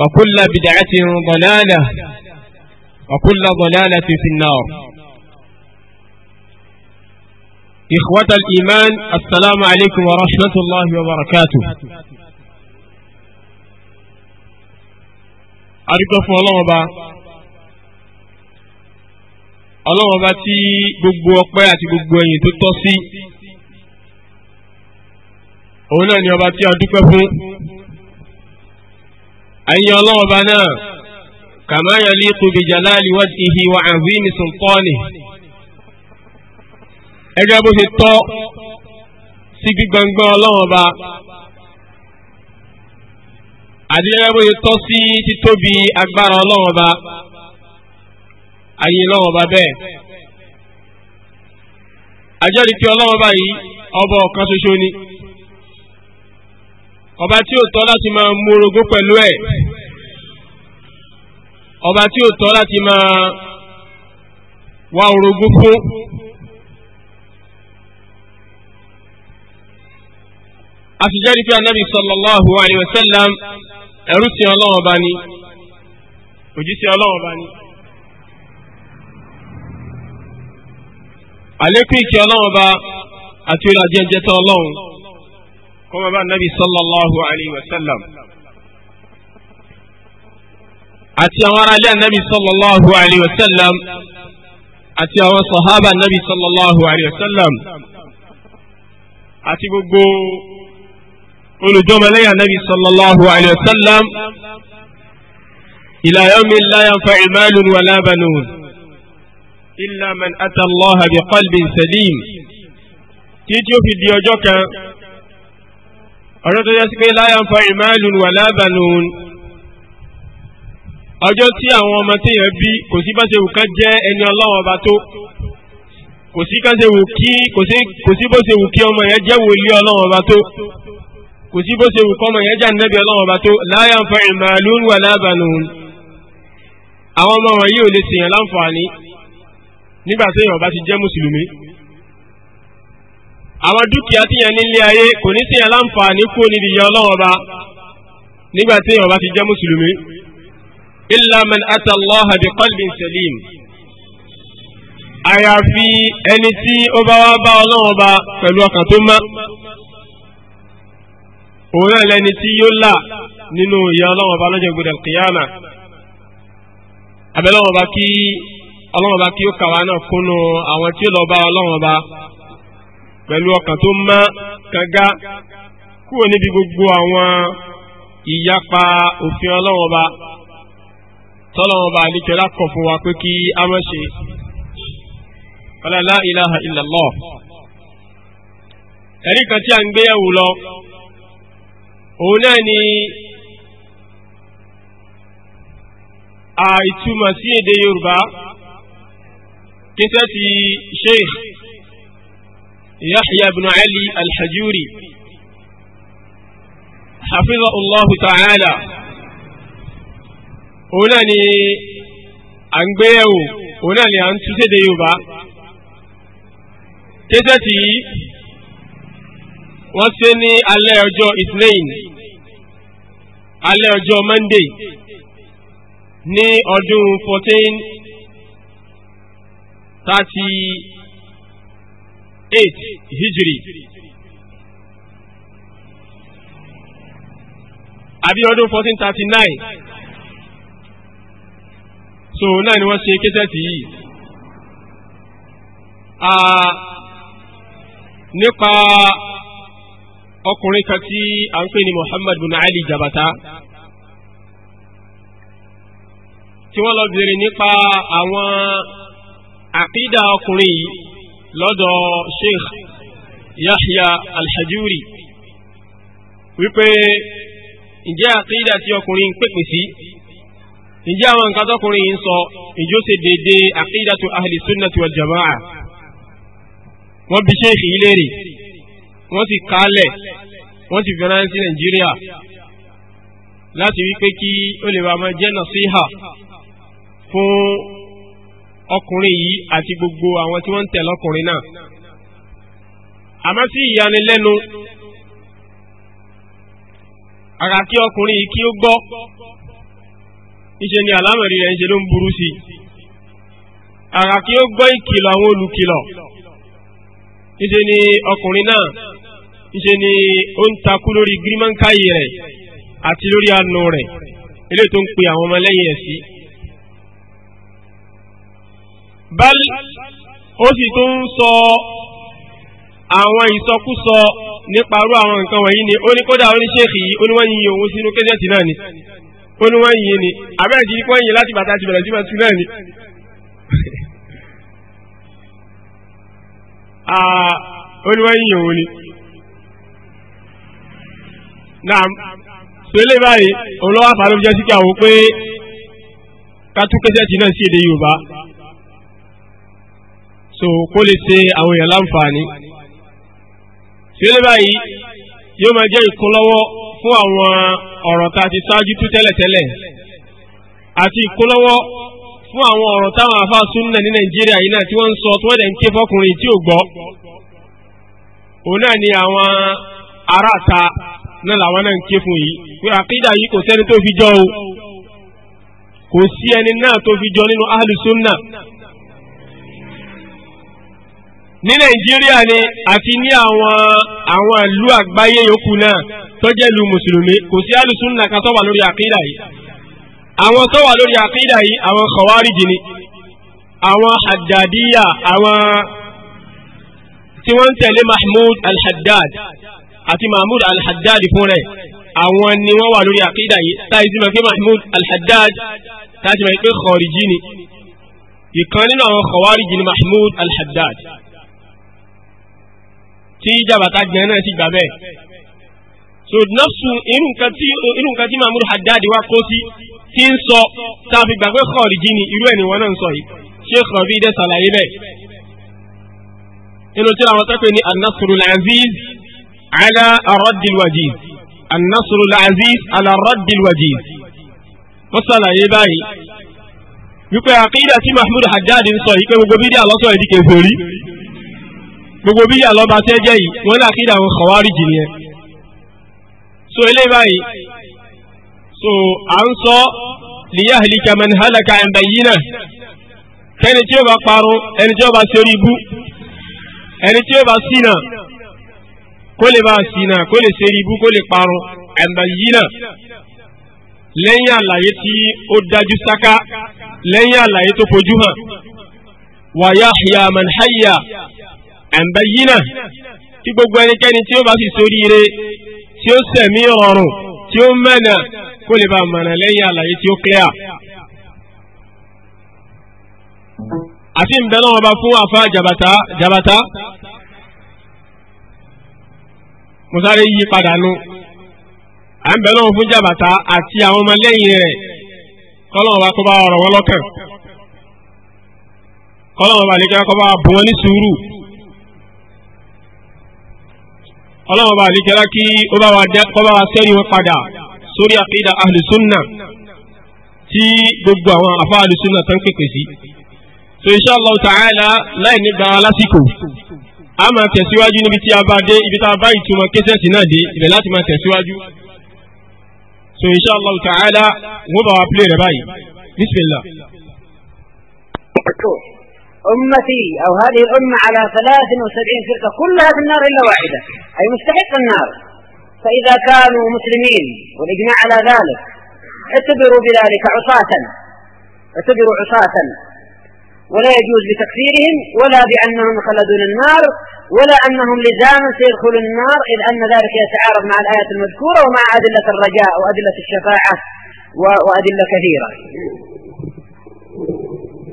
وكل بدعة ضلالة وكل ضلالة في النار إخوة الإيمان السلام عليكم ورحمة الله وبركاته أركف الله با الله با تي gbogbo ọpẹ́ àti gbogbo ẹ̀yìn tó tọ́ sí òun náà ni ọba tí a dúpẹ́ fún ayé ọlọ́wọ́ bá náà kama yaliqu bi jalali wajhihi wa azimi sultanihi ẹgbẹ́ bó ṣe tọ́ sí gbígbọ́ngbọ́n ọlọ́wọ́ bá àti ẹgbẹ́ bó ṣe tọ́ sí títóbi agbára ọlọ́wọ́ bá ayé lọ́wọ́ bá bẹ́ẹ̀ àjẹ́rìí tí ọlọ́wọ́ bá yìí ọba ọ̀kan ṣoṣo ni. ọba tí ó tọ́ láti máa mú orogún pẹ̀lú ẹ̀ ọba tí ó tọ́ láti máa wá orogún fún pé wa sallam ẹrú sí ọlọ́run ọba ni òjíṣẹ́ ni. àlékún ìkẹ́ ọlọ́run kọ́mọ bá nabi sallallahu alayhi wa sallam àti àwọn aráalé anabi sallallahu alayhi wa sallam àti àwọn sahaba anabi sallallahu alayhi wa sallam àti gbogbo olùjọ́mọlẹ́yìn anabi sallallahu alayhi wa sallam ila yawmin la yanfa'u malun wala banun illa man ata Allah bi qalbin salim títí ó fi di ọjọ́ kan ọjọ́ tó yẹ sí pé láyà ń fa ìmáàlùn wà lábàlùn ọjọ́ tí àwọn ọmọ téèyàn bí kò sí bá ṣe wù kán jẹ́ ẹni ọlọ́wọ́n ọba tó kò sí kán ṣe wù kí kò sí bó ṣe wù kí ọmọ yẹn jẹ́ wòlíì ọlọ́wọ́n ọba tó kò sí bó ṣe wù kọ́ ọmọ yẹn jẹ́ ànábì ọlọ́wọ́n ọba tó láyà ń fa ìmáàlùn wà lábàlùn àwọn ọmọ wọ̀nyí ò lè ṣèyàn láǹfààní nígbà téèyàn ọba ti jẹ́ mùsùlùmí àwọn dúkìá tí yẹn nílé ayé kò ní sí aláǹfààní kú níbi ìyá ọlọ́run ọba nígbà tí èèyàn bá ti jẹ́ mùsùlùmí illa man ata Allah bi qalbin salim àyàfi ẹni tí ó bá wá bá ọlọ́run ọba pẹ̀lú ọkàn tó mọ́ òun náà lẹni tí yóò là nínú ìyá ọlọ́run ọba lọ́jọ́ gbọdọ̀ kìyàmà abẹ́lọ́run ọba kí ọlọ́run ọba kí ó kàwá náà kúnnú àwọn tí ó lọ bá ọlọ́run ọba pẹ̀lú ọkàn tó mọ́ kanga kúrò níbi gbogbo àwọn ìyapa òfin ọlọ́wọ́n ba tọ́lọ́wọ́n ba àlejò lákọ̀ fún wa pé kí a mọ̀ ṣe ọlọ́lá ilaha illallah ẹ̀rí kan tí a ń gbéyàwó lọ òun náà ni àìtumọ̀ sí èdè yorùbá kí sẹ́ ti sheikh يحيى بن علي الحجوري حفظه الله تعالى هنا ني أنبيو هنا ني أنتو تديوبا tẹ́tẹ́tì yìí wọ́n ṣe ní alẹ́ ọjọ́ Islam alẹ́ ọjọ́ Monday eight hijiri àbí 1439 nine so náà ni wọ́n ṣe nípa ọkùnrin kan tí a ń pè ní Muhammad bin Ali Jabata tí wọ́n lọ nípa àwọn àkídà ọkùnrin lọ́dọ̀ sheikh yahya alhajuri wípé ǹjẹ́ àkídà tí ọkùnrin pèpè sí ǹjẹ́ àwọn nǹkan tọkùnrin yìí ń sọ ìjó ṣe dédé àkídàtu ahli sunnati wal jama'a wọ́n bí sheikh yìí léèrè wọ́n ti kálẹ̀ wọ́n ti fi sí nàìjíríà láti wípé kí ó lè wà máa jẹ́ nàṣíhà fún ọkùnrin yìí àti gbogbo àwọn tí wọ́n ń tẹ̀lé ọkùnrin náà àmọ́ sí ìyanilẹ́nu àrà kí ọkùnrin yìí kí ó gbọ́ níṣẹ́ ni àlámọ̀rí rẹ̀ ń ṣe ló ń burú sí i àrà kí ó gbọ́ ìkìlọ̀ àwọn olùkìlọ̀ níṣẹ́ ni ọkùnrin náà níṣẹ́ ni ó ń takú lórí gírímọ́ńkáyì rẹ̀ àti lórí àánú rẹ̀ eléyìí tó ń pe àwọn ọmọlẹ́yìn ẹ̀ sí i bal ó sì tún ń sọ àwọn ìsọkúsọ nípa irú àwọn nǹkan wọ̀nyí ni ó ní kódà ó ní ṣéèkì yìí ó ní wọ́n yin òun sínú kéjẹ́sì náà ni ó ní wọ́n yin ni àbẹ́rẹ̀ ti kọ́ yin láti bàtà ti bẹ̀rẹ̀ sí mẹ́tù náà ni. Ah, ó ní wọ́n yin òun ni. naam sọlẹ̀ báyìí òun lọ́wọ́ àfàlọ́ jẹ́ sí àwọn pé ká tún kéjẹ́sì náà sí èdè Yorùbá so kó lè ṣe àwọn èèyàn láǹfààní sílẹ̀ báyìí yóò máa jẹ́ ìkúnlọ́wọ́ fún àwọn ọ̀rọ̀ tá a ti ṣáájú tú tẹ́lẹ̀tẹ́lẹ̀ àti ìkúnlọ́wọ́ fún àwọn ọ̀rọ̀ táwọn àfáà súnnà ní nàìjíríà yìí náà tí wọ́n ń sọ tí wọ́n dẹ̀ ń ké fọkùnrin tí ò gbọ́ òun náà ni àwọn aráàta náà làwọn náà ń ké fún yìí pé àkídà yìí kò sẹ́ni tó fi jọ o kò sí ẹni náà tó fi jọ nínú ahlùsúnnà ní nàìjíríà ni àti ní àwọn àwọn ìlú àgbáyé yòókù náà tó jẹ́ ìlú mùsùlùmí kò sí alùsùnà kan tó wà lórí àkídà yìí àwọn tó wà lórí àkídà yìí àwọn kọ̀wárìjì ni àwọn haddadiyya àwọn tí wọ́n ń tẹ̀lé mahmud al-haddad àti mahmud al-haddad fún rẹ̀ àwọn ni wọ́n wà lórí àkídà yìí táyì sí ma pé mahmud al táyì sí ma pé kọ̀wárìjì ni ìkan nínú àwọn kọ̀wárìjì ni mahmud al tí jàbàtà gbẹ̀rẹ̀ náà sì gbà bẹ́ẹ̀ so nọ́ọ̀sù irú nǹkan tí mahmud haddad wá kó sí tí ń sọ tá a fi gbàgbé kọ̀ọ̀rìjì ni irú ẹni wọn náà ń sọ yìí sheikh rabi dẹ́ sàlàyé bẹ́ẹ̀ inú tí àwọn tó pè ní anasuru al-aziz ala arọ́dìl wajiz anasuru al-aziz ala arọ́dìl wọ́n sàlàyé báyìí wípé àkídà tí mahmud haddad ń sọ yìí pé gbogbo bídí àlọ́sọ̀ ẹ̀dí kẹfẹ́ rí gbogbo bí yàlọ́ba tẹ́ jẹ́ yìí wọ́n ní àkídà àwọn kọ̀wárìjì nìyẹn so eléyìí báyìí so à ń sọ liyahlika man halaka an bayyinah kẹ́ni tí ó bá parun ẹni tí ó bá ṣe ibú ẹni tí ó bá ṣìnà kó lè bá ṣìnà kó lè ṣe ibú kó lè parun an bayyinah lẹ́yìn àlàyé tí ó dájú sáká lẹ́yìn àlàyé tó fojú hàn wa yahya man àǹbá yìí náà tí gbogbo ẹnikẹ́ni tí ó bá sì sóríire tí ó sẹ̀mí ọ̀rùn tí ó mẹ́nà kó lè bá mọ̀nà lẹ́yìn àlàyé tí ó clear. àti ń bẹ náà wọn bá fún àfa jàbàtà jàbàtà musare yí padà nu à ń bẹ náà fún jàbàtà àti àwọn ọmọlẹ́yìn rẹ̀ kọ́lọ́wọ́n bá kó bá ọ̀rọ̀ wọn lọ́kàn kọ́lọ́wọ́n bá lè kí wọ́n bá bù ní sùúrù ọlọ́run bá àlejòra kí ó bá wa sẹ́rí wọn padà sórí àkídà ahlùsúnà tí gbogbo àwọn àfa ahlùsúnà tán pèpè sí. so insha Allah ta'ala láì ní gbàrà lásìkò a máa tẹ̀síwájú níbi tí a bá dé ibi tá a bá ìtumọ̀ kẹsẹ̀sì náà dé ibẹ̀ láti máa tẹ̀síwájú. so insha Allah ta'ala wọ́n bá wa pílẹ̀ rẹ̀ báyìí bismillah. أمتي أو هذه الأمة على 73 فرقة كلها في النار إلا واحدة أي مستحق النار فإذا كانوا مسلمين والإجماع على ذلك اعتبروا بذلك عصاة اعتبروا عصاة ولا يجوز بتكفيرهم ولا بأنهم خلدون النار ولا أنهم لزاما سيدخلون النار إذ أن ذلك يتعارض مع الآية المذكورة ومع أدلة الرجاء وأدلة الشفاعة وأدلة كثيرة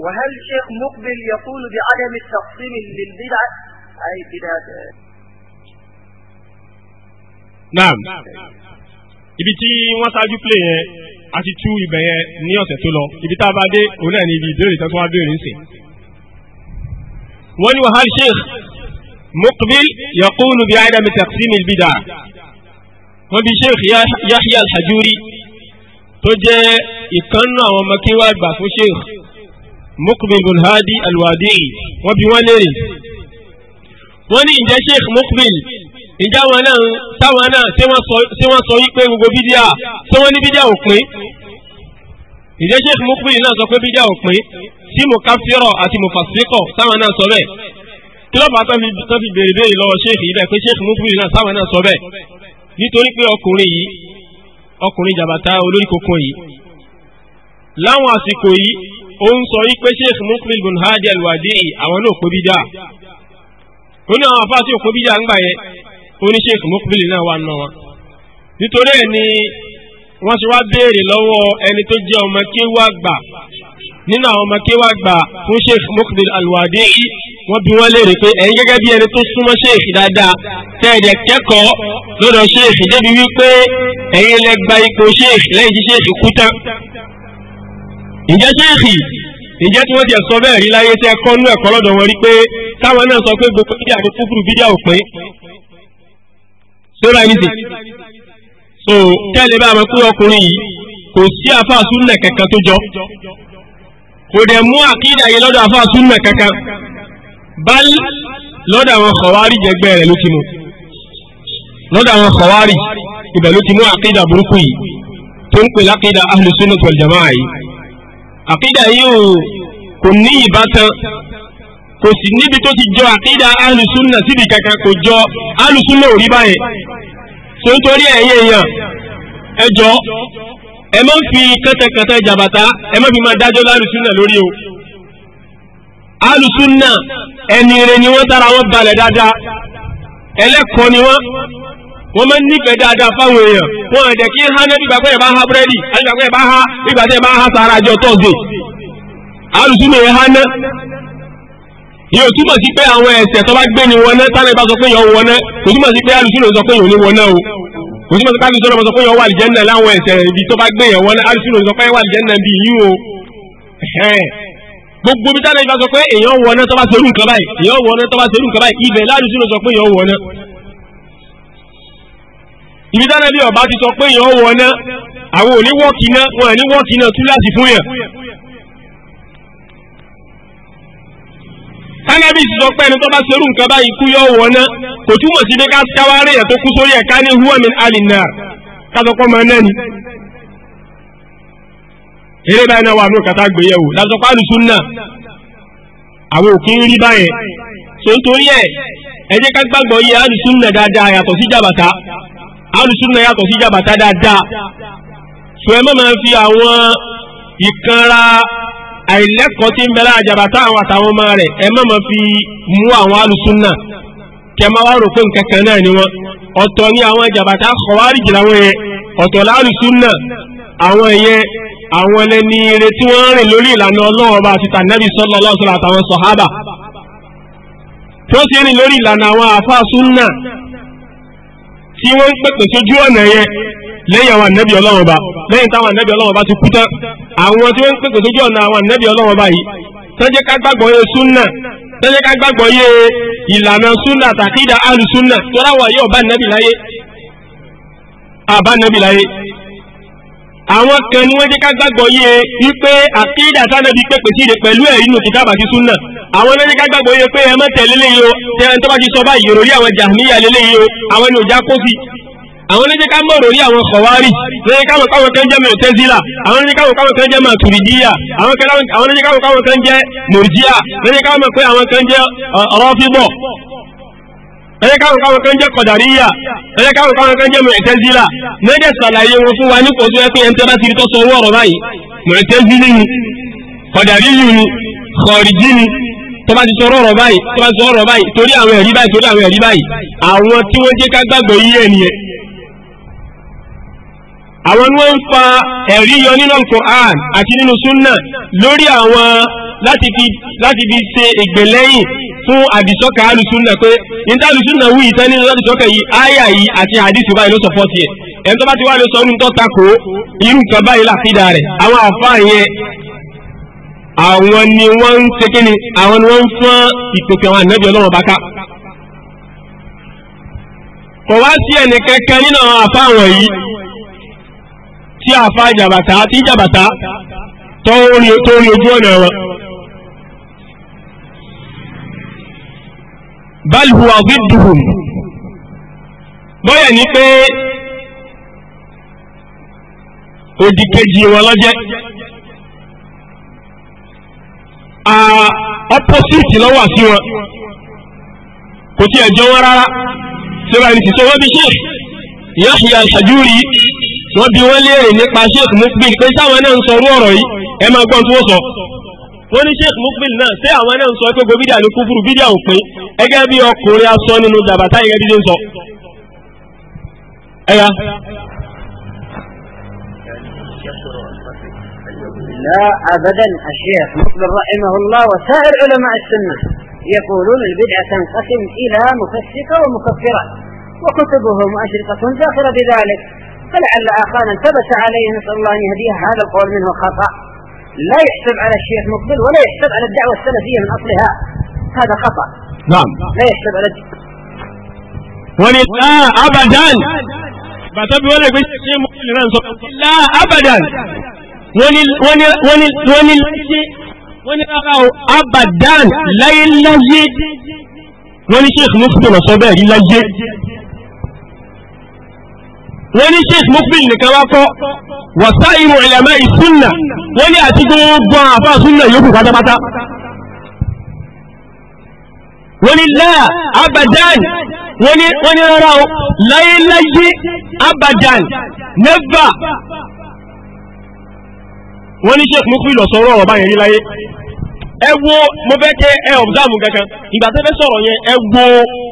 وهل شيخ مقبل يقول بعدم التقسيم للبدع أي بدعة نعم ibi tí wọ́n ṣáájú pé yẹn a ti tú ibẹ̀ yẹn ní ọ̀sẹ̀ tó lọ ibi tá a bá dé òun náà ní ibi ìbéèrè tó wá béèrè ńsìn. wọ́n ní wàhálì sheikh muqbil yaqulu bi adam taqsim bid'a wọ́n bí sheikh yahya al tó jẹ́ ìkànnà àwọn ọmọ kí wàá gbà fún sheikh Muqbil bin Hadi al-Wadi'i wọ́n bi wọ́n léèrè wọ́n ní ǹjẹ́ Sheikh Muqbil ǹjẹ́ àwọn náà táwọn náà tí wọ́n sọ wípé gbogbo bídíà tí wọ́n ní bídíà ò pín ǹjẹ́ Sheikh Muqbil náà sọ pé bídíà ò pín sí mùkàfírọ̀ àti mùfàsíkọ̀ táwọn náà sọ bẹ́ẹ̀ kí ló bá tó fi béèrè béèrè lọ́wọ́ Sheikh yìí bẹ́ẹ̀ pé Sheikh Muqbil náà táwọn náà sọ bẹ́ẹ̀ nítorí pé ọkùnrin yìí ọkùnrin jàbàtà olórí kòkó yìí láwọn àsìkò yìí ó ń sọ yí pé sheikh mukbil bin hadi alwadi'i àwọn náà kó bídà ó ní àwọn afáàtì òkó bídà ń gbà yẹ ó ní sheikh mukbil náà wà nà wọn. nítorí ẹ̀ ni wọ́n ti wá béèrè lọ́wọ́ ẹni tó jẹ́ ọmọ kéwà gbà nínú àwọn ọmọ kéwà gbà fún sheikh mukbil alwadi'i wọ́n bi wọ́n léèrè pé ẹ̀yin gẹ́gẹ́ bí ẹni tó súnmọ́ sheikh dáadáa tẹ́ẹ̀dẹ̀ kẹ́kọ̀ọ́ lọ́dọ̀ sheikh débi wípé ẹ̀yin lẹ ipò sheikh lẹ́yìn tí sheikh kú tán ǹjẹ́ ṣéèkì ǹjẹ́ tí wọ́n ti sọ bẹ́ẹ̀ rí láyé tẹ́ kọ́nú ẹ̀kọ́ lọ́dọ̀ wọn rí pé táwọn náà sọ pé gbogbo bídíà ní kúkúrú bídíà ò pín sórí ẹni tì so kẹ́lẹ́ bá mọ̀ pé ọkùnrin yìí kò sí àfáà súnà kankan tó jọ kò dẹ̀ mú àkídà yìí lọ́dọ̀ àfáà súnà kankan bal lọ́dọ̀ àwọn kọ̀wárì jẹgbẹ́ rẹ̀ ló ti mú lọ́dọ̀ àwọn kọ̀wárì ibẹ̀ ló ti mú àkídà burúkú yìí tó ń pè lákídà ahlus sunnah àkídà yìí kò ní ìbátan kò sì níbi tó ti jọ àkídà alùsùnà síbi kankan kò jọ alùsùnà ò rí báyẹn tó ń torí ẹ̀yẹ èèyàn ẹ jọ ẹ má fi kẹtẹkẹtẹ jàbàtà ẹ má fi máa dájọ́ lálùsùnà lórí o alùsùnà ẹni rẹ ni wọ́n tara wọn balẹ̀ dáadáa ẹlẹ́kọ̀ọ́ ni wọ́n wọ́n máa ń nífẹ̀ẹ́ dáadáa fáwọn èèyàn wọ́n ẹ̀jẹ̀ kí ha ní bíbá pẹ́yẹ̀ bá ha búrẹ́dì àbíbá pẹ́yẹ̀ bá ha bíbá tẹ́ bá ha sára àjọ tọ́sdẹ̀ alùsùnmí ẹ̀ ha ná yóò túmọ̀ sí pé àwọn ẹ̀ṣẹ̀ tó bá gbé ni wọn ná tálẹ̀ bá sọ pé yọ̀ wọn ná kò túmọ̀ sí pé alùsùnmí sọ pé yọ̀ ní wọn ná o kò túmọ̀ sí pé alùsùnmí sọ pé yọ̀ wà lìjẹ́nà láwọn ẹ̀ṣẹ̀ ibi tó bá gbé yẹn wọn ná alùsùnmí sọ pé wà lìjẹ́nà bí yín o gbogbo bí tálẹ̀ bá sọ pé èèyàn wọ̀ ná tó bá serú nǹkan báyìí èèyàn wọ̀ ná tó bá serú nǹkan báyìí ibẹ̀ lálùsùnmí sọ pé yọ̀ wọ̀ ná ibi dáná bí ọba ti sọ pé èèyàn wọ ná àwọn òní wọ́ọ̀kì náà wọn àní wọ́ọ̀kì náà tú láti fún yàn. kánábì ti sọ pé ẹni tó bá ṣerú nǹkan báyìí kú yọ wọ ná kò túmọ̀ sí pé ká káwárẹ̀ yẹn tó kú sórí ẹ̀ ká ní huwa min alina kásọpọ̀ máa náà ni. eré báyìí náà wà ní òkàtà gbéyẹ̀wò lásọpọ̀ àlùsùn náà àwọn òkín rí báyẹn tó ń ẹ jẹ́ ká yẹ àlùsùn náà dáadáa yàtọ̀ sí jàbàtà alùsùn náà yàtọ̀ sí jàbàtà dáadáa sọ ẹ má máa fi àwọn ìkanra àìlẹ́kọ̀ọ́ tí ń bẹ lára jàbàtà àwọn àtàwọn ọmọ rẹ̀ ẹ má máa fi mú àwọn alùsùn náà kẹ máa wá rò pé nǹkan kan náà ni wọn ọ̀tọ̀ ni àwọn jàbàtà kọ̀wárìjì làwọn yẹn ọ̀tọ̀ lálùsùn náà àwọn yẹn àwọn ẹni ire tí wọ́n rìn lórí ìlànà ọlọ́run ọba àti tànẹ́bí sọ́lọ́ ọlọ́sọ̀rọ̀ àtàwọn sọ̀hábà tí wọ́n ti tí wọ́n ń pèpè sójú ọ̀nà yẹn lẹ́yìn àwọn ànẹ́bí ọlọ́run ọba lẹ́yìn táwọn ànẹ́bí ọlọ́run ọba ti kú tán àwọn tí wọ́n ń pèpè sójú ọ̀nà àwọn ànẹ́bí ọlọ́run ọba yìí tọ́jẹ́ ká gbàgbọ́ yé súnà tọ́jẹ́ ká gbàgbọ́ yé ìlànà súnà tàkídà àlùsúnà tó ráwọ̀ yé ọba ànẹ́bí láyé àbá ànẹ́bí láyé àwọn kan ni wọ́n jẹ́ ká gbàgbọ́ yé wípé àkídà sánàbí pèpè sí rẹ̀ pẹ̀lú ẹ̀rí nù kìtàbà sí súnà àwọn ló jẹ́ ká gbàgbọ́ yé pé ẹ má tẹ̀lé léyìí o tẹ̀lé tó bá ti sọ báyìí òròrí àwọn jàmíyà léléyìí o àwọn ni òjá kó sí àwọn ló jẹ́ ká mọ̀ òròrí àwọn kọ̀wárì ló jẹ́ káwọn káwọn kan jẹ́ mẹ̀tẹ́sílà àwọn ló jẹ́ káwọn káwọn kan jẹ́ màtùrìdíyà àwọn ló jẹ́ káwọn káwọn kan jẹ́ mọ̀ ẹ̀yẹ káwọn káwọn kan jẹ́ kọ̀dàríyà ẹ̀yẹ káwọn káwọn kan jẹ́ mọ̀ẹ́tẹ́zílà mẹ́jẹ̀ sàlàyé wọn fún wa ní kò tó ẹ pé ẹni tẹ́ bá ti rí tọ́sọ owó ọ̀rọ̀ báyìí mọ̀ẹ́tẹ́zílì ni kọ̀dàríyù ni kọ̀ọ̀rìjì ni tó bá ti sọ ọ̀rọ̀ báyìí tó bá ti sọ ọ̀rọ̀ báyìí torí àwọn ẹ̀rí báyìí torí àwọn ẹ̀rí báyìí àwọn tí wọ́n jẹ́ ká gbàgbọ́ yí ẹ̀ nìyẹn àwọn ni wọ́n ń fa ẹ̀rí yọ nínú Al-Qur'an àti nínú súnnà lórí àwọn láti fi ṣe ìgbèlẹ́yìn fún àdìsọ́kà alùsùnà pé níta alùsùnà wù yìí tẹ́lẹ̀ lọ́dìsọ́kà yìí àyà yìí àti àdìsù báyìí ló sọ fọ́ tiẹ̀ ẹni tó bá ti wá lọ sọ ọdún tó takò irú nǹkan báyìí làfídà rẹ̀ àwọn àfáà yẹn àwọn ni wọ́n ń ṣe kíni àwọn ni wọ́n ń fọ́n ìpèkè àwọn ànábì ọlọ́run bá kò wá sí ẹnì kankan nínú àwọn àfáà wọ̀nyí tí àfáà jàbàtà tí jàbàtà tó rí ojú ọ̀nà wọn. balhu aziduhum bọ́yẹ̀ ni pé òdì kejì wọn lọ́jẹ́ opposite lọ́wọ́ sí wọn kò tí ẹjọ́ wọn rárá tí wọ́n ti tó wọ́n bí sheikh Yahya Al-Hajuri wọ́n bí wọ́n léèrè nípa sheikh Mukbil pé sáwọn náà ń sọ orú ọ̀rọ̀ yìí ẹ máa gbọ́n tí wọ́n sọ wọ́n sheikh mukbil náà ṣé àwọn náà sọ pé gbogbo bídíà ló kún fúru bídíà òpin ẹgẹ́ bí ọkùnrin aṣọ nínú dàbàtà ìrẹ́ bí ń sọ. ẹ̀yà. لا أبدا الشيخ مقبل رحمه الله وسائر علماء السنة يقولون البدعة تنقسم إلى مفسقة ومكفرة وكتبهم أشرقة داخلة بذلك فلعل أخانا ثبت عليه نسأل الله أن يهديه هذا القول منه خطأ لا يحسب على الشيخ مقبل ولا يحسب على الدعوة السلفية من أصلها هذا خطأ نعم لا يحسب على الدعوة ولله أبدا بعتب ولا يقول الشيخ مقبل لا أبدا ولل ولل ولل أبدا لا يلزي ولشيخ مقبل صبر يلزي wọ́n ní sheikh mufin nìkan wá kọ́ wàsá irun ìlàmẹ́ ìsúnnà wọ́n ní àti gbogbo àfáà súnnà yòókù pátápátá wọ́n ní láà abadan wọ́n ní wọ́n ní rárá o láyéláyé abadan never wọ́n ní sheikh mufin lọ sọ̀rọ̀ ọ̀rọ̀ báyẹn láyé ẹ wo mo fẹ́ kẹ́ ẹ ọ̀bùsáàmù kankan ìgbà tẹ́fẹ́ sọ̀rọ̀ yẹn ẹ wo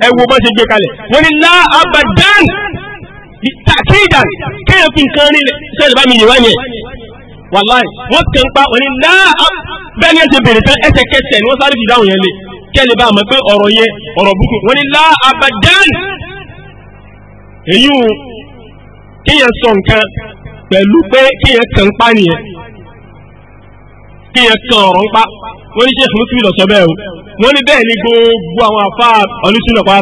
ẹ wo bá ṣe gbé kalẹ̀ wọ́n ní láà abadan tàkìdà kéèyàn fi nǹkan rí sẹ́yìn bá mi yìí wáyẹn wàláì wọ́n kàn pa òní náà bẹ́ẹ̀ ni ẹ ti bèrè tán ẹsẹ̀kẹsẹ̀ ni wọ́n sáré fi dáhùn yẹn lé kẹ́lẹ̀ bá mọ̀ pé ọ̀rọ̀ yẹn ọ̀rọ̀ búkú wọ́n ní láà abadan èyí kíyàn sọ nǹkan pẹ̀lú pé kíyàn kàn pa nìyẹn kíyàn kàn ọ̀rọ̀ ń pa wọ́n ní sẹ́fún sí ìlọ̀sọ bẹ́ẹ̀ o wọ́n ní bẹ́ẹ̀ ni gbogbo àwọn afá ọlúsùn lọ́pàá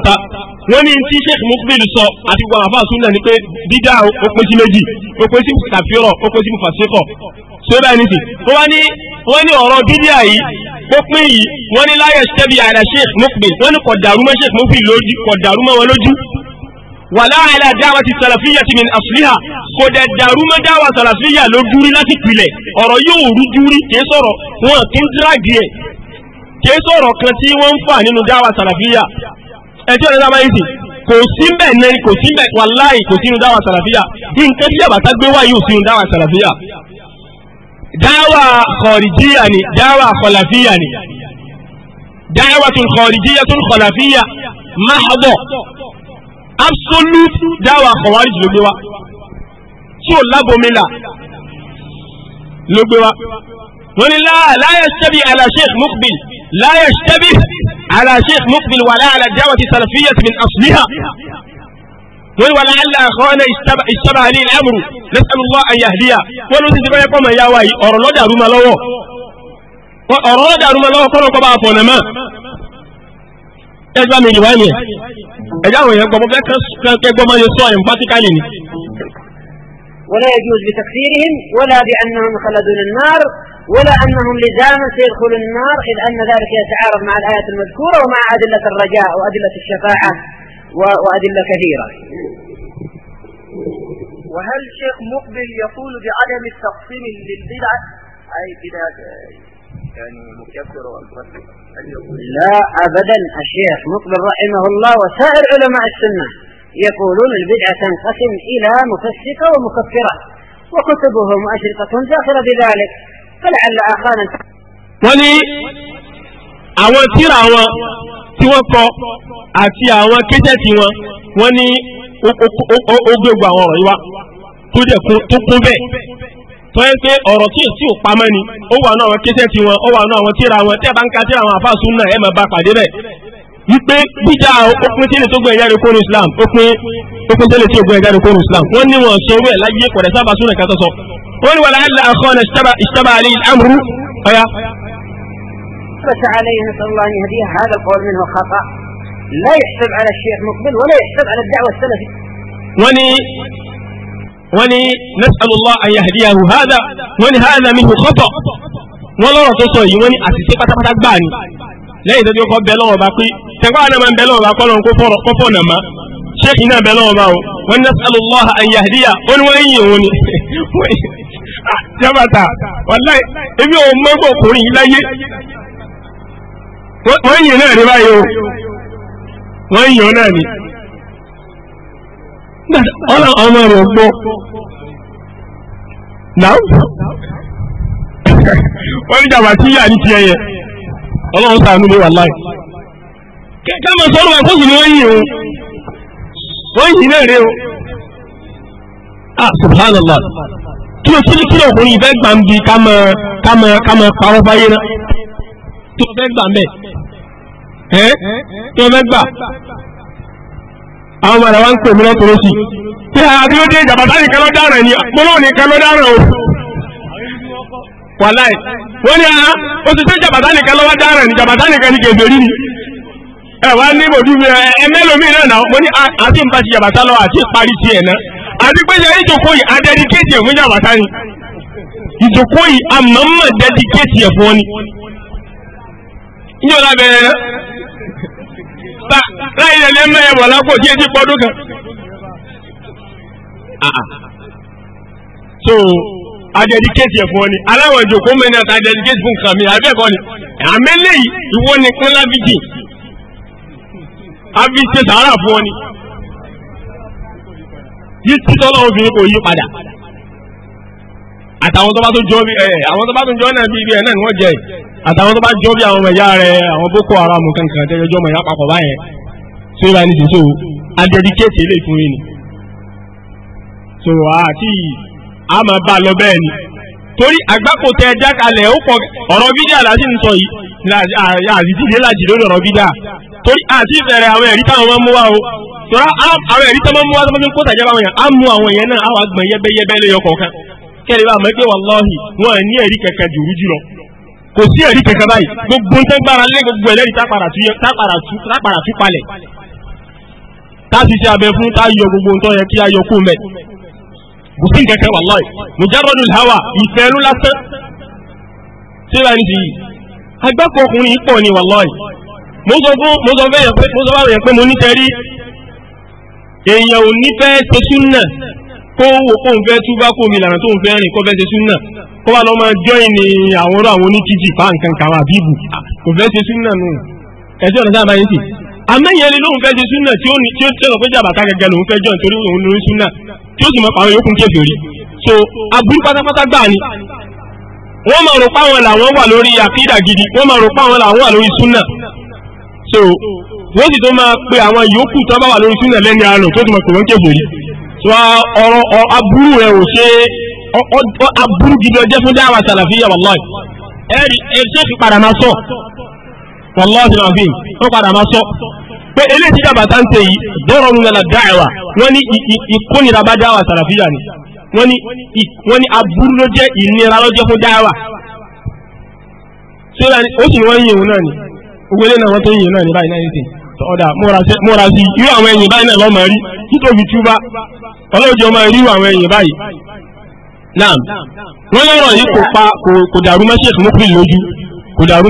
wọ́n ní tí sheikh mukbil sọ àti gbogbo àwọn afáàsùn náà ni pé dídá òpin sí méjì òpin sí kàfíọ̀rọ̀ òpin sí mufasíkọ̀ tí ó bá ní sí. wọ́n ní wọ́n ní ọ̀rọ̀ dídí àyí pópin yìí wọ́n ní láyé ṣẹ́bi àrà sheikh mukbil wọ́n ní kọ̀dàrúmọ́ sheikh mukbil lójú kọ̀dàrúmọ́ wọn lójú. wàlá àìlà dáwà ti sàlàfíyà ti min àfíhà kò dẹ̀ dàrúmọ́ dáwà sàlàfíyà ló dúrí láti pilẹ̀ ọ̀rọ̀ yóò rú dúrí kì í sọ̀rọ̀ wọn kì í díràgì ẹ̀ kì í sọ̀rọ̀ ẹjọ́ rẹ̀ dábàá yìí sì kò sí mbẹ̀ ní kò sí mbẹ̀ wàláì kò sínú dáwà sàlàfíà nǹkan tí yàbàtà gbé wáyé ò sínú dáwà sàlàfíà dáwà kọ̀ọ̀rìjíyà ni dáwà kọ̀làfíà ni dáwà tún kọ̀ọ̀rìjíyà tún kọ̀làfíà máa absolute dáwà kọ̀wárí ló gbé wa tí ò lábòmílà ló gbé wa wọ́n ni láàyè sẹ́bi àlàṣe mukbil láàyè sẹ́bi على شيخ مقبل ولا على الدعوة السلفية من أصلها قل ولعل أخوانا اشتبه لي الأمر نسأل الله أن يهديه ولوسي سبا يقوم يا واي أرلو دارو ملوو أرلو دارو ملوو كونو كبا فونما ẹgbà mi ìwà ẹ̀yẹ ẹ̀yà àwọn èèyàn gbọmọ kẹgbọ́ máa yẹ sọ ẹ̀ emphatically ni. ولا يجوز بتكفيرهم ولا بأنهم خلدون النار ولا أنهم لزاما سيدخلوا النار إذ أن ذلك يتعارض مع الآيات المذكورة ومع أدلة الرجاء وأدلة الشفاعة وأدلة كثيرة وهل شيخ مقبل يقول بعدم التقسيم للبدع أي بدع يعني مكفر لا أبدا الشيخ مقبل رحمه الله وسائر علماء السنة يقولون البدعة تنقسم إلى مفسقة ومكفرة وكتبهم وأشرطتهم داخلة بذلك wọ́n ní àwọn tíra wọn tí wọ́n kọ àti àwọn kéjẹ́tì wọn wọ́n ní ó gbégbó àwọn ọ̀rọ̀ yìí wá tó jẹ́ tó kún bẹ́ẹ̀ tó yẹ pé ọ̀rọ̀ tí èsì ò pamọ́ ni ó wà náà àwọn kéjẹ́tì wọn ó wà náà àwọn tíra wọn tẹ́ bá ń ka tíra àwọn àfáàsùn náà ẹ̀ máa bá pàdé bẹ́ẹ̀. wípé bíjà òpin tẹ́lẹ̀ tó gbọ́ ẹ̀yà rẹ̀ kóòrò Islam òpin tẹ́lẹ̀ tó gbọ́ ẹ̀yà rẹ̀ kóòrò Islam wọ́n ní wọn sọ orí ẹ̀ láyé kọ̀dẹ̀ sábà súnà ìkàtọ̀ sọ wọ́n ní wàlá àlà àkọ́nà ìṣtaba àlẹ́ àmúrú ọ̀yá. ثبت عليه نسأل الله أن يهديه هذا القول منه خطأ لا يحسب على الشيخ مقبل ولا يحسب على الدعوة السلفية وني وني نسأل الله أن يهديه هذا وني هذا منه خطأ ولا رسول وني أسيسي قطع قطع lẹ́yìn tó ti kọ́kọ́ bẹ lọ́wọ́ bá pé tẹ̀kọ́ àná máa ń lọ́wọ́ bá na kó fọ̀nà má ṣéèkì náà bẹ lọ́wọ́ bá o wọ́n ní àyàdíyà ni. Ah, jábàtà ò yìí láyé wọ́n náà báyìí o wọ́n ọlọ́run sàánú lé wà láì kẹ́kẹ́ mọ̀ sọ́rọ̀ wà fóòsì ni wọ́n yìí o wọ́n yìí náà rẹ o ah subhanallah kí o síbi kí ọkùnrin yìí fẹ́ gbà ń bi ká mọ ká mọ ká mọ pàwọ́ fáyé náà kí o fẹ́ gbà ń bẹ̀ ẹ́ kí o fẹ́ gbà àwọn ọmọ rẹ̀ ń pè mí lọ́tọ̀ọ́sì kí a kí ló dé ìjàmbá sáyìn kan rẹ̀ ni mo náà nìkan lọ́dọ̀ rẹ̀ o wàláì wọ́n ní ara ah, ó ti tẹ́ jàbàtà nìkan lọ́wọ́ dára ní jàbàtà nìkan ní kèbèrè ni ẹ wá ní bòdú mi ẹ mẹ́lòmíì náà náà mo ní àti ah, nǹkan ti jàbàtà lọ àti parí ti ẹ̀ náà àti pé ṣe ìjòkó yìí adẹ́díkéètì ẹ̀ fún jàbàtà ni ìjòkó yìí àmọ́mọ́ dẹ́díkéètì ẹ̀ fún ọ ni. ìjọ la bẹ̀rẹ̀ náà ta láì lẹ́lẹ́ mẹ́rin wọ̀ lápò tí etí pọ́dún kan. Ah, adẹ́díkéètì ẹ̀fọ́ ni aláwọ̀ ìjòkó mẹ́rin àti adẹ́díkéètì fún nǹkan mi àbẹ́ẹ̀kọ́ ni àmẹ́lẹ́ yìí ìwọ ni pín lábíjì àbí ṣe sàárà fún ọ ni yìí títọ́ lọ́wọ́ obìnrin kò yí padà àtàwọn tó bá tó jọ bí ẹ àwọn tó bá tó jọ náà bí ibi ẹ náà ni wọ́n jẹ àtàwọn tó bá jọ bí àwọn ọmọ ìyá rẹ àwọn boko haram kankan tẹ́jọ́ ọmọ ìyá papọ̀ báyẹn tó yẹ bá ní sísò adẹ́díkéètì ilé ìfún yìí ni so àti. Uh, a máa bá a lọ bẹ́ẹ̀ ni torí àgbákò tẹ ẹja kalẹ̀ ó pọ̀ ọ̀rọ̀ láti ń sọ yìí àdìdíje láti lórí ọ̀rọ̀ bídíà torí àti ìbẹ̀rẹ̀ àwọn ẹ̀rí táwọn máa ń mú o tọ́ra àwọn ẹ̀rí táwọn máa ń mú wá tó máa ń kó tàjẹ́ báwọn yẹn á gbogbo a ti ṣe abẹ fún tá a yọ gbogbo yẹn kí a yọ kú mẹ́ kò sí nǹkankan wàláì mujarradu hawa ìfẹ́lú lásán tí bá ń di agbákò ọkùnrin pọ̀ ní wàláì mo sọ fẹ́ yẹn pé mo nítorí èèyàn ò ní fẹ́ ṣe súnà kó wò kó ń fẹ́ túbá kó mi lànà tó ń fẹ́ rìn kó fẹ́ ṣe súnà kó wà lọ́ máa jọ́ ìní àwọn ọ̀rọ̀ àwọn onítìjì bá nǹkan kan wà bíbù ah, kò fẹ́ ṣe súnà nù ẹjọ́ ọ̀nà sáà báyìí sì àmẹ́yẹn lè lóun fẹ́ ṣe súnà tí ó ní tí ó tẹ̀lọ̀ pé jàbàtà tí ó sì mọ̀ pàwọn yòókù kéfì rí so aburú pátápátá gbà ni wọ́n máa rò páwọn làwọn wà lórí àkídà gidi wọ́n máa rò páwọn làwọn wà lórí súnà so wọ́n sì tó máa pe àwọn yòókù tó bá wà lórí súnà lẹ́ni àárọ̀ tó sì mọ̀ pé wọ́n kéfì rí so ọ̀rọ̀ aburú rẹ̀ ò ṣe aburú gidi ọjẹ́ fún dáhà sàlàfíà wàláì ẹ̀rí ẹ̀ṣẹ́ fi padà máa sọ wàláì sàlàfíà wọ́n padà máa sọ pé eléyìí tí jàbàtà ń ṣe yìí dọ́rọ̀ ń lọ́la dáẹ̀wà wọ́n ní ìkónira bá dáwà sàràfíà ni wọ́n ní aburú ló jẹ́ ìnira ló jẹ́ fún dáwà síra ó sì wọ́n yìn òun náà ni gbogbo ilé náà wọ́n tó yìn náà ní báyìí náà yìí tè ọ̀dà múra sí irú àwọn ẹ̀yìn báyìí náà lọ́mọ rí títóbi túbá ọlọ́jọ́ máa rí irú àwọn ẹ̀yìn báyìí náà wọ́n lọ́rọ̀ yìí kò pa kò dàrú mọ́ kọ̀dàrú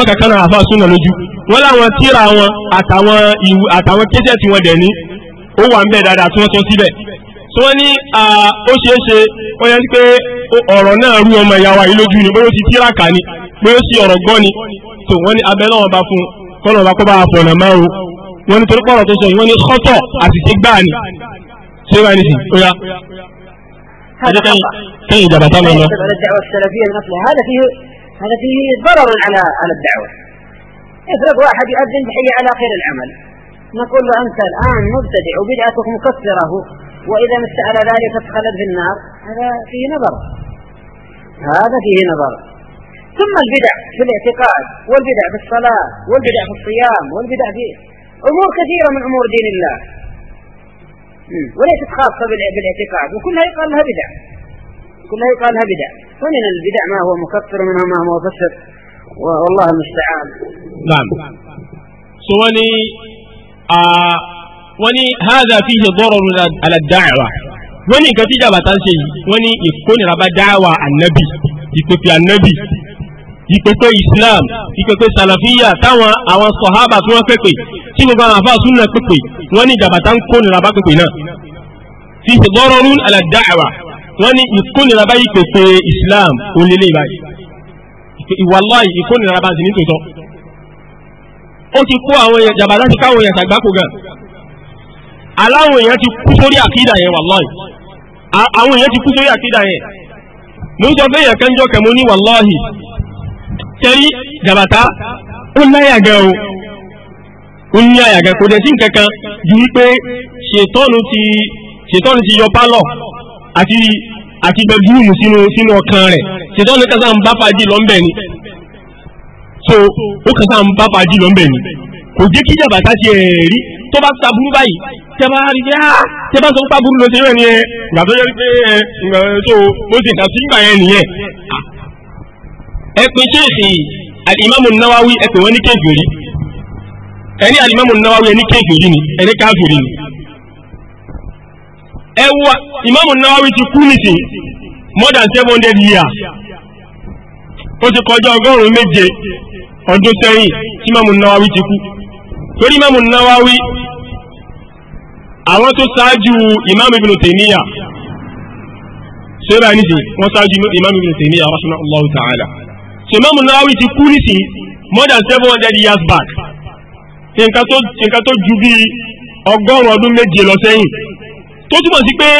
mọ́ kankan náà àfa súnà lójú wọ́n láwọn tíra wọn àtàwọn ìwú àtàwọn kéṣẹ́ tí wọ́n dẹ̀ ní ó wà ń bẹ̀ dáadáa tí wọ́n tún síbẹ̀ tí wọ́n ní ó ṣeé ṣe ó yẹ pé ọ̀rọ̀ náà rú ọmọ ìyá wa yìí lójú ni bóyá ó ti tíra kà ni bóyá ó sì ọ̀rọ̀ gbọ́ ni tó wọ́n ní abẹ́ náà bá fún kọ́nà bá kọ́ bá a fọ̀nà máa ro wọ́n ní torí pọ̀rọ̀ tó sọ wọ́n ní ni ṣé wàá ní sìn ó yá. هذا كان هذا فيه هذا فيه ضرر على على الدعوة افرض واحد يؤذن تحية على خير العمل نقول له أنت الآن مبتدع وبدعتك مكسرة وإذا مت على ذلك تخلد في النار هذا فيه نظر هذا فيه نظر ثم البدع في الاعتقاد والبدع في الصلاة والبدع في الصيام والبدع في أمور كثيرة من أمور دين الله وليست خاصة بالاعتقاد وكلها يقال لها بدع كلها قالها لها بدع ومن البدع ما هو مكفر منها ما هو مفسر والله المستعان نعم سواني آه وني هذا فيه ضرر على الدعوة وني كتيجا باتانسي وني يكون ربا دعوة النبي يكفي النبي ìpèpè islam ìpèpè sàlàfíyà táwọn àwọn sọ̀hábà tí wọ́n pèpè tí gbogbo àwọn àfáà súnà pèpè wọ́n ní ìjàbàtà ń kó nìrabá pèpè náà fi ìgbọ́rọ̀rún àlàdáàwà wọ́n ní ìkónira báyìí pèsè Islam onílé báyìí ìwàláì ìkónira bá ti ní tòótọ́ ó ti kó àwọn èèyàn jàbàdá ti káwọn èèyàn tàgbákò gan aláwọn èèyàn ti kú sórí àkídà yẹn wàláì àwọn èèyàn ti kú sórí àkídà yẹn mo ń sọ pé èèyàn kan jọ kẹmọ ní wàláì tẹ́rí jàbàtà ó náyà gan o ó ní àyàgẹ́ kò dẹ̀ sí nǹkankan ju wípé ṣètọ́nu ti ṣètọ́nu ti yọ pálọ̀ àti àti bẹbúrúmù sínú sínú ọkàn rẹ̀ ṣètò ní kásá ń bá fàájì lọ́nbẹ̀ ni so ó kásá ń bá fàájì lọ́nbẹ̀ ni kò jẹ́ kí jàbàtà ti ẹ̀ rí tó bá ta burú báyìí tẹ bá rí bẹ́ẹ̀ ah! tẹ bá sọ pé burú ló ṣe rẹ̀ ni ẹ ìgbà tó yẹ pé ẹ ìgbà tó ó sì kà sí ìgbà yẹn nìyẹn. ẹ pin kéèsì alimami nawawi ẹ pè wọ́n ní kéèkì rí ẹ ní alimami nawawi ẹ ní kéèkì rí ni ẹ ní káàkiri ni ẹ wo ìmáàmù Nawawi ti kú nìsín more than seven hundred years ó ti kọjá ọgọ́rùn-ún méje ọdún sẹ́yìn tí ìmáàmù Nawawi ti kú torí ìmáàmù Nawawi àwọn tó ṣáájú ìmáàmù Ibn Taymiyyah sọ́ra nìsín wọ́n ṣáájú ìmáàmù Ibn Taymiyyah rahimahullahu ta'ala so ìmáàmù Nawawi ti kú nìsín more than seven hundred years back nǹkan tó ju bí ọgọ́rùn-ún ọdún méje lọ sẹ́yìn tó túmọ̀ sí pé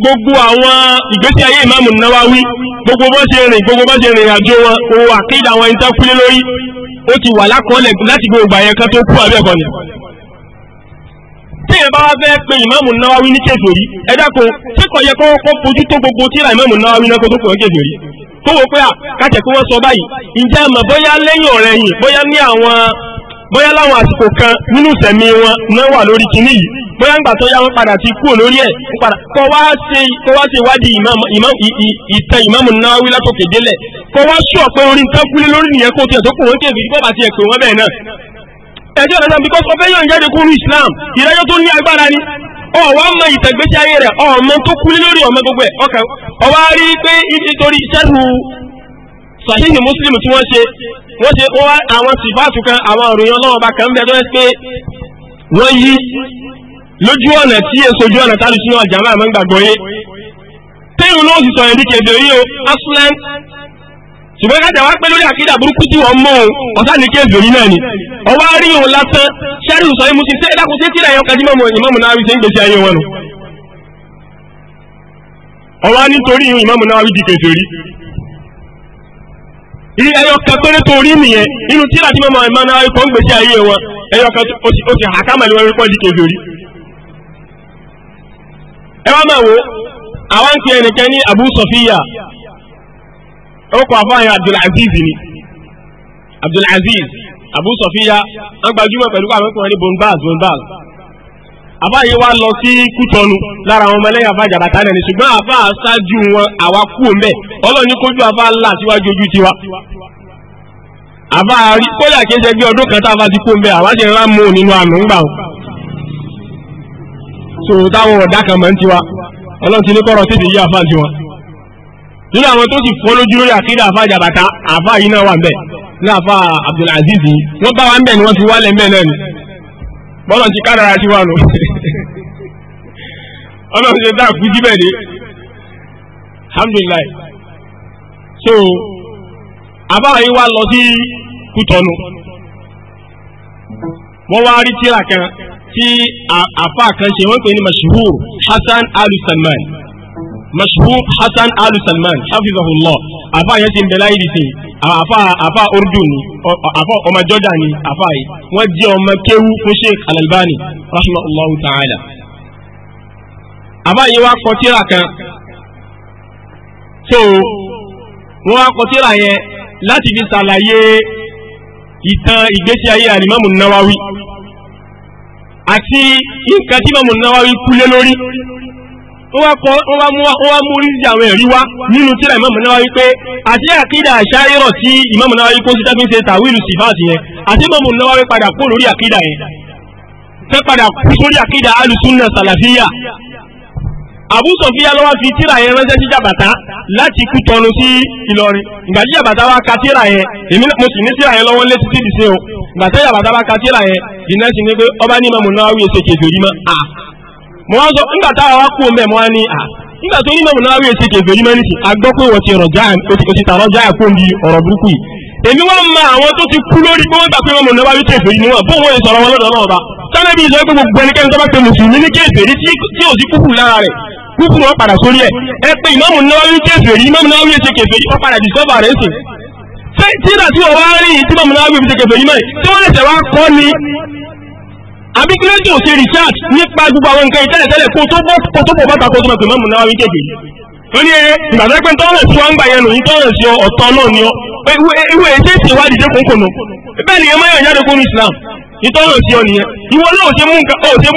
gbogbo àwọn ìgbésí ayé ìmáàmù Nawawi gbogbo bá ṣe rìn gbogbo bá ṣe rìn àjò wọn owó àkéde àwọn ẹni tó kúlé lórí ó ti wà lákọọ́lẹ̀ láti gbogbo àyẹ̀ kan tó kú àbẹ́ẹ̀kọ́ ni. téèyàn bá wá fẹ́ pe ìmáàmù Nawawi ní kèfèrí ẹ dákun ṣé kò yẹ kó kó fojú tó gbogbo tíra ìmáàmù Nawawi náà kó tó pè wọ́n kèfèrí tó wò bóyá láwọn àsìkò kan nínú ìsẹ̀mí wọn náà wà lórí kinní yìí bóyá ń gbà tó yá wọn padà ti kúrò lórí ẹ̀ padà kọ́ wá ṣe kọ́ wá ṣe ìwádìí ìtàn ìmáàmù Nawawi látòkè délẹ̀ kọ́ wá ṣú ọ̀pẹ orí nǹkan kúlé lórí nìyẹn kó tiẹ̀ tó kù wọ́n kéèké bọ́ba tiẹ̀ pè wọ́n bẹ́ẹ̀ náà. ẹjọ́ ọ̀dọ́sán bí kọ́sọ́ fẹ́ yàn jáde kúrú Islam ìdájọ́ tó ní agbára ni ọ̀wá mọ ìtẹ̀gbésí ayé rẹ̀ ọmọ tó kúlé lórí ọmọ gbogbo ẹ̀ ọkàn ọwá rí pé nítorí sẹ́rù Sahihi Muslim tí wọ́n ṣe wọ́n ṣe ó wá àwọn sìfáàtù kan àwọn ìròyìn ọlọ́run ọba kan bẹ́ẹ̀ tó yẹ pé wọ́n yí lójú ọ̀nà tí èso ojú ọ̀nà tá a lè sún ọjà máa máa ń gbàgbọ́ yé téèyàn náà sì sọ̀rọ̀ ìdíkẹ̀ èdè yìí o aslan ṣùgbọ́n kájà wá pé lórí àkídà burúkú tí wọ́n mú un ọ̀sá ní kéèfé yìí náà ni ọwọ́ rí òun lásán ṣẹ́rí sọ imú ti ṣe dákun ṣé tíra ẹ̀yọ́ kájí mọ́mọ́ ìmọ̀mù náà wí ṣe ń gbèsè ayé wọn nù ọwọ́ nítorí ìmọ̀mù náà wí di kéèfé rí ìrí ẹyọ kan péré tó rí nìyẹn inú tíra tí mọ́mọ́ ìmọ̀ náà ikọ̀ ń gbèsè ayé wọn ẹyọ kan ó ti àkámàlì wọn rípọ̀ di kejì orí. ẹ wá máa wo àwọn ń pe ẹnìkan ní Abu Sofiya ó kọ àfáàyàn Abdulaziz ni Abdulaziz Abu Sofiya ń gbajúmọ̀ pẹ̀lú àwọn ọkùnrin ní Bonbaz Bonbaz àbáyé wa lọ sí kútọnu lára àwọn ọmọlẹ́yìn àbájàbàtà náà ni ṣùgbọ́n àbá aṣáájú wọn àwa kú òmẹ́ ọlọ́ni kójú àbá ńlá síwájú ojú tiwa àbá rí kódà kí n ṣe bí ọdún kan tá ti kú òmẹ́ àwa ṣe ńlá mú nínú àmì ńgbà o so táwọn ọ̀dà kan mọ̀ ń tiwa ọlọ́run ti ní kọ́rọ̀ tètè yí àfa tiwọn nínú àwọn tó sì fọ́ lójú lórí àkídà àbájàbàtà àfa yìí náà wà ń bẹ̀ ní àfa Abdulaziz yìí wọ́n sí wa nù ọlọ́run ṣe dáa fún jíbẹ̀ ni alhamdulilayi so àbára yìí wá lọ sí kútọ́nù wọ́n wá rí tíra kan tí àfa kan ṣe wọ́n pè ní mashhur hasan alu salman mashhur hasan alu salman hafizahullah àfa yẹn ti ń bẹ láyé dìsìn àfa àfa urdu ni àfa ọmọ jọjà ni àfa yìí wọ́n jẹ́ ọmọ kéwú fún sheikh alalbani rahmatulahu ta'ala àbáyé wa kọ tíra kan so wọ́n wá kọ tíra yẹn láti fi ṣàlàyé ìtàn ìgbésí ayé alimamu nawawi àti nǹkan tí mamu nawawi kúlé lórí wọ́n wá mú oríṣiríṣi àwọn ẹ̀rí wá nínú tíra imamu nawawi pé àti àkídà àṣáyérọ̀ tí imamu nawawi kó síta fi ń ṣe tàwílù sífáàsì yẹn àti mamu nawawi padà kó lórí àkídà yẹn fẹ́ padà kú sórí àkídà alùsùnà sàlàfíyà Abu Sofia ló wá fi tíra yẹn ránṣẹ́ sí jàbàtà láti kú tọ́nu sí Ìlọrin ìgbà tí jàbàtà wá ka tíra yẹn èmi mo sì ní tíra yẹn lọ́wọ́ létí tí ìdísé o ìgbà tí jàbàtà wá ka tíra yẹn ìná sí ni pé ọba ní ìmọ̀ mọ̀ náà wíyẹsẹ̀ kejì òyìnbó à mo wá sọ nígbà táwa wá kú ọmọ ẹ̀ mo wá ní à nígbà tó nínú ọ̀nà àwẹ̀ ṣe kèfèrí mọ́ nísìn agbọ́ pé wọ́n ti rọ̀já òsì tàrọ́já àpòǹdì ọ̀rọ̀ burúkú yìí èmi wọ́n ma àwọn tó ti kú lórí pé wọ́n gbà pé wọ́n mọ̀nà wáyé kèfèrí ni wọ́n bó wọ́n sọ̀rọ̀ wọn lọ́dọ̀ náà bá sábẹ́bí ìṣọ́ pé gbogbo ẹnikẹ́ni tó bá pe mùsùlùmí ní kèfèrí tí ò sí kúkú lára rẹ̀ kúkú wọn padà sórí ẹ̀ ẹ pé ìmáàmù Nawawi kèfèrí ìmáàmù Nawawi ṣe kèfèrí wọ́n padà dìsọ́bà rẹ̀ sùn tí ìdá tí wọ́n wá rí ìmáàmù Nawawi ṣe kèfèrí mọ́ àbí kí ló dé richard nípa gbogbo àwọn nǹkan ìtẹ́lẹ̀tẹ́lẹ̀ kó tó bọ́ kó tó bọ̀ bàtà kó tó máa pè mọ́mù náà wí kéde ó ní eré ìgbàdá pé tọ́rọ̀ sí wọn gbà yẹn nù yí tọ́rọ̀ sí ọ̀tọ̀ náà ni ọ ìwé ètè ìṣèwádìí dé kókònà bẹ́ẹ̀ ni ẹ máa yàn jáde kó ní Islam ìtọ́rọ̀ sí ọ nìyẹn ìwọ náà ṣe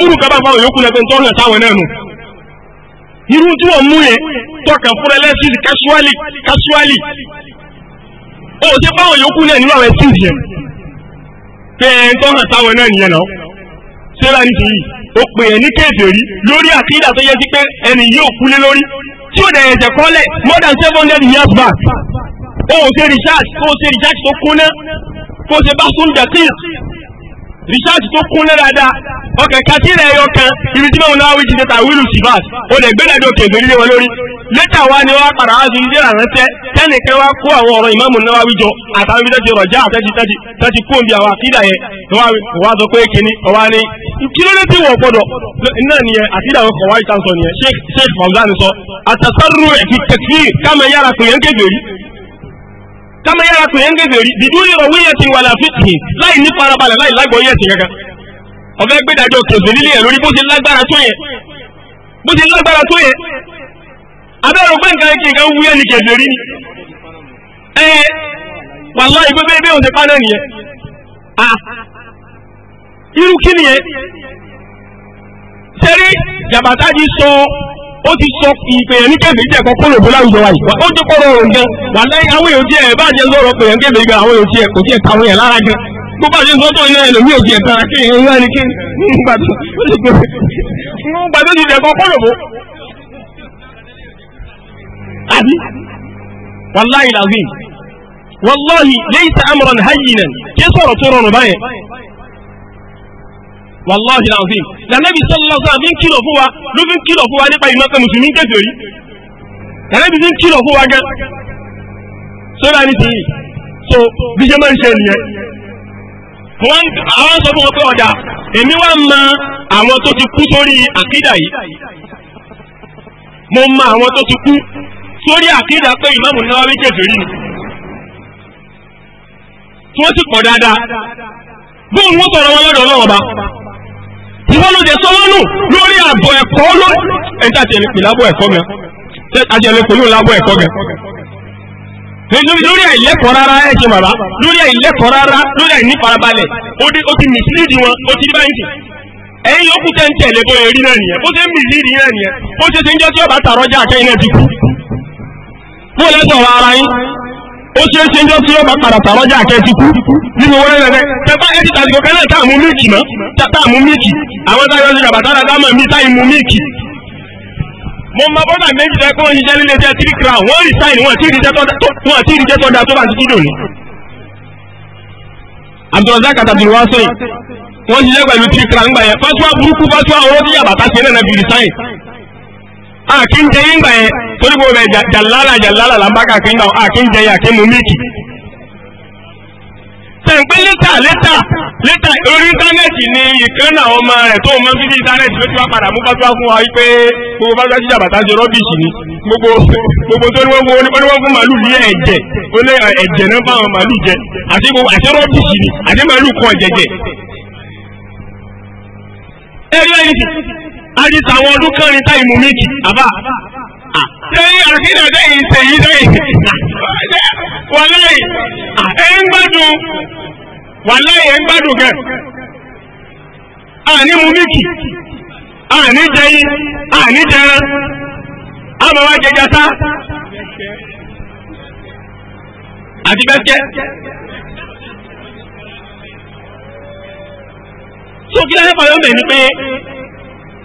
múrù kábà fáwọn yòókù lẹ́pẹ́ tọ́rọ̀ sáwọn náà nù irú tí wọ́n mú yẹn tọkàn fúnra lẹ́sìn casually casually ó ṣe fáwọn yòókù náà nínú àwọn ẹ̀sìn yẹn pé ẹ̀ tọ́rọ̀ náà nìyẹn náà sẹ́rà nísìnyí ó pè ẹ́ ní kèfèrí lórí àkídà tó yẹ sí pé ẹni yóò kúlé lórí tí ó dẹ̀yẹ̀ tẹ̀ more than seven hundred years back ó ṣe research ó ṣe research tó kúnná kó ṣe bá sún dàkíyàn research tó kúnlẹ̀ dáadáa ọkẹ̀ kátìrẹ̀ ẹ̀yọ kan ibi tí mẹ́wọ́n náà wíjì tẹ́ta wílù sivas ó lè gbé lẹ́dọ̀ òkè ìgbèrílé wọn lórí lẹ́tà wa ni wọ́n padà wá sí ilé ìrànṣẹ́ tẹ́nìkan wá kó àwọn ọ̀rọ̀ ìmáàmù náà wíjọ àtàwọn ibi tẹ́tì rọ̀já àtẹ́tì tẹ́tì kó omi àwọn àkídà yẹn wọ́n sọ pé kíní ọwá ní kí ló dé tí wọ́n gbọ́dọ̀ náà nìyẹn àkídà wọn kọ̀ wáyé sáńsọ nìyẹn sheikh fauzan sọ àtàsárù ẹ̀fì tẹ̀kí kámẹ́ yára pè é ń kéde yìí kama yára pè é ń gègé rí dídú ní ọ̀wé yẹn ti wà láfíìsì láì ní farabalẹ̀ láì lágbọ̀ yẹn ti kankan ọ̀fẹ́ gbẹ́dájọ́ kẹsì nílé yẹn lórí bó ti lágbára tó yẹn bó ti lágbára tó yẹn abẹ́rù pé nǹkan kí nǹkan wúyẹ́ ni kẹsì rí e, ni ẹ wàlá ìgbé bẹ́ẹ̀ bẹ́ẹ̀ òsè pánẹ́ nìyẹn a irú kí nìyẹn sẹ́rí jàbátá jí sọ ó ti sọ ìpèyàn ní kébè jẹ́ ẹ̀kọ́ kúrò bó láwùjọ wa yìí ó ti kọ́ ọ̀rọ̀ nǹkan wà lẹ́yìn àwọn èèyàn tí ẹ̀ bá jẹ́ sọ̀rọ̀ pèyàn kébè gan àwọn èèyàn tí ẹ̀ kò tí kàwọn yẹn lára gan bá lòmí kí tó ti kúrò bó. àbí làwìn tá wàláhi làwọn lànàbí sallallahu alaihi wasallam fi ń kìlọ̀ fún wa ló fi ń kìlọ̀ fún wa nípa ìmọ̀ pé mùsùlùmí ń kẹfẹ́ rí lànàbí fi ń kìlọ̀ fún wa gan sódà ní tìyí so bí ṣe máa ń ṣe nìyẹn wọn àwọn sọ fún wọn pé ọ̀dà èmi wá mọ àwọn tó ti kú sórí àkídà yìí mo mọ àwọn tó ti kú sórí àkídà pé ìmáàmù Nawawi kẹfẹ́ rí ni tí wọ́n ti pọ̀ dáadáa bóun wọ́n sọ̀rọ̀ wọn lọ́dọ̀ ọlọ́wọ́ ìwọ́n ló dé sọ́wọ́nù lórí àbọ̀ ẹ̀kọ́ lórí ẹ̀ńtà tẹ̀lé pè lábọ̀ ẹ̀kọ́ mi àjẹlẹ̀ pẹ̀lú lábọ̀ ẹ̀kọ́ mi. lórí àìlẹ́kọ̀ọ́ rárá ẹ̀ ṣe bàbá lórí àìlẹ́kọ̀ọ́ rárá lórí àìnífarabalẹ̀ ó ti mislead wọn ó ti báyìí ẹ̀yin yòókù tẹ́ ń tẹ̀lé bóyá orí náà nìyẹn bó ṣe ń mislead yín náà nìyẹn bó ṣe ti ń jọ́ tí ọba tààrọ́ jà kẹ́yìn náà ti kú. bó lẹ́sọ̀ wá ara yín ó ṣe é ṣe jọ tí yóò bá padà tàrọ́jà akẹ́tìkú nínú wọn rẹ̀ tẹ́pá ẹ̀dí tàbíkọ kẹ́lẹ́ tá à mú míìkì mọ́ tá à mú míìkì àwọn táyọ̀ sí ràbàtà rẹ̀ dámọ̀ mí táyì mú míìkì. mo máa bọ́dà méjì rẹ̀ kó oyin jẹ́ nílé jẹ́ three crown wọ́n rí sáìn wọ́n àti ìrìjẹ́ tó da tó bá ti kí lónìí. Abdulrazak àtàdùn wá sẹ́yìn wọ́n ṣiṣẹ́ pẹ̀lú three crown gbà yẹn fásitì burúkú fásitì owó tí yàbàtà ṣe náà àkí ń jẹ yín gbà yẹn torí gbogbo rẹ̀ jàlálà jàlálà là ń bá kàkí ń gbà àkí ń jẹ yín àkí mu mílìkì. tẹ̀ǹpé lẹ́tà lẹ́tà lẹ́tà orí íńtánẹ́ẹ̀tì ni ìkan náà ọmọ rẹ̀ tó mọ fífi íńtánẹ́ẹ̀tì ló ti wá padà mú fásitì wá fún wa wípé gbogbo fásitì ṣíṣe àbàtà ṣe rọ́bìṣì ni gbogbo gbogbo tó ní wọ́n fún ní wọ́n fún màálù ní ẹ̀jẹ̀ ó lé ẹ̀jẹ̀ náà fáwọn màálù jẹ àti gbogbo àti àdìsá àwọn ọdún kẹrin táyì mú méjì àbá. sẹ́yìn àkínà sẹ́yìn sẹ́yìn sẹ́yìn wàláyé ẹ̀ ń gbádùn wàláyé ẹ̀ ń gbádùn kẹ́ àní mú méjì àní jẹyìn àní jẹran àmọ́ wá jẹ jata àti bẹ́ẹ̀ tó kí lẹ́yìn fàyọ́ mẹ́ ni pé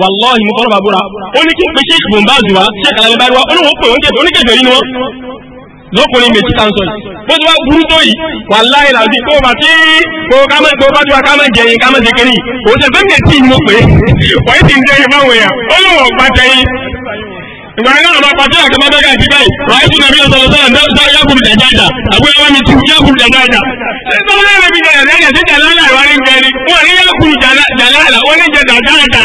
wàláhì mú kọ́nà bàbúrà ó ní kí n pe sheikh bombaz wa sheikh alamibari wa olóhùn pè oúnjẹ oníkẹfẹ nínú wọn lọkùnrin méjì tá n sọ yìí bó ti wá burú tó yìí wàláhì làbí kó bá tí kó kámẹ kó bá tí wa kámẹ jẹyìn kámẹ jẹkẹrì kò tẹ fẹmẹ tí mo pè wọ́n ti ń jẹyìn fáwọn èèyàn olóhùn ọ̀gbà jẹyìn ìgbà náà máa pàṣẹ àkàbà bẹ́ẹ̀ káyìí báyìí wàá tún nàbí ọ̀sán ọ̀sán ọ̀sán yàgùn dàdáàdà àbúrò wa mi tún yàgùn dàdáàdà. sọ́kọ́ náà lè fi jẹ ẹ̀rẹ́ ẹ̀jẹ̀ jàlálà ìwárí ń jẹ ni wọ́n ní yàgùn jàlálà wọ́n ní jẹ dàdáàdà.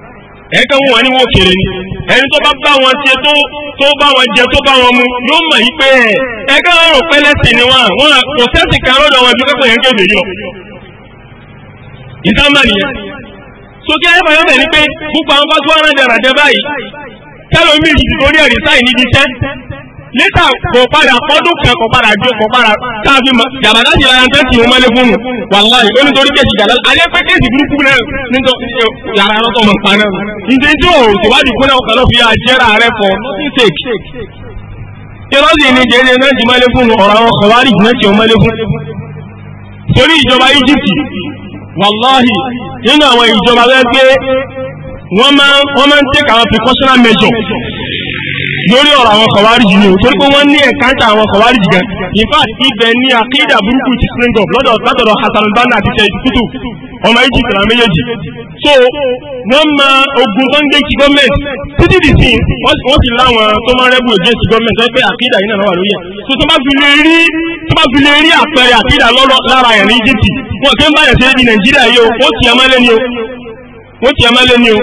ẹ̀ẹ́kan wọn ni wọ́n kéré ni ẹni tó bá bá wọn ṣe tó tó bá wọn jẹ tó bá wọn mu yóò mọ̀ yìí pé ẹ̀ẹ́kan wọn rò pé lẹ́sìn ni wọn wọn kò sẹ́sì kan lọ́dọ̀ wọn ju kẹ́kọ̀ọ́ yẹn kéde yìí lọ. ìdámà nìyẹn sókè ayébáyọ́ bẹ̀ ni pé gbogbo àwọn bá tó wọn rẹ̀ dàrà jẹ báyìí tẹ́lómi ìdìbò ní ẹ̀rí sáì níbi iṣẹ́ lẹ́tà kò padà fọ́dún kan kò padà jó kò padà káàfin ma jàmbá láti ara tẹ́ tì wọ́n mọ́lẹ́ fún wàláyé ó ní torí kẹ́sì jàdá alẹ́ pé kẹ́sì burúkú náà yàrá lọ́tọ̀ mọ̀ pa náà ǹjẹ́ tí o tìwádìí kúnlẹ̀ ọ̀kan lọ́ fi yà jẹ́ra rẹ fọ́ nothing take ni jẹ́jẹ́ náà ti ọ̀rọ̀ àwọn kọ̀wárì náà ti torí ìjọba lórí ọ̀rọ̀ àwọn kọ̀wárìjì ni o torí pé wọ́n ní ẹ̀káńtà àwọn kọ̀wárìjì gan in fact ibẹ̀ ní àkídà burúkú ti spring up lọ́dọ̀ látọ̀dọ̀ Hasan àti sẹ́yìn kútù ọmọ egypt náà méjèèjì so wọ́n ma ogun tó ń gbé ti gọ́ọ̀mẹ̀ntì títí di sí wọ́n sì láwọn tó máa rẹ́bù èdè ti gọ́ọ̀mẹ̀ntì tó ń pẹ́ yìí náà wà lóye so tó bá fi lè rí tó bá fi lè rí àpẹẹrẹ àkídà lọ́rọ̀ lára yẹn ní egypt wọ́n ti ń bá yẹn ṣe ní nàìjíríà yìí o ó ti ẹ̀ máa lé ni o ó ti ẹ̀ máa lé ni o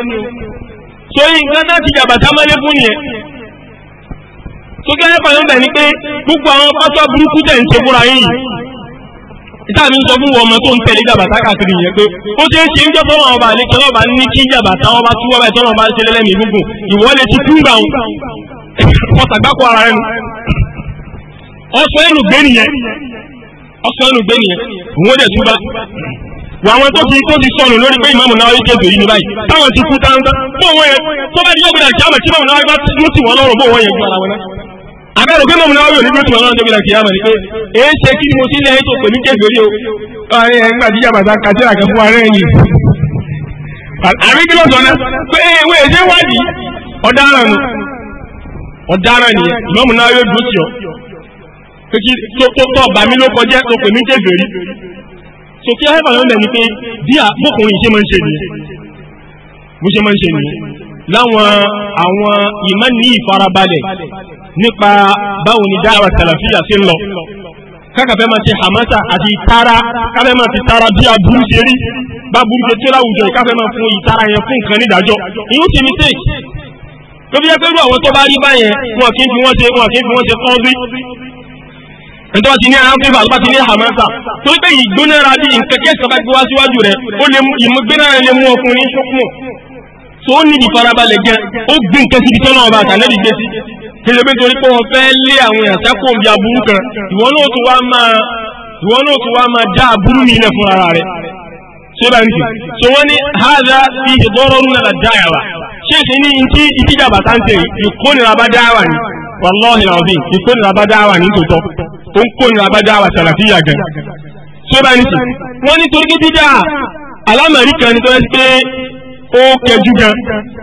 so yìí nǹkan náà ti jàbàtà máa lé fún yẹn tó kí ẹ̀fà yóò bẹ̀ ni pé gbogbo àwọn pátá burúkú tẹ̀ ń ṣe fúnra yín ìta mi ń sọ fún ọmọ tó ń tẹ̀lé jàbàtà káàkiri yẹn pé ó ṣe é ṣe ń jọ́tọ́ wọn ọba àlejò ọlọ́ba ní kí jàbàtà wọn bá túwọ́ báyìí tọ́lọ́ bá ń ṣe lẹ́lẹ́mì gúngùn ara rẹ̀ nu ẹnu gbé nìyẹn ẹnu gbé nìyẹn àwọn tó ti tó ti sọnù lórí pé ìmáàmù náà ní báyìí táwọn ti kú táńtá abẹ́rù pé mọ̀mù náà yóò ní gbẹ́tùmọ̀ náà tóbi lẹ́kìá mọ̀ ní pé èé ṣe kí ni mo ti ń lẹ́yìn tó pè ní kékeré o ọ̀rẹ́ ẹ̀ nígbà tí jàbàtà kàtíra kan fún ara ẹ̀yìn. àbí kí ló sọ náà pé ewé ẹ̀jẹ̀ wádìí ọ̀daràn nù ọ̀daràn nìyẹn mọ̀mù náà yóò dùn sí ọ pé kí tó tọ̀ bá mi ló kọjá tó pè ní sòkè ahẹ́fà ló ń nípa báwo ni dáwà sàlàfíà ṣe ń lọ kákàfẹ́ máa ṣe hamasa àti ìtara káfẹ́ máa ti tara bí aburú ṣe rí bá burú ṣe tí láwùjọ káfẹ́ máa fún ìtara yẹn fún nǹkan nídàájọ́ ìyún ti mistake tó fi yẹ pé irú àwọn tó bá rí báyẹn wọn kì í fi wọ́n ṣe wọn kì í fi wọ́n ṣe kọ́ńdí ntọ́ ti ní àáfíìfà àgbà ti ní hamasa torí pé ìgbónára bí nkẹ́kẹ́ sábà gbé wá síwájú rẹ̀ ó lè mú ìmúgbénára lè mú ọkùnrin ṣókùn tó ní ìfarabalẹ̀ gan ó gbé nǹkan síbi tọ́lọ́ ọba àtàlẹ́bí gbé kéde pé torí pé wọ́n fẹ́ lé àwọn èèyàn sẹ́kùn bí aburú kan ìwọ náà tó wá máa ìwọ náà tó wá máa dá aburú mi ilẹ̀ fún ara rẹ̀ ṣé bá ń tì so wọ́n ní haza fi ìdọ́rọ̀ rúnà là dá yàrá ṣé kì ní ti ìdíjà bàtà ń tẹ̀ ìkónira bá dá wà ní wàlọ́ọ̀hì làwọn ìkónira bá dá wà ní tòótọ́ ó ń kónira bá dá wà sàlàfíà gan ṣé bá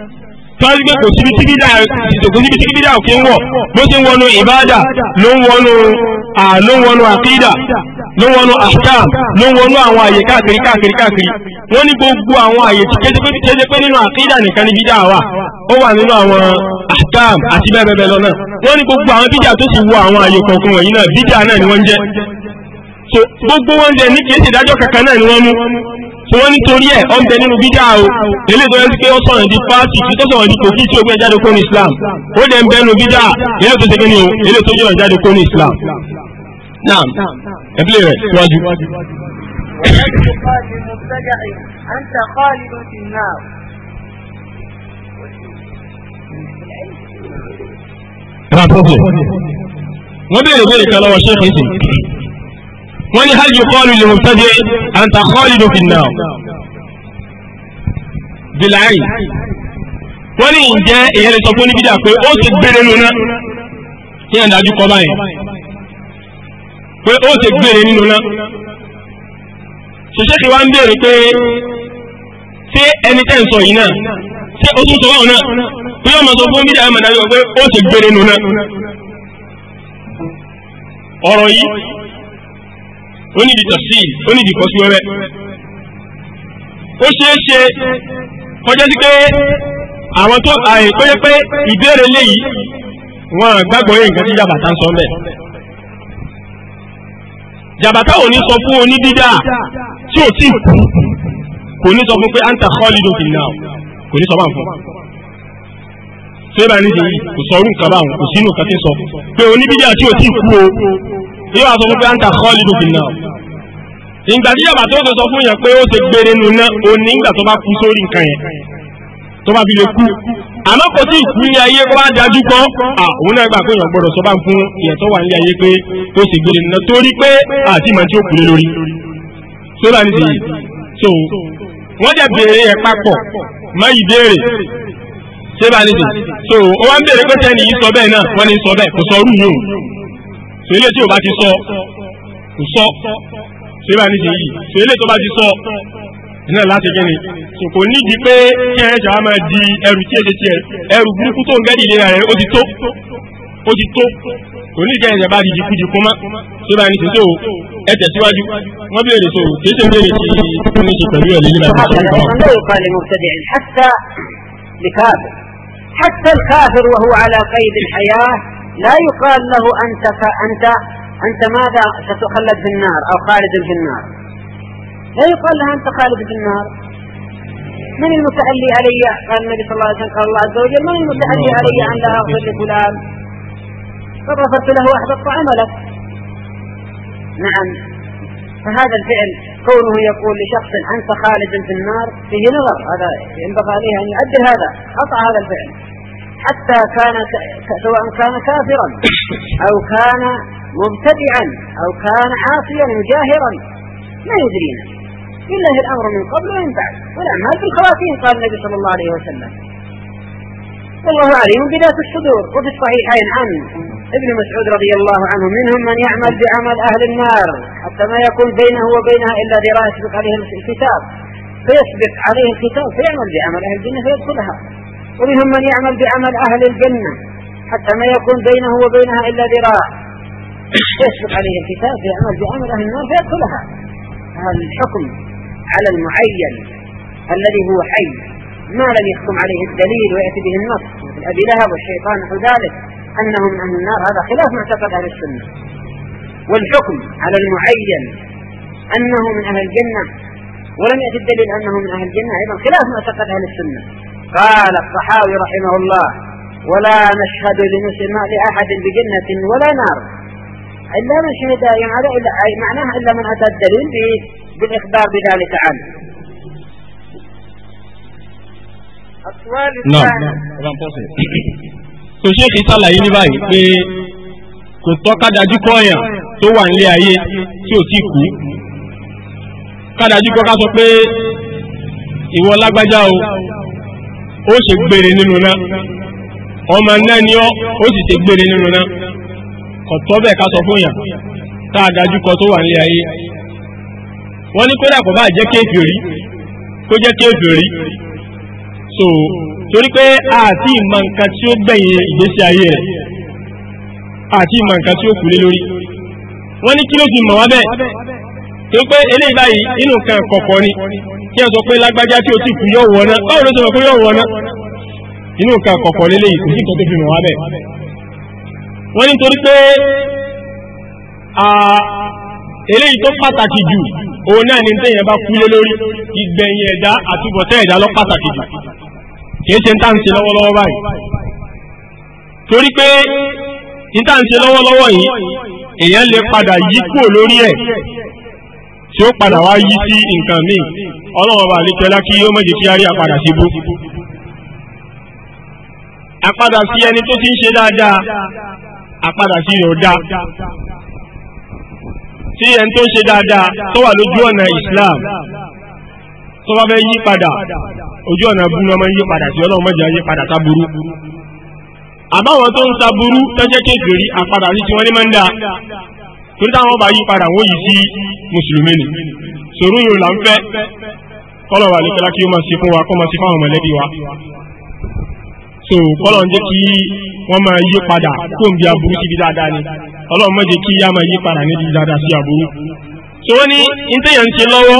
ń tọ́jú pé kò síbi tíbídà kò síbi tíbídà òkè ń wọ̀ ló ti ń wọnú ìbáàdà ló ń wọnú ló ń wọnú àkídà ló ń wọnú àṣàm ló ń wọnú àwọn àyè káàkiri káàkiri káàkiri wọ́n ní gbogbo àwọn àyè tí kéde pé nínú àkídà nìkan ní bídà wà ó wà nínú àwọn àṣàm àti bẹ́ẹ̀ bẹ́ẹ̀ lọ náà wọ́n ní gbogbo àwọn bídà tó sì wọ àwọn àyè kọ̀ọ̀kan wọ̀nyí náà bídà náà ni wọ́n jẹ́ gbogbo wọn jẹ ní kìí ṣèdájọ́ kankan náà ni wọ́n mú tí wọ́n nítorí ẹ̀ ọ́n nínú bídà o eléyìí tó yẹ kí ó sọ̀rọ̀ di fásitì tí tó sọ̀rọ̀ di kòkí tí ó gbé jáde kó ní Islam ó dẹ̀ ń bẹ nínú bídà eléyìí tó ṣe kí o eléyìí tó yọ̀ jáde kó ní Islam. naam ẹ̀bílẹ̀ rẹ̀ síwájú. wọ́n bèèrè bèèrè kan lọ́wọ́ ṣé kìí sìn wọ́n ní hal yuqalu lil mubtadi' anta khalidun fin nar bilayi wọ́n ní ǹjẹ́ èyàn lè sọ fún níbi dà pé ó ti gbére lóná kí ẹ̀ dájú kọ́ báyẹn pé ó ti gbére nínú ná ṣiṣẹ́ ti wá ń béèrè pé ṣé ẹni tẹ́ ń sọ yìí náà ṣé ó tún sọ wọ́n náà pé ọmọ sọ fún bídà ẹ̀mọ̀ pé ó ti gbére nínú ọ̀rọ̀ yìí ó ní ìdìtọ̀ sí ó ní ìdìkọ́ sí wẹ́wẹ́ ó ṣeé ṣe kọjá sí pé àwọn tó àyè tó yẹ pé ìbéèrè léyìí wọn gbàgbọ́ yẹ nǹkan tí jàbàtà ń sọ mẹ́ jàbàtà ò ní sọ fún onídídà tí ò tí kú kò ní sọ fún pé anta khalidun fi náà kò ní sọ máa fún ṣé bá nídìí kò sọ orú nǹkan báwọn kò sínú nǹkan tí ń sọ pé onídídà tí ò tí kú o yóò wá sọ fún pé à ń ta kọ́ọ̀lì lókè náà ìgbà tí yàrá tó sọ fún yẹn pé ó ti gbére nu náà ó ní ìgbà tó bá kú sórí nǹkan yẹn tó bá fi lè kú àmọ́ kò tí ìkú ní ayé kó bá dájú kọ́ àwọn náà gbà pé èèyàn gbọ́dọ̀ sọ bá ń fún ìyẹn tó wà nílé ayé pé ó sì gbére nu náà torí pé àti ìmọ̀ tí ó kúlé lórí tó bá ní sí so wọ́n jẹ́ béèrè ẹ̀ papọ̀ má yìí béèrè tó bá ní sí so ó wá ń béèrè pé tẹ́ni yìí sọ bẹ́ẹ̀ náà wọ́n ní sọ bẹ́ẹ̀ kò sọ rú yìí sèlè tí o bá ti sọ kò sọ sèlè bá nídìí yìí sèlè tó bá ti sọ iná láti kí ni so kò nídìí pé kí ẹ ṣàá máa di ẹrù tí èdè tiẹ̀ ẹrù burúkú tó ń gẹ́ dìde rẹ̀ ó ti tó ó ti tó kò ní ìkẹyìn ìjọba di jìkújìkú mọ́ sèlè bá nídìí so ẹ tẹ̀síwájú wọ́n béèrè so kì í ṣe béèrè tí ó ní ṣe pẹ̀lú ẹ̀ lẹ́yìn bá ti ń bá حتى الكافر وهو على قيد الحياة لا يقال له أنت فأنت أنت ماذا ستخلد في النار أو خالد في النار لا يقال له أنت خالد في النار من المتعلي علي قال النبي صلى الله عليه وسلم قال الله عز وجل من المتعلي نعم. علي أن لا أغفر لفلان قد غفرت له الطعام عملك نعم فهذا الفعل كونه يقول لشخص أنت خالد في النار فيه نظر هذا ينبغي عليه أن يعدل هذا خطأ هذا الفعل حتى كان سواء كان كافرا أو كان مبتدعا أو كان عاصيا جاهرا ما يدرينا لله الأمر من قبل ومن بعد والأعمال في الخواتيم قال النبي صلى الله عليه وسلم والله عليم بذات الصدور وفي الصحيحين عن ابن مسعود رضي الله عنه منهم من يعمل بعمل أهل النار حتى ما يكون بينه وبينها إلا ذراع يسبق عليه الكتاب فيسبق عليه الكتاب فيعمل بعمل أهل الجنة فيدخلها ومنهم من يعمل بعمل أهل الجنة حتى ما يكون بينه وبينها إلا ذراع يسبق عليه الكتاب يعمل بعمل أهل النار فيدخلها هذا الحكم على المعين الذي هو حي ما لم يحكم عليه الدليل ويأتي به النص مثل أبي لهب والشيطان نحو ذلك أنه من أهل النار هذا خلاف معتقد أهل السنة والحكم على المعين أنه من أهل الجنة ولم يأتي الدليل أنه من أهل الجنة أيضا خلاف معتقد أهل السنة قال الصحابي رحمه الله ولا نشهد لأحد بجنة ولا نار إلا من شهد يعني إلا أي معناها إلا من أتى الدليل بالإخبار بذلك عنه نعم نعم so ṣéèkì ṣàlàyé ní báyìí pé kò tọ́ kádájú kọ́ọ̀yàn tó wà nílé ayé tí kú kádájú kọ́ ká sọ pé ìwọ lágbájá o ó ṣe gbére nínú náà ọmọ náà ni ó sì ṣe gbére nínú náà ọ̀tọ́ bẹ́ẹ̀ ká sọ fún yàn tá a dájú kọ tó wà nílé ayé wọ́n ní kódà kò jẹ́ kó jẹ́ so torí pé àti ìmọ̀ nǹkan tí ó gbẹ̀yìn ìgbésí ayé rẹ̀ àti ìmọ̀ nǹkan tí ó kù lé lórí wọ́n ní kí ló mọ̀ bẹ́ẹ̀ tó pé eléyìí báyìí inú kan kọ̀kọ̀ ni kí ẹ sọ pé lágbájá tí o ti kú yóò wọná báwo ló ti sọ pé yóò wọná inú kan kọ̀kọ̀ léléyìí kò sí nǹkan tó fi mọ̀ wá bẹ́ẹ̀. wọ́n ní torí pé eléyìí tó pàtàkì jù òun náà ni téèyàn bá kú lé lórí ìgbẹ̀yìn ẹ̀dá àtúbọ̀tẹ́ ẹ̀dá lọ pàtàkì jù kìí ṣe ń tà ń ṣe lọ́wọ́lọ́wọ́ báyìí torí pé ń tà ń ṣe lọ́wọ́lọ́wọ́ yìí èèyàn lè padà yí kúrò lórí ẹ̀ tí ó padà wá yí sí nǹkan míì ọlọ́wọ́n bá àlékẹ́lá kí ó mọ̀jẹ̀ kí á rí àpadà sí bú. àpadà sí ẹni tó ti ń ṣe dáadáa àpadà sí rẹ̀ ó dá. tí ẹni tó ń ṣe dáadáa tó wà lójú ọ̀nà Islam tó bá fẹ́ yí padà ojú ọ̀nà bú ni wọ́n máa ń yí padà sí ọlọ́wọ́n mọ̀jẹ̀ yí padà sábúrú. àbáwọn tó ń sábúrú tọ́jẹ́ kékeré àpadà sí tiwọn ní máa ń dáa torí táwọn bá yí padà wọ́n yìí sí mùsùlùmí ni sòrò yóò là ń fẹ́ kọ́lọ̀ wà nìkẹ́lá kí ó máa ṣe fún wa kó máa ṣe fáwọn mọ̀lẹ́bí wa so kọ́lọ̀ ń jẹ́ kí wọ́n máa yí padà kó ń bi aburú síbi dáadáa ni ọlọ́run má jẹ́ kí yá máa yí padà níbi dáadáa sí aburú so wọ́n ní ní tẹ́yàn ń ṣe lọ́wọ́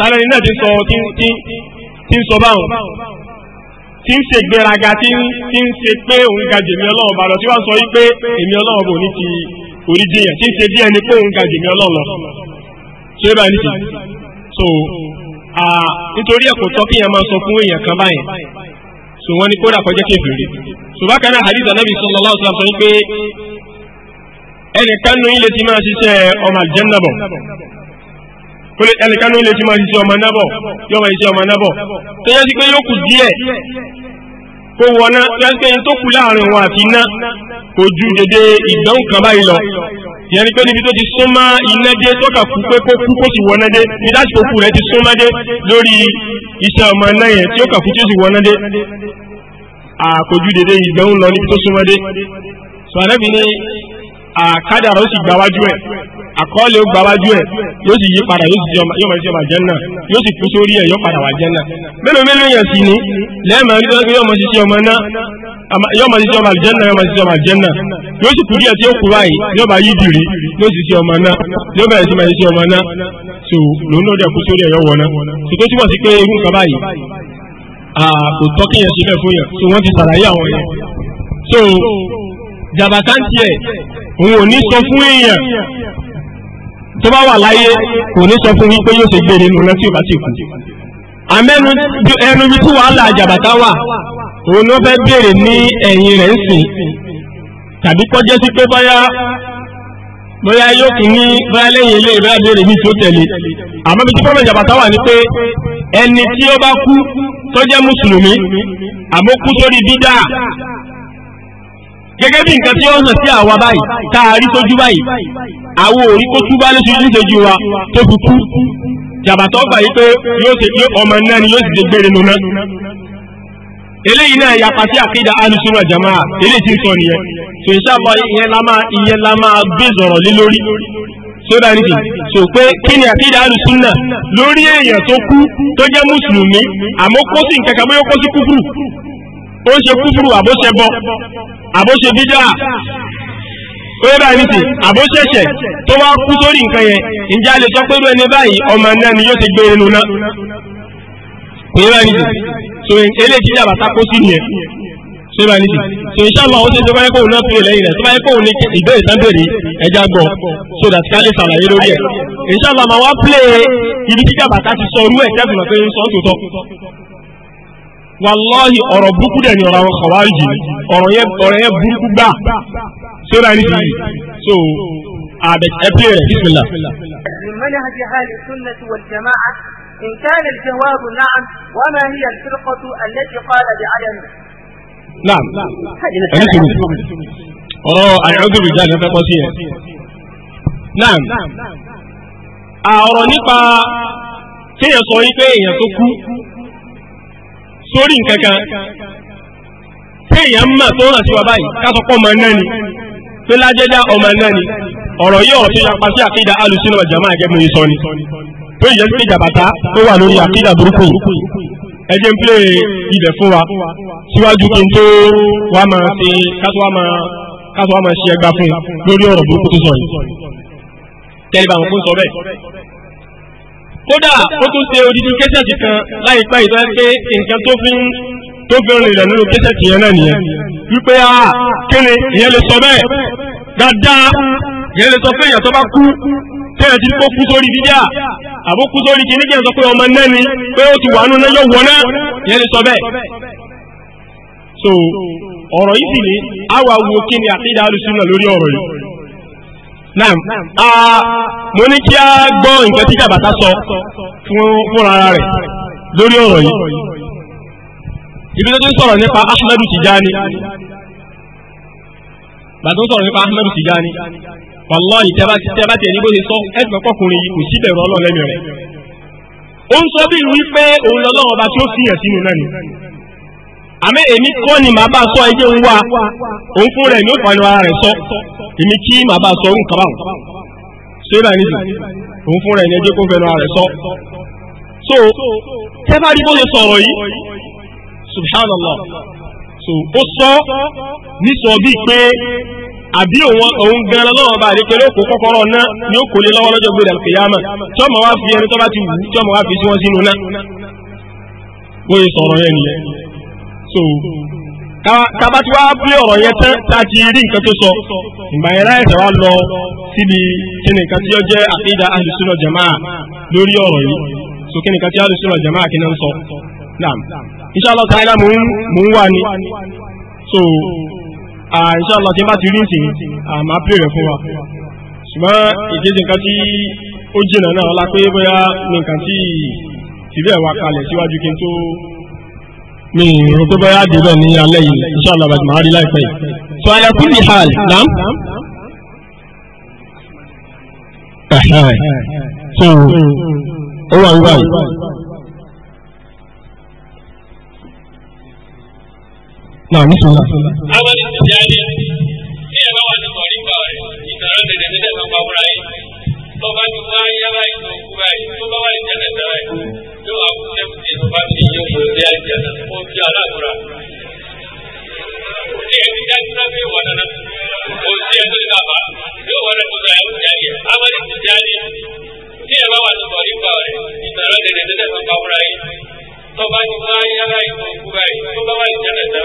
tálẹ́ni náà ti sọ tí ń sọ báwọn tí ń ṣe gbéraga tí ń ṣe pé òun ga jèmi ọlọ́run bá lọ tí wọ́n sọ wípé èmi ọlọ́run bò ní ti orí jìyàn tí ń ṣe díẹ̀ ni pé òun ga jèmi ọlọ́run lọ ṣé bá ní so nítorí ẹ̀kọ́ tọ́ kí yẹn máa sọ fún èèyàn kan báyẹn so wọ́n ní kódà kọjá kéfìrí so bákan náà hadith anabi sallallahu alaihi wasallam sọ wípé ẹnìkan nínú yín ti máa ṣiṣẹ́ ọmọ àjẹ́ńdàbọ̀ ẹnìkan ló lè ti máa ṣiṣẹ́ ọmọ nábọ̀ yóò máa ṣiṣẹ́ ọmọ nábọ̀ tó yẹ sí pé yóò kù díẹ̀ kó wọná yóò sí pé yẹn tó kù láàrin wọn àti iná kò ju dédé ìdánwò kan báyìí lọ ìyẹn ni pé níbi tó ti súnmọ́ iná dé tọ́ka kú pé kó kú kó sì wọná dé ní lásìkò kù rẹ ti súnmọ́ dé lórí iṣẹ́ ọmọ náà yẹn tí ó kà kú tí ó sì wọná dé àkójú dédé ìdánwò lọ níbi tó súnmọ́ dé sọ àkọọ́lẹ̀ ó gbáwájú ẹ̀ yóò sì yí padà yóò sì ṣe ọmọ jẹ́nà yóò sì kú sórí ẹ̀ yóò padà wà jẹ́nà mélòó mélòó yẹn sì ní lẹ́ẹ̀mọ̀ rí tọ́jú yóò mọ̀ sí sí ọmọ náà yóò mọ̀ sí sí ọmọ àjẹ́nà yóò mọ̀ sí sí ọmọ àjẹ́nà yóò sì kú díẹ̀ tí ó kú báyìí yóò bá yí dìrí yóò sì sí ọmọ náà yóò bẹ̀rẹ̀ sí máa so lòun náà dẹ̀ kú sórí ẹ̀ yóò so tó túmọ̀ sí pé irú nǹkan báyìí kò tọ́ kéèyàn ṣe bẹ́ẹ̀ so wọ́n ti ṣàlàyé so jàbàtà ń tiẹ̀ òun ò tó bá wà láyé kò ní sọ fún wípé yóò ṣe gbé nínú rẹ tí ò bá ti kú àmẹ́nu ẹnu bí tí wàhálà àjàbàtà wà òun ló fẹ́ béèrè ní ẹ̀yìn rẹ̀ ń sìn tàbí kọjá sí pé báyá bóyá yóò kì ní bóyá lẹ́yìn ilé ìbára béèrè ní tó tẹ̀lé àmọ́ bí tí fọ́nà ìjàbàtà wà ní pé ẹni tí ó bá kú tó jẹ́ mùsùlùmí àmọ́ kú sórí dídá gẹ́gẹ́ bí nǹkan tí ó hàn sí àwa báyìí tá a rí tójú báyìí àwọn òrí tó túbá lóṣù níṣojú wa tó fi kú jàbàtọ̀ gbà yí pé yóò ṣe pé ọmọ náà ni yóò sì ṣe gbére nù náà eléyìí náà yapa sí àkídà alùsùnà jamaa eléyìí ti sọ nìyẹn so ìṣàbọ̀ ìyẹn la máa ìyẹn la máa gbé zọ̀rọ̀ lé lórí sódà nìkì so pé kí ni àkídà alùsùnà lórí èèyàn tó kú tó jẹ́ mùsùlùmí àmọ́ kó sí nǹkan kan bóyá kó sí kúkúrú ó ṣe kúfúrú àbóṣẹbọ àbóṣe dídá oyeba nítì àbóṣẹ̀ṣẹ̀ tó wá kú sórí nǹkan yẹn ǹjẹ́ a lè sọ pé irú báyìí ọmọ náà ni yóò ti gbé inú náà oyeba nítì so eléyìí jíjà bàtà kó sí nìyẹn seba nítì so inshallah ó ṣe tó báyẹ kóun náà fi lẹ́yìn rẹ̀ tó báyẹ kóun ní ìbéèrè tán ẹja gbọ́ so that ká lè ṣàlàyé lórí ẹ̀ inshallah máa wá play ibi jíjà bàtà ti sọ orú ẹ̀ wàláhì ọ̀rọ̀ burúkú dẹ̀ ni ọ̀rọ̀ àwọn kọ̀wáìjì ọ̀rọ̀ yẹn ọ̀rọ̀ yẹn burúkú gbà so that is so àbẹ̀ ẹ pè bisimilá. من منهج أهل والجماعة إن كان الجواب نعم وما هي الفرقة التي قال بعدمه؟ نعم ọ̀rọ̀ àìrọ́gbìn ìjà ni fẹ́ kọ́ sí ẹ̀. Naam, àọ̀rọ̀ nípa kéèyàn sọ wípé èèyàn tó kú sórí nǹkan kan téèyàn mọ̀ tó hàn sí wa báyìí kásọpọ̀ ọmọ náà ni pé lájẹ́já ọmọ náà ni ọ̀rọ̀ yìí ọ̀rọ̀ tó yapa sí àkídà alùsínà jama ẹgẹ́mú yìí sọ ni tó yẹ sí ìjàbàtà tó wà lórí àkídà burúkú yìí ẹjẹ́ ń plé ilẹ̀ fún wa síwájú kí n tó wá máa ṣe kátó wá máa kátó wá máa ṣe ẹgbà fún lórí ọ̀rọ̀ burúkú tó sọ yìí tẹ́lẹ̀ bá wọn fún sọ bẹ́ẹ̀ kódà ó tún ṣe odidi kẹsẹ̀tì kan láìpẹ́ ìtọ́ pé nǹkan tó fi ń tó fi ń rìn lẹ̀ nínú kẹsẹ̀tì yẹn náà nìyẹn wípé a ah, kéde ìyẹn lè sọ bẹ́ẹ̀ dáadáa ìyẹn lè sọ pé èèyàn tó bá kú tẹ́lẹ̀ tí kó kú sórí dídá àbó kú sórí kí n sọ pé ọmọ náà ni pé ó ti wà nù náà yóò wọ̀ ìyẹn lè sọ bẹ́ẹ̀. so ọ̀rọ̀ yìí sì ni àwa wo kí ni àkídà alùsùn náà lórí ọ̀rọ̀ yìí naam ah, mo ní kí a gbọ́ nǹkan tí jàbàtà sọ fún ara rẹ̀ lórí ọ̀rọ̀ yìí ibi tó ń sọ̀rọ̀ nípa Ahmadu Tijani bàtà ń sọ̀rọ̀ nípa Ahmadu Tijani wàlọ́ọ̀yì tẹ́bá tẹ̀ ní bó ṣe sọ ẹ̀sìn ọkọ̀kùnrin yìí kò sí bẹ̀rù ọlọ́ọ̀lẹ́mì rẹ̀ ó ń sọ bí wípé òun lọ́lọ́wọ́ bá tí ó fi hàn sínú náà ni àmì èmi kọ́ ni màá bá sọ ẹjẹ́ ń wá òun fún rẹ̀ ní ó fàánù ara rẹ̀ sọ èmi kí màá bá sọ nǹkan báwọn ṣé báyìí nìyí òun fún rẹ̀ ní ẹjẹ́ kó fẹ́nu ara rẹ̀ sọ. so tẹ́fà bí bó ṣe sọ̀rọ̀ yìí subhanallah so ó sọ nísọ bíi pé àbí òun òun gan lọ́wọ́ bá àdékẹ́ ló kọ́kọ́rọ́ náà ni ó kò lé lọ́wọ́ lọ́jọ́ gbọdọ̀ kìyàmà tí wa fi ẹni tó bá ti wù tí wa fi sí wọn sínú náà. bóyá sọ̀rọ̀ yẹn nìyẹn so kaba tí wàá bí ọ̀rọ̀ yẹn tán láti rí nǹkan tó sọ lọ síbi kíni nǹkan tí ó jẹ́ àkídà ahlus jamaa lórí ọ̀rọ̀ yìí so kíni nǹkan tí jamaa kí náà sọ naam inshallah ta'ala mò ń wà so inshallah tí n bá ti rí nsìn àmà pè fún wa ṣùgbọ́n ìdíje nǹkan tí ó náà ọlá pé mi rò pé bóyá débẹ̀ ní alẹ́ yìí insha Allah bàtí màá láìpẹ́ yìí. so ala kulli hal naam. so ó wà ń báyìí. náà nísìnyí. àwọn ènìyàn ti jáde bí ẹ bá wà ní kọ̀ọ̀rí gbà rẹ̀ ìtàrà tẹ̀lé tẹ̀lé máa ń yìí tó bá ti wá yára ìtòkú tó bá wà ní tẹ̀lé tẹ̀lé àwọn ẹ̀kùn ìjọba tí yóò mú ní àjẹ́ náà wọ́n fi aláàbúrà. Kò sí ẹni dájú náà fi wọ́n dáná. Kò sí ẹni tó ní bàbá yóò wọ́n rẹ̀ tó sọ ẹ̀rù jáde. Amadi ti jáde. Tí ẹ bá wà lọ́kọ̀ nípa rẹ̀, ìgbàlọ́ dẹ̀dẹ̀ dẹ́dẹ̀ tó bá wúra yìí. Tọ́ba ní máa ń yára ìtàn òkúra yìí. Tó bá wà ìjẹ́ náà kò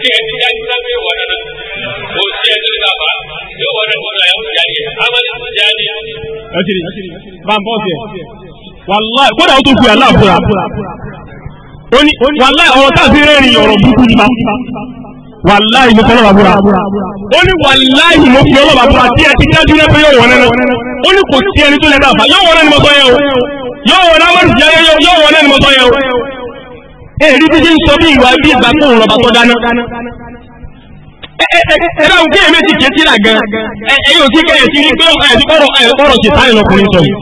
sí ẹni ní bàbá yóò wọlé fún ọ̀la yàtọ̀ jáde amadu jáde. ọtí bàbá ọtí ẹ wàlá kódà ó tó fi àlá àfúrà wàlá ọ̀rọ̀ tá a fi rẹ́rìn ọ̀rọ̀ burúkú nípa wàlá ìlú kọ́ lọ́ba búra ó ní wàlá ìlú fi ọlọ́ba búra tí ẹ ti dájú lẹ́pẹ́ yóò wọlé náà ó ní kò sí ẹni tó lẹ́dá àbá yóò wọlé ni mo sọ yẹ o yóò wọlé amadu jáde yóò wọlé ni mo sọ yẹ o. èyí ti ṣe ń sọ bí ìwà bí ìgbà tó ń rọ̀bà tó dáná ẹ̀rọ àwọn kéèyàn méjì kéè sílà gan ẹ̀yìn òkè kéèyàn sí wípé ọ̀rọ̀ ọ̀rọ̀ ṣe táyì lọkùnrin sọ yìí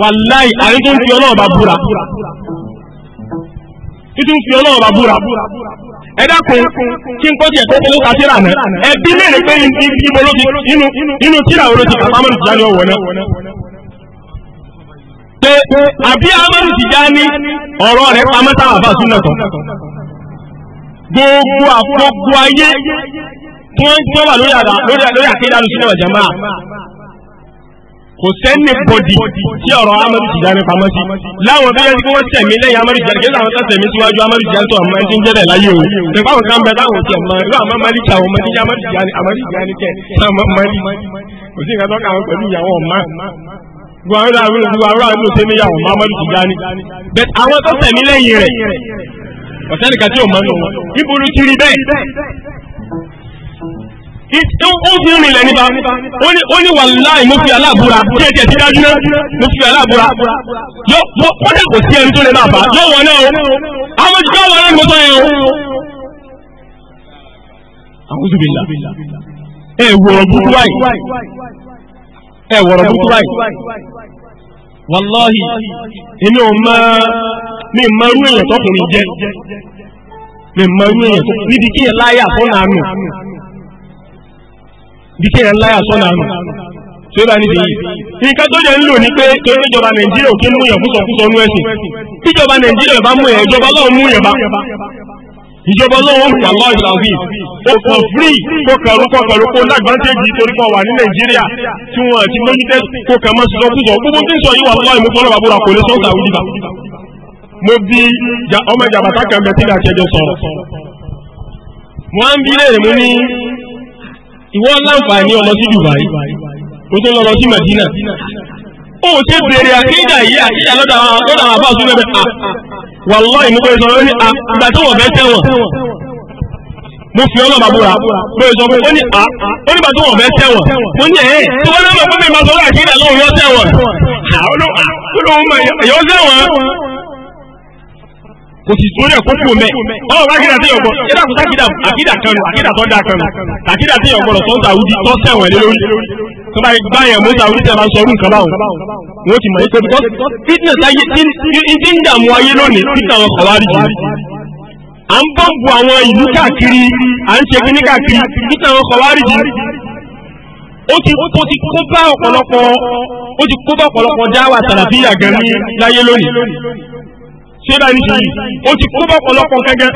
wàláì àrí tó ń fi búra títí ń fi búra ẹ dákun kí n kọ́ tó ka síra ẹbí mẹ́rin pé ibo ló ti inú ti ọ̀wọ́ náà pé àbí ní ọ̀rọ̀ bá tán. gbogbo àfọ́gbọ́ ayé tí wọ́n tí wọ́n wà lórí àdá lórí lórí àkéde alùsùn náà jàmbá kò sẹ́ni bọ̀dì tí ọ̀rọ̀ amadu Tijani pamọ́ sí láwọn bí wọ́n ti wọ́n tẹ̀mí lẹ́yìn amadu Tijani kí làwọn tẹ̀mí síwájú amadu Tijani tó àmọ́ ẹni tí ń jẹ́rẹ̀ láyé o nípa àwọn kan bẹ táwọn ti ọmọ irú àmọ́ malika àwọn ọmọdé jẹ́ amadu Tijani amadu Tijani kẹ sáwọn mali kò sí ìrìnàjò kan pẹ̀lú ìyàwó ọ̀ma gbogbo àwọn ará àdúgbò tẹ́lẹ̀ yà ọ̀ma amadu Tijani bẹ́ẹ̀ àwọn tó tẹ̀mí lẹ́yìn rẹ̀ ọ̀sẹ́nìkà tí ò mọ́ nù wọn rí bẹ́ẹ̀ ó fi ń rinlẹ̀ nípa ó ní wàláì mo fi aláàbúra tí ẹ dájú náà mo fi aláàbúra kò sí ẹni tó lè máa bá náà o àwọn wọn náà mo wàláhì inú ọmọ mi mọ́rú èèyàn tọkùnrin jẹ́ mi mọ́rú èèyàn níbi kí ẹ láyà sọ́nà àánú níbi kí ẹ láyà sọ́nà àánú tí ó bá níbi yìí nǹkan tó jẹ́ ń lò ní pé torí ìjọba nàìjíríà ò kí ń mú nú tíjọba nàìjíríà bá mú ìjọba ìjọba ọlọ́wọ́ wà lọ́ọ̀dì làwí ó kàn fírí kó kàn rúkọ pẹ̀lú kó lágbàntẹ́jì torí kan wà ní nàìjíríà tí wọn ti lójú tẹ́ kó kàn mọ́ sísọ kúsọ gbogbo tí ń sọ yìí wà lọ́ọ̀dì mo fọlọ́ bàbúrà kò lè sọ sàwù dìbà. mo bi ọmọ jàbàtà kan bẹ tí ní àtẹjọ mo á ń bi léèrè mo ní ìwọ láǹfààní ọmọ sí Dubai mo tún lọ lọ sí Madina ó ṣe bèrè àkídà yìí àkídà lọ́dọ̀ àwọn lọ́dọ̀ àwọn àbá òṣùwẹ̀ bẹ́ẹ̀ wàláhì ìmú pé sọ ó ní àgbà ah, tó wọ̀ bẹ́ẹ̀ tẹ̀wọ̀n mo fi ọlọ́ba búra pé sọ pé ó ní à ah, ah, ó nígbà tó wọ̀ bẹ́ẹ̀ tẹ̀wọ̀n mo ní ẹ̀ eh, tó wọ́n lọ́mọ fún mi máa sọ ó àkídà lóhùn yọ tẹ̀wọ̀n àwọn olóhùn mọ̀ ẹ̀yọ́ tẹ̀wọ̀n kò sì torí ẹ̀ kó kú mẹ́ báwo bá kíra sí ọgbọ́n yẹ́dá kò sákìdá àkìdá kan nù àkìdá tó dáa kan nù àkìdá sí ọgbọ́n lọ sọ́ńtà àwùjí tó sẹ̀wọ̀n lé lórí tó bá bá yẹn mọ́tà àwùjí tẹ̀ máa sọrú nǹkan báwọn wọ́n ti mọ̀ yí pé fitness ayé ti ń dààmú ayé lónìí títà àwọn kọ̀wárí jù à ń bọ̀m̀bù àwọn ìlú káàkiri à ń ṣe kíní káàkiri títà àwọn kọ̀wárí jù ó ti ó ti kó ṣé bá ní sèyí ó ti kó bọ́pọ̀lọpọ̀ kẹ́gẹ́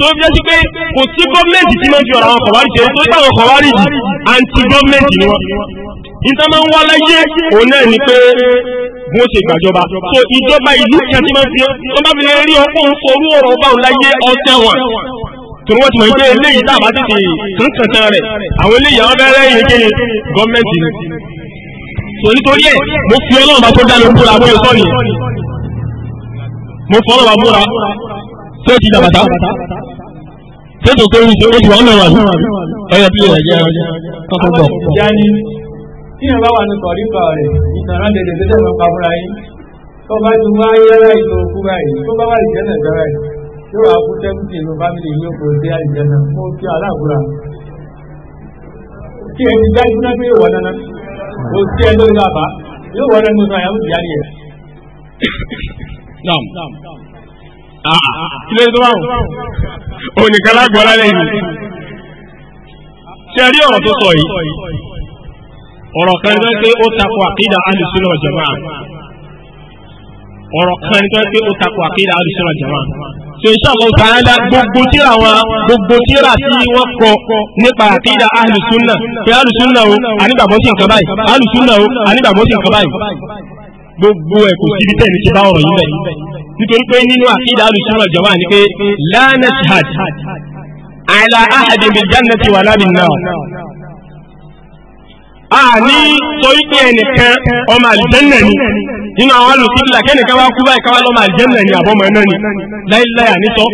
tó fi jẹ́ sí pé kò sí gọ́ọ̀mẹ̀ntì tí máa ń fi ọ̀rọ̀ àwọn kọ̀wárì ṣe tó táwọn kọ̀wárì yìí àǹtí gọ́ọ̀mẹ̀ntì ni wọ́n níta máa ń wá láyé òun náà ni pé bó ṣe gbàjọba so ìjọba ìlú kan tí máa ń fi tó bá fi lè rí ọkọ̀ ń forú ọ̀rọ̀ bá òun láyé ọ̀tẹ̀ wọn tó wọ́n ti mọ̀ pé eléyìí tá a bá tètè kankan rẹ̀ àwọn eléyìí àwọn bẹ́ẹ̀ rẹ̀ yìí kéde gọ́ọ̀mẹ̀ntì ni so nítorí ẹ̀ mo fi ọlọ́run bá tó dá mi kúra bóyá sọ́ọ̀nì mo fọ́nà wà múra tó ti dàbàtà tó tó kéré ṣe oṣù wọn mẹ́wàá ní ọyọ bí ìwà jẹ kọkọ bọ. yanni tí yẹn bá wà ní kọ̀ríkọ̀ rẹ̀ ìtàn dẹ̀dẹ̀ tó dẹ̀mọ̀ pàmòrà yín tó bá ti wá yára ìlú òkú báyìí tó bá wà ìjẹ́nà ìjọba yìí yóò wá kú tẹ́kùtì ìlú fámìlì yìí kò dé àìjẹ́nà mo fi aláàbúrà. kí ẹni dájú náà pé ìwọ nana kò sí ẹ lórí bàbá yóò wọ naam ah ló dé tó bá wọn onìkan lágbọ́n lálẹ́ yìí ṣe rí ọ̀rọ̀ tó sọ yìí ọ̀rọ̀ kan tó pé ó takò àkídà alùsùn náà jẹ̀mọ́ ọ̀rọ̀ kan tó pé ó takò àkídà alùsùn náà jẹ̀mọ́ so inshallah ta'ala gbogbo tíra wọn gbogbo tíra tí wọ́n kọ nípa àkídà alùsùn náà pé alùsùn náà o ànígbàgbọ́ sí nǹkan báyìí alùsùn náà o ànígbàgbọ́ sí nǹkan báyìí gbogbo ẹ̀ kò síbi tẹ̀ ní ti bá ọ̀rọ̀ yìí bẹ̀ nítorí pé nínú àkídà alùsùnà jọba ni pé la nashhad ala ahadin bil jannati wala bin nar a ní torí pé ẹnìkan ọmọ àlùjẹ́nà ni nínú àwọn alùsùnà kẹ́nìkan wá kú báyìí káwá lọ́mọ àlùjẹ́nà ni àbọ̀mọ̀ náà ni láíláí ànítọ́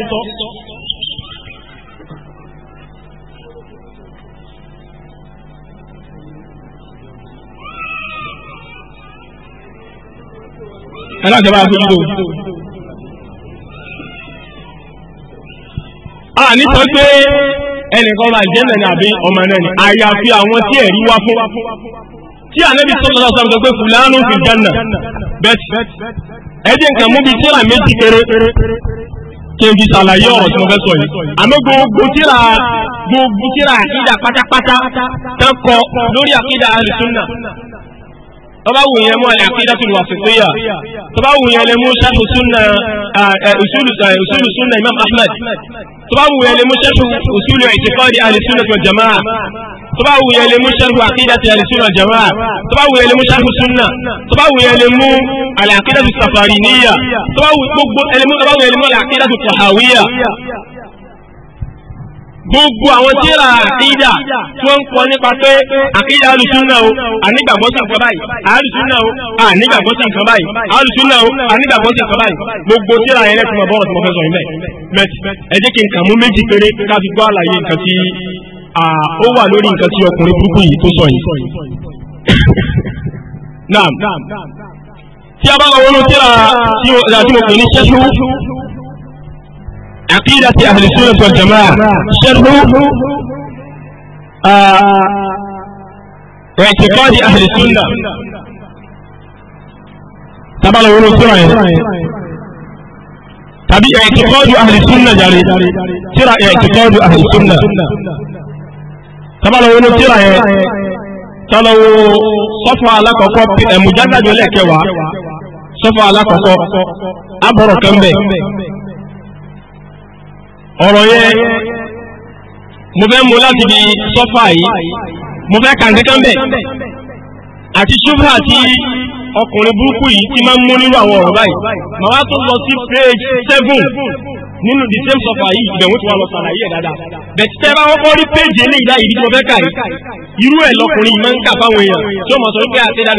ẹlẹ́kẹ̀ẹ́ bá a fojú tó. a ní pé ẹnìkan máa jẹ́ mẹ́rin àbí ọmọ náà ni àyàfi àwọn tí ẹ̀rí wá fún tí ànábì sallallahu alaihi wasallam pé fùlánù fi janna bẹ́ẹ̀ ẹ̀jẹ̀ nǹkan mú bí tíra méjì péré kí n fi ṣàlàyé ọ̀rọ̀ tí mo fẹ́ sọ yìí àmọ́ gbogbo tíra gbogbo tíra àkídà pátápátá tẹ́kọ̀ lórí àkídà alùsùnà tọ́ba wù yẹn mú al-aqidatul wasitiyya tọ́ba wù yẹn lè mú sharh sunna usulu sunna imam ahmed tọ́ba wù yẹn lè mú sharh usulu i'tiqadi ahli sunnah wal jama'a tọ́ba wù yẹn lè mú sharh aqidati ahli sunnah wal jama'a tọ́ba wù yẹn lè mú sharh sunna tọ́ba wù yẹn lè mú al-aqidatus safariniyya tọ́ba wù wù yẹn lè mú al-aqidatul tahawiyya gbogbo àwọn tíra àkídà tí wọ́n ń kọ nípa pé àkídà alùsùnà o ànígbàgbọ́ sàǹkan báyìí alùsùnà o ànígbàgbọ́ sàǹkan báyìí alùsùnà o ànígbàgbọ́ sàǹkan báyìí gbogbo tíra yẹn lẹ́sìn ọ̀bọ̀n tí mo fẹ́ sọ yín bẹ́ẹ̀ mẹ́tì ẹ jẹ́ kí n kà mú méjì péré ká fi gbọ́ àlàyé nǹkan tí ó wà lórí nǹkan tí ọkùnrin burúkú yìí tó sọ yìí. naam tí a bá lọ wọnú tíra tí mo pè ní ṣẹ́ṣú عقيدة أهل السنة والجماعة شرح اعتقاد أهل السنة طبعا ولو سنة tàbí ẹ̀ẹ́tìkọ́dù àhìlìsúnnà jàre tíra ẹ̀ẹ́tìkọ́dù àhìlìsúnnà tabalọ́wọ́ ló tíra yẹn tọ́lọ́wọ́ sọ́fà alákọ̀ọ́kọ́ ẹ̀mùjádájọ́ lẹ́ẹ̀kẹwàá sọ́fà alákọ̀ọ́kọ́ abọ̀rọ̀ kan bẹ́ẹ̀ ọ̀rọ̀ yẹn mo fẹ́ mú láti di sọ́fà yìí mo fẹ́ kàǹkẹ́ kan bẹ̀ àti ṣúfà tí ọkùnrin burúkú yìí ti máa ń mú nínú àwọn ọ̀rọ̀ báyìí màá wá tó lọ sí page seven nínú the same sọ́fà yìí ìbẹ̀wò tí wọ́n lọ sàlàyé ẹ̀ dáadáa bẹ̀tí tẹ́ bá kọ́kọ́ rí page eléyìí láyìí tí mo fẹ́ kà yìí irú ẹ̀ lọkùnrin yìí máa ń kà fáwọn èèyàn tí ó mọ̀ sọ wípé àtẹ́dá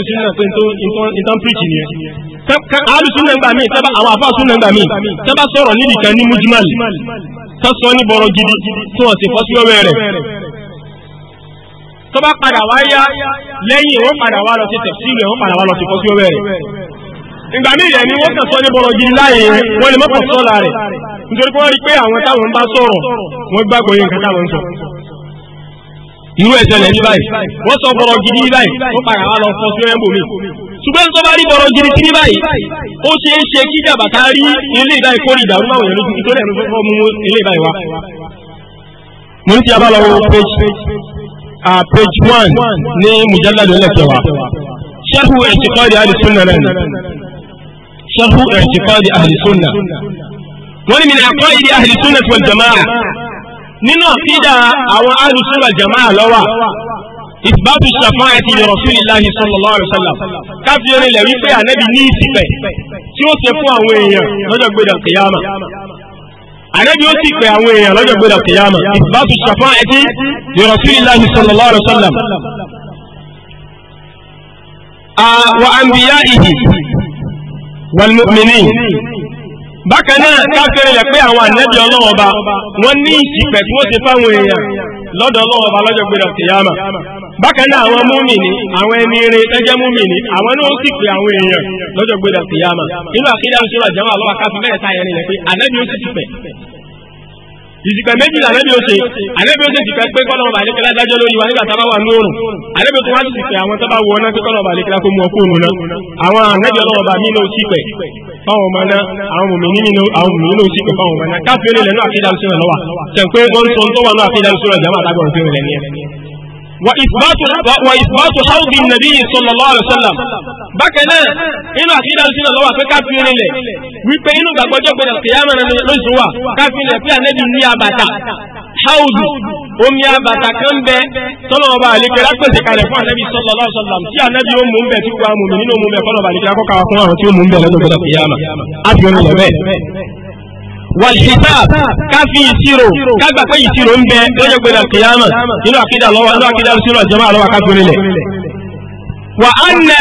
alùsùnà gbà mí tẹ́bá àwọn àfáà sùnà gbà mí tẹ́bá sọ̀rọ̀ níbi kan ní mujmal tó sọ ní bọ̀rọ̀ gidi tí wọ́n sì fọ́sí wẹ́wẹ́ rẹ̀ tó bá padà wá yá lẹ́yìn wọ́n padà wá lọ sí tẹ̀sílẹ̀ wọ́n padà wá lọ sí fọ́sí wẹ́wẹ́ rẹ̀ ìgbà mí ìyẹn ni wọ́n kàn sọ ní bọ̀rọ̀ gidi láàyè wọ́n lè mọ́kàn sọ́la rẹ̀ nítorí pé wọ́n rí pé àwọn táwọn bá sọ̀rọ̀ wọ́n gbàgbọ́ yẹn nǹkan táwọn sọ irú ẹ̀sẹ̀ lẹ́yìn báyìí wọ́n sọ bọ̀rọ̀ gidi báyìí wọ́n padà wá lọ fọ́sí wẹ́wẹ́ ṣùgbọ́n tó bá rí bọ̀rọ̀ gidi sí ní báyìí ó ṣe é ṣe kí jàbàtà rí ilé ìbáyìí kórì ìdàrú láwọn èèyàn lójú tó lẹ́nu fọ́fọ́ mú ilé ìbáyìí wá. mo ní ti a bá lọ wo page uh, page one ní mujalladu ẹlẹ́kẹ̀wá ṣẹ́hu ẹ̀ṣìkọ́dì àdìsúnà náà ni ṣẹ́hu ẹ̀ṣìkọ́dì àdìsúnà wọ́n ní mi ní àkọ́ ìdí àdìsúnà wal jamaa nínú àkídà àwọn àdìsúnà jamaa lọ́wọ́ ìtìbátù ṣàfáàtì li rasulillahi sallallahu alaihi wasallam káfíọ́rin lẹ̀ wípé ànábì ní ìsìpẹ̀ tí ó ṣe fún àwọn èèyàn lọ́jọ́ gbéra kìyàmà ànábì ó sì pẹ̀ àwọn èèyàn lọ́jọ́ gbéra kìyàmà ìtìbátù ṣàfáàtì li rasulillahi sallallahu alaihi wasallam wa anbiya'ihi wal mu'minin bákan náà káfíọ́rin lẹ̀ pé àwọn ànábì ọlọ́wọ́ lọ́dọ̀ ọlọ́wọ́ ọba lọ́jọ́ gbéra kìyàmà bákan náà àwọn múmìnì àwọn ẹni eré tẹ́jẹ́ múmìnì àwọn náà ó sì pé àwọn èèyàn lọ́jọ́ gbéra kìyàmà inú àkídà ń ṣe ìsìpẹ̀ méjì àrẹ́bí ó ṣe àrẹ́bí ó ṣe ti pẹ́ pé kọ́lọ̀ ọba àlékelá dájọ́ lórí wa nígbà tábà wà lóòrùn àrẹ́bí tó wá sì pẹ́ àwọn tábà wọ ọ́nà pé kọ́lọ̀ ọba àlékelá kó mú ọkú òun náà àwọn àrẹ́bí ọlọ́wọ́ ọba mí ló sì pẹ̀ fáwọn ọmọ náà àwọn mòmí nínú àwọn mòmí ló sì pẹ̀ fáwọn ọmọ náà káfíńlẹ̀ lẹ́nu àkídà وإثبات وإثبات حوض النبي صلى الله عليه وسلم بكنا إنه أكيد أن سنة الله فكافين لي ويبينوا كبجو بين القيامة نزوا كافين في النبي نيا باتا حوض وميا باتا كم بي صلى الله عليه وسلم لكي تكالي فوق النبي صلى الله عليه وسلم سيا النبي أم مبي تقوى مؤمنين أم مبي فلو بالك أكو كافون أم مبي لدو بين القيامة أتمنى لبي والحساب كافي يسيرو كاكا كاي يسيرو مبه لوجه بين القيامه يلو اكيد الله وانو اكيد السنه والجماعه لو كاكو لله واننا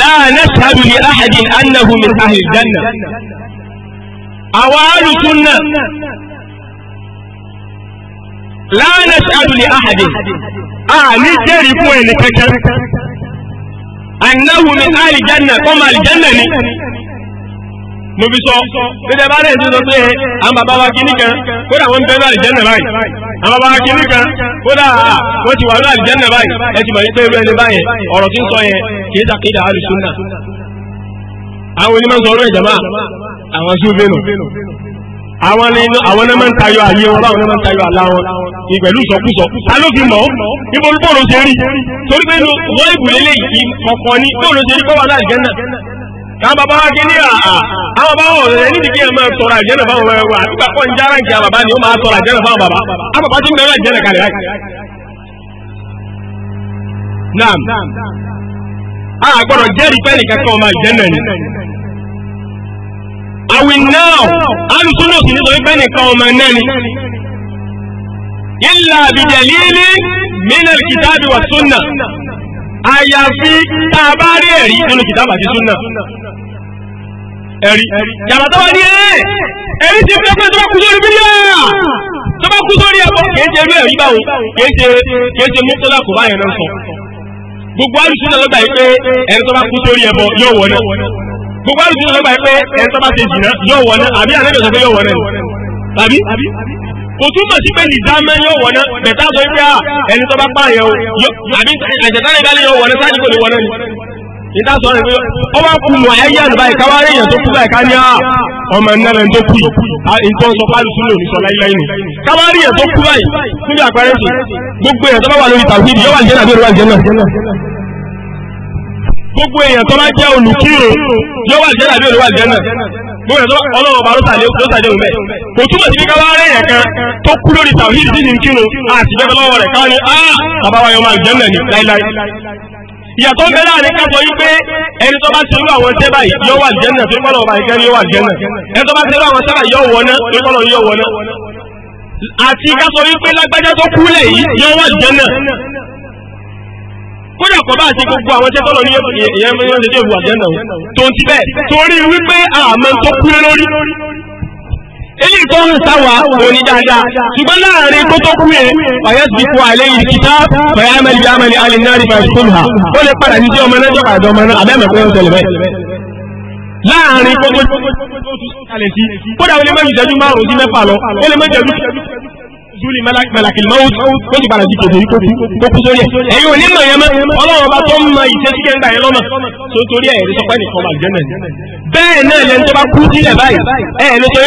لا نشهد لاحد انه من اهل الجنه اوال سنه لا نشهد لاحد اه نجري فوين كاكا انه من اهل الجنه كما الجنه mo fi sọ dídẹ bá lẹ́yìn sísọ pé àwọn bàbá wa kìíní kan kódà wọ́n ń bẹ́ẹ̀ láì jẹ́nà báyìí àwọn bàbá wa kìíní kan kódà wọ́n ti wà láì jẹ́nà báyìí ẹ ti mọ̀ yí pé irú ẹni báyẹn ọ̀rọ̀ tí ń sọ yẹn kì í sàkéde àlùsùn náà. àwọn onímọ̀ sọ̀rọ̀ ẹ̀ jàmá àwọn súnfẹ́nù àwọn nínú àwọn náà ń tayọ àyè wọn báwọn náà ń tayọ àlá wọn ìpẹ̀lú ìsọkúsọ ta ló fi mọ̀ ọ́ níbo ṣe rí torí pé wọ́n ìbùlélẹ́yìí kọ̀ọ̀kan ní bóòlù ṣe rí kọ́wọ́ aláìjẹ́ náà káwọn bàbá wa kí ní àà ah, ah, àwọn bàbá wọn ọ̀rẹ́ nídìí kí ẹ máa tọrọ àjẹ́nà fáwọn ọmọ ẹ̀wọ̀ àti pàpọ̀ njàrá nkì àbàbá ni ó máa tọrọ àjẹ́nà fáwọn bàbá àbàbá tí ń bẹ̀rẹ̀ àjẹ́nà kàlẹ́ láì. naam a gbọ́dọ̀ jẹ́rìí pẹ́ nìkan kan ọmọ àjẹ́nà ni. àwìn náà alùpùpù sì ní sọ́yìn pẹ́ nìkan ọmọ náà ni. illa bi dalili min al-kitabi wa àyàfi tá a bá rí ẹ̀rí nínú kìtàbù àti súnà ẹ̀rí yàrá tó bá ní ẹ̀ ẹ̀rí ti fẹ́ pé tó bá kú sórí bílíà tó bá kú sórí ẹ̀bọ̀ kìí ṣe rí ẹ̀rí báwo kìí ṣe kìí ṣe mọ́tọ́lá kò báyẹn náà sọ gbogbo alùsùn náà lọ́gbà yìí pé ẹ̀rí tó bá kú sórí ẹ̀bọ̀ yóò wọ̀ náà gbogbo alùsùn náà lọ́gbà yìí pé ẹ̀rí tó bá ṣe jìnnà yóò wọ̀ náà àbí àlejò sọ pé yóò wọ̀ náà àbí kò túmọ̀ sí pé nìdámẹ́ yóò wọ̀ná bẹ̀tá sọ pé ah, ẹni tó bá pààyàn o àbí àjẹsánlẹ̀ ìbálẹ̀ yóò wọ̀ná sáájú kò lè wọ̀ná ni ìta sọ rẹ̀ pé ó bá kú mọ̀ ẹ̀yẹ́ àdùbá ìkáwá rẹ̀ èèyàn tó kú báyìí ká ní ah, ọmọ ẹ̀nẹ́rẹ̀ tó kú ìtọ́ sọ pálí sínú òní sọ láyé láyé ni káwá rí èèyàn tó kú báyìí níbi àpẹẹrẹ sí gbogbo èèyàn tó bá wà lórí tàbídì yóò wà jẹ́ nàbí òrùwà jẹ́ náà gbogbo èèyàn tó bá jẹ́ olùkírun yóò jẹ́ nàbí òrùwà jẹ́ náà mo yẹ ọlọ́run ọba ló sàdéhùn bẹ́ẹ̀ kò túmọ̀ sí ká wá rẹ̀ yẹn kan tó kú lórí tàwíìdì sí ní kírun àti bẹ́ẹ̀ lọ́wọ́ rẹ̀ káwọn ni á ah, bàbá wa yọ máa jẹ́ mẹ́rin láíláí. ìyàtọ̀ bẹ́ẹ̀ láàrin ká sọ wípé ẹni tó bá ti rú àwọn tẹ́bà yìí yọ wà jẹ́ náà torípọ́lọ́ ọba ìkẹ́ ni yọ wà jẹ́ náà ẹni tó bá ti rú àwọn tẹ́bà yọ wọ náà torípọ́lọ́ yọ wọ náà àti ká sọ wípé lágbájá tó kú lẹ̀ yìí yọ wà jẹ́ náà kódà kọ́ bá ṣe gbogbo àwọn tẹ́ tọ́lọ ní ìyẹn mẹ́rin ṣe ìwà jẹ́nà o tó ń ti bẹ́ẹ̀ torí wípé àmọ́ tó kúrẹ́ lórí ilé ìtọ́ ń sáwà òní dáadáa ṣùgbọ́n láàrin tó tó kú yẹn ọ̀yẹ́ ti kú àlẹ́ yìí kìtá bẹ̀rẹ̀ amẹ́lì bí amẹ́lì alẹ́ náà rí bẹ̀rẹ̀ fún ha ó lè padà ní sí ọmọ náà jọba àdọ́mọ náà abẹ́mẹ̀ pé ó tẹ̀lé bẹ́ẹ̀ láàrin kókó tó tún kalẹ̀ sí kódà ó lè mẹ́jọ ìṣẹ́jú márùn-ún sí mẹ́fà lọ ó lè mẹ́jọ ìṣẹ́jú dúni malakil maut ó ti padà di tòtòrí tó kú sórí ẹ̀ ẹ̀yin ò ní mọ̀ yẹn mọ́ ọlọ́run ọba tó ń mọ ìṣesí kẹ́ńdà yẹn lọ́nà tó torí ẹ̀ ẹ̀rí sọpẹ́ nìkan wà jẹ́mẹ̀ bẹ́ẹ̀ náà lẹ́ni tó bá kú sílẹ̀ báyìí ẹ̀ ẹ̀rí sọ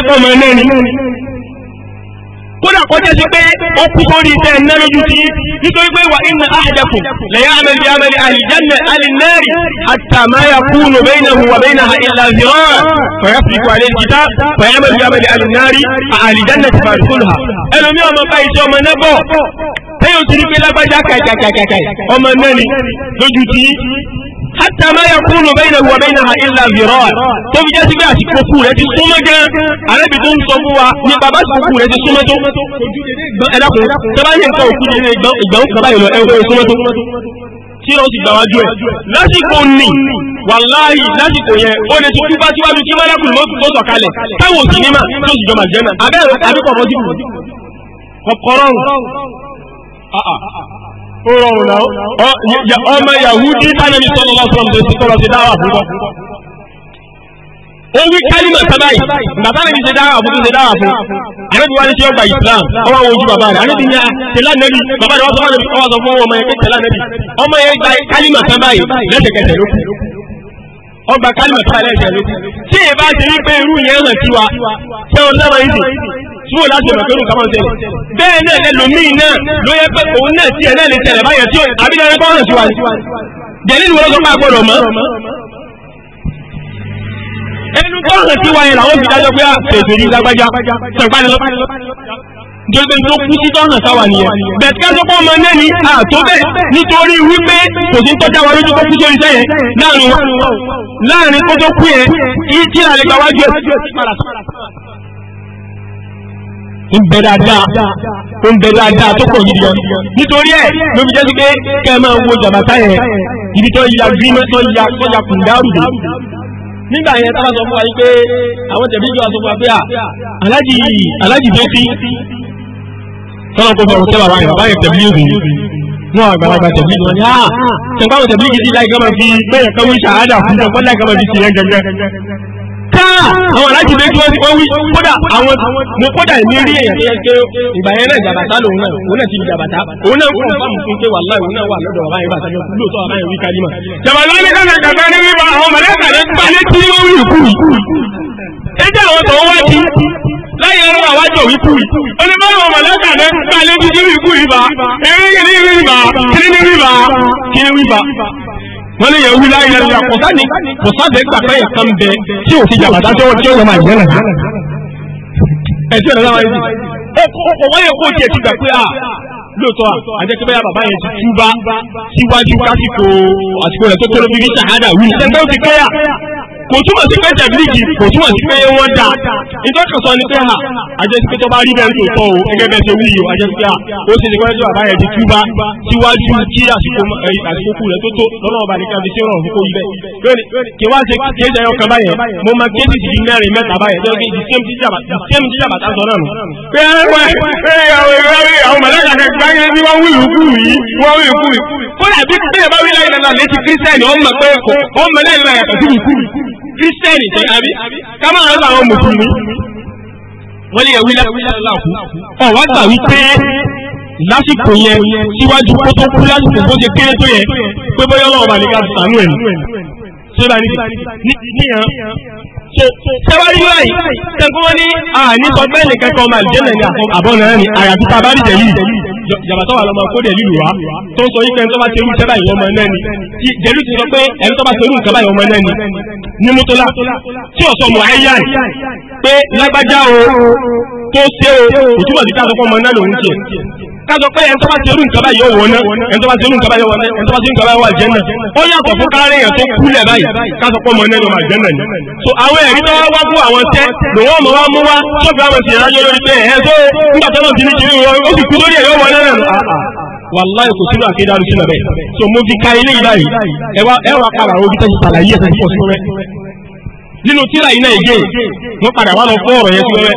kódà kọjá sí pé ó kú sórí iṣẹ́ iná lójú sí nítorí pé wà inna ahadakum la ya'malu bi amali ahli janna ahli nari hatta ma yakunu bainahu wa bainaha illa zira' fa yasbiqu alayhi alkitab fa ya'malu bi amali ahli ẹlòmí ọmọ bá iṣẹ́ ọmọ náà bọ̀ tẹ́yọ̀ sí ní pé lágbájá kàkàkàkà ọmọ náà ni lójú sí hátà ma ya kúrò bẹ́ẹ̀ na wà bẹ́ẹ̀ náà ilà zìrọ́ tó fi jẹ́ sí pé àsìkò kù rẹ̀ ti súnmọ́ gan arẹ́bí tó ń sọ fún wa ní bàbá àsìkò kù rẹ̀ ti súnmọ́ tó ẹ dákun tó bá yẹ nǹkan òkú yẹn ìgbà òkú báyìí lọ ẹ̀wọ̀n súnmọ́ tó tí ó ti gbàwájú ẹ̀ lásìkò ní wàláhì lásìkò yẹn ó lè ti kú síwájú kí mọ́lákùn ló tó sọ̀kalẹ̀ táwọn òsì ní mà tó ó rọrùn náà ọmọ yahudi tánàbí sọlọ lọ sọlọ tó tọrọ ti dáwà fúnkọ. ó wí kálímà sábàyì nàtàlẹ́ ti ṣe dáwà fún tó ṣe dáwà fún. àrẹ́bí wa ní ṣe ọgbà islam ọwọ́ ojú bàbá rẹ̀ àrẹ́bí ní ah, tẹ̀lá nẹ́bí bàbá rẹ̀ wọ́n sọ fún ọmọ yẹn tẹ̀lá nẹ́bí ọmọ yẹn gba kálímà sábàyì lẹ́sẹ̀kẹsẹ̀ ló kù ọgbà kálímà sábàyì lẹ́sẹ̀kẹsẹ̀ ló kù. tí ì bó láti ọ̀nà pẹ̀lú kàmọ́ tẹ̀lé bẹ́ẹ̀ náà ẹlòmíì náà ló yẹ pé òun náà tí ẹ̀ náà lè tẹ̀lé báyẹn tí ó àbílẹ̀ kọ́ ọ̀nà sí wa ni jẹ̀lí ni wọ́n sọ gbọ́dọ̀ mọ́ ẹnu kọ́ ọ̀nà sí wa yẹn làwọn fi dájọ́ pé à ètò ìlú lágbájá sọ̀gbánilọ́ jọgbẹ́ tó kú sí tọ́nà sáwà nìyẹn bẹ̀tíká tó kọ́ ọmọ náà ni àtó bẹ́ẹ̀ nítorí wípé kò sí tọ́já wa lójú tó kú sórí sẹ́yẹn láàrin kó tó kú yẹn kí àlẹ́gbàwájú ẹ̀ ń bẹ dáadáa ń bẹ dáadáa tó pọ̀ yìí lọ nítorí ẹ̀ ló fi jẹ́ sí pé kẹ́ ẹ jàbátá yẹn ibi tó ya gírímọ́ tó ya tó ya kùndárù dé nígbà yẹn tá a bá sọ fún wa yìí pé àwọn tẹ̀bí jọ sọ fún wa pé alájì alájì tó sí tọ́lá kó fọwọ́ tẹ́ bàbá yẹn bàbá yẹn tẹ̀bí yìí wọn àgbàlagbà tẹ̀bí wọn ni áà tẹ̀gbọ́n tẹ̀bí yìí ti láì gama fi bẹ́ẹ̀ kọ́wé ṣàádà fún pátá àwọn aláàjì méjì wọ́n wí kódà àwọn mo kódà ní rí èèyàn tó yẹ pé ìgbà yẹn náà jàbàtà lòun náà òun náà ti di jàbàtà òun náà kúrò fáwọn fún pé wàhálà òun náà wà lọ́dọ̀ bàbá yẹn bàtà lóòótọ́ bàbá yẹn wí kálímà. jàbàtà ní káfíńtà kàtà ní wíwá àwọn mọ̀lẹ́kà lè gbà létí wọ́n wí ìkú ẹjẹ́ àwọn tó wá di láyé ẹ̀rọ àwájọ wíkú yìí ó ní báwo mọ̀lẹ́kà lè gbà létí wíkú yìí bá ẹ̀rí kìíní wíwá kìíní wíwá kìíní wíwá wọ́n lè yẹ wí láyé lẹ́la kọ̀sánì kọ̀sánì gbàgbé ìkan bẹ tí ò ti jàbàtà tí ó tí ó yẹ máa yẹlẹ̀. ẹ̀jẹ̀ rẹ̀ láwọn ẹ̀jẹ̀ wọ́n yẹ kó jẹ́ ti gbà pé à lóòótọ́ à àjẹ́ pé bàbá yẹn ti túbá síwájú kásìkò àsìkò rẹ̀ tó tó lóbi ní sàhádà wí. ṣẹ́ńtẹ́ ó ti kẹ́yà kò túmọ̀ sí pé tẹ̀blígì kò túmọ̀ sí pé wọ́n dà ìtọ́kàn sọ ní pé hà àjẹsí pé tó bá rí bẹ́ẹ̀ tó tọ́ o gẹ́gẹ́ bẹ́ẹ̀ ṣe wí yìí àjẹsí pé hà ó sì ní pẹ́ẹ́jọ́ àbáyẹ di túbá síwájú kí àsìkò kù rẹ̀ tó tó lọ́nà ọba nìkan fi sẹ́rọ̀ òfin kó yí bẹ́ẹ̀. kí wá ṣe kéde ẹyọ kan báyẹn mo máa kéde ti di mẹ́rin mẹ́ta báyẹn tó kí ìsẹ́m jíjà bàtà sọ náà nù. pé àwọn mọ̀lẹ́kà kẹ gbáyé ní wọ́n wí ìlú kúrú yìí wọ́n wí ìlú kúrú yìí. kó dàbí tẹ́lẹ̀ bá wí láyé náà létí kírísítẹ́nì ọmọ pé ọmọ lẹ́yìn náà yàtọ̀ sí ìlú kúrú kírísítẹ́nì tẹ́ àbí ká máa rẹ́ àwọn mùsùlùmí wọ́n lè wí láàkú ọ̀ wá gbà wípé lásìkò yẹn síwájú kó tó kú lásìkò tó ṣe kéré tó yẹ pé bóyá ọlọ́wọ́ bá ní ká sànú ẹ̀ ṣé bá ní níyàn ṣe tẹ́wárí báyìí tẹ́kọ́ ní àní sọ pé nìkan kan máa jẹ́ nàìjíríà àbọ̀ náà ni àyàfi tá a bá rí tẹ̀lé jàbàtà wà lọ́mọ kó dẹ̀ lílu wa tó sọ yí pé ẹni tó bá ṣe irú ìṣẹ́ báyìí ọmọ náà ni jẹ̀lú ti sọ pé ẹni tó bá ṣe irú nǹkan báyìí ọmọ náà ni ní mútólà tí ọ̀sọ̀ mọ̀ ayé yáì pé lágbájá o tó o kò túbọ̀ sí ká sọ pé ọmọ náà lòún ṣe kájọ pé ẹni tó bá ti irú nǹkan báyìí yóò wọ ná ẹni tó bá ti irú nǹkan báyìí yóò wọ ná ẹni tó bá ti irú nǹkan báyìí wà jẹ́nà ó yàtọ̀ fún káàrin yẹn tó kúlẹ̀ báyìí kájọ pé ọmọ náà yóò wà jẹ́nà ni. so àwọn ẹ̀rí tó wá fún àwọn tẹ́ lòun ọmọ wa mú wa sọ́ọ̀bù àwọn ti ìrìnàjò lórí pé ẹ̀ tó nígbà tó náà ti ní ó sì kú lórí ẹ̀ yóò wàláyé ah, ah. kò sínú àkéde àrùn sínú rẹ so mo fi ka ilé ìlà yìí ẹ wá ẹ wá padà ojú tẹsí sàlàyé ẹsẹ fífọ sínú rẹ nínú tíra yìí náà ègé mo padà wà lọ fún ọ̀rọ̀ yẹn sínú rẹ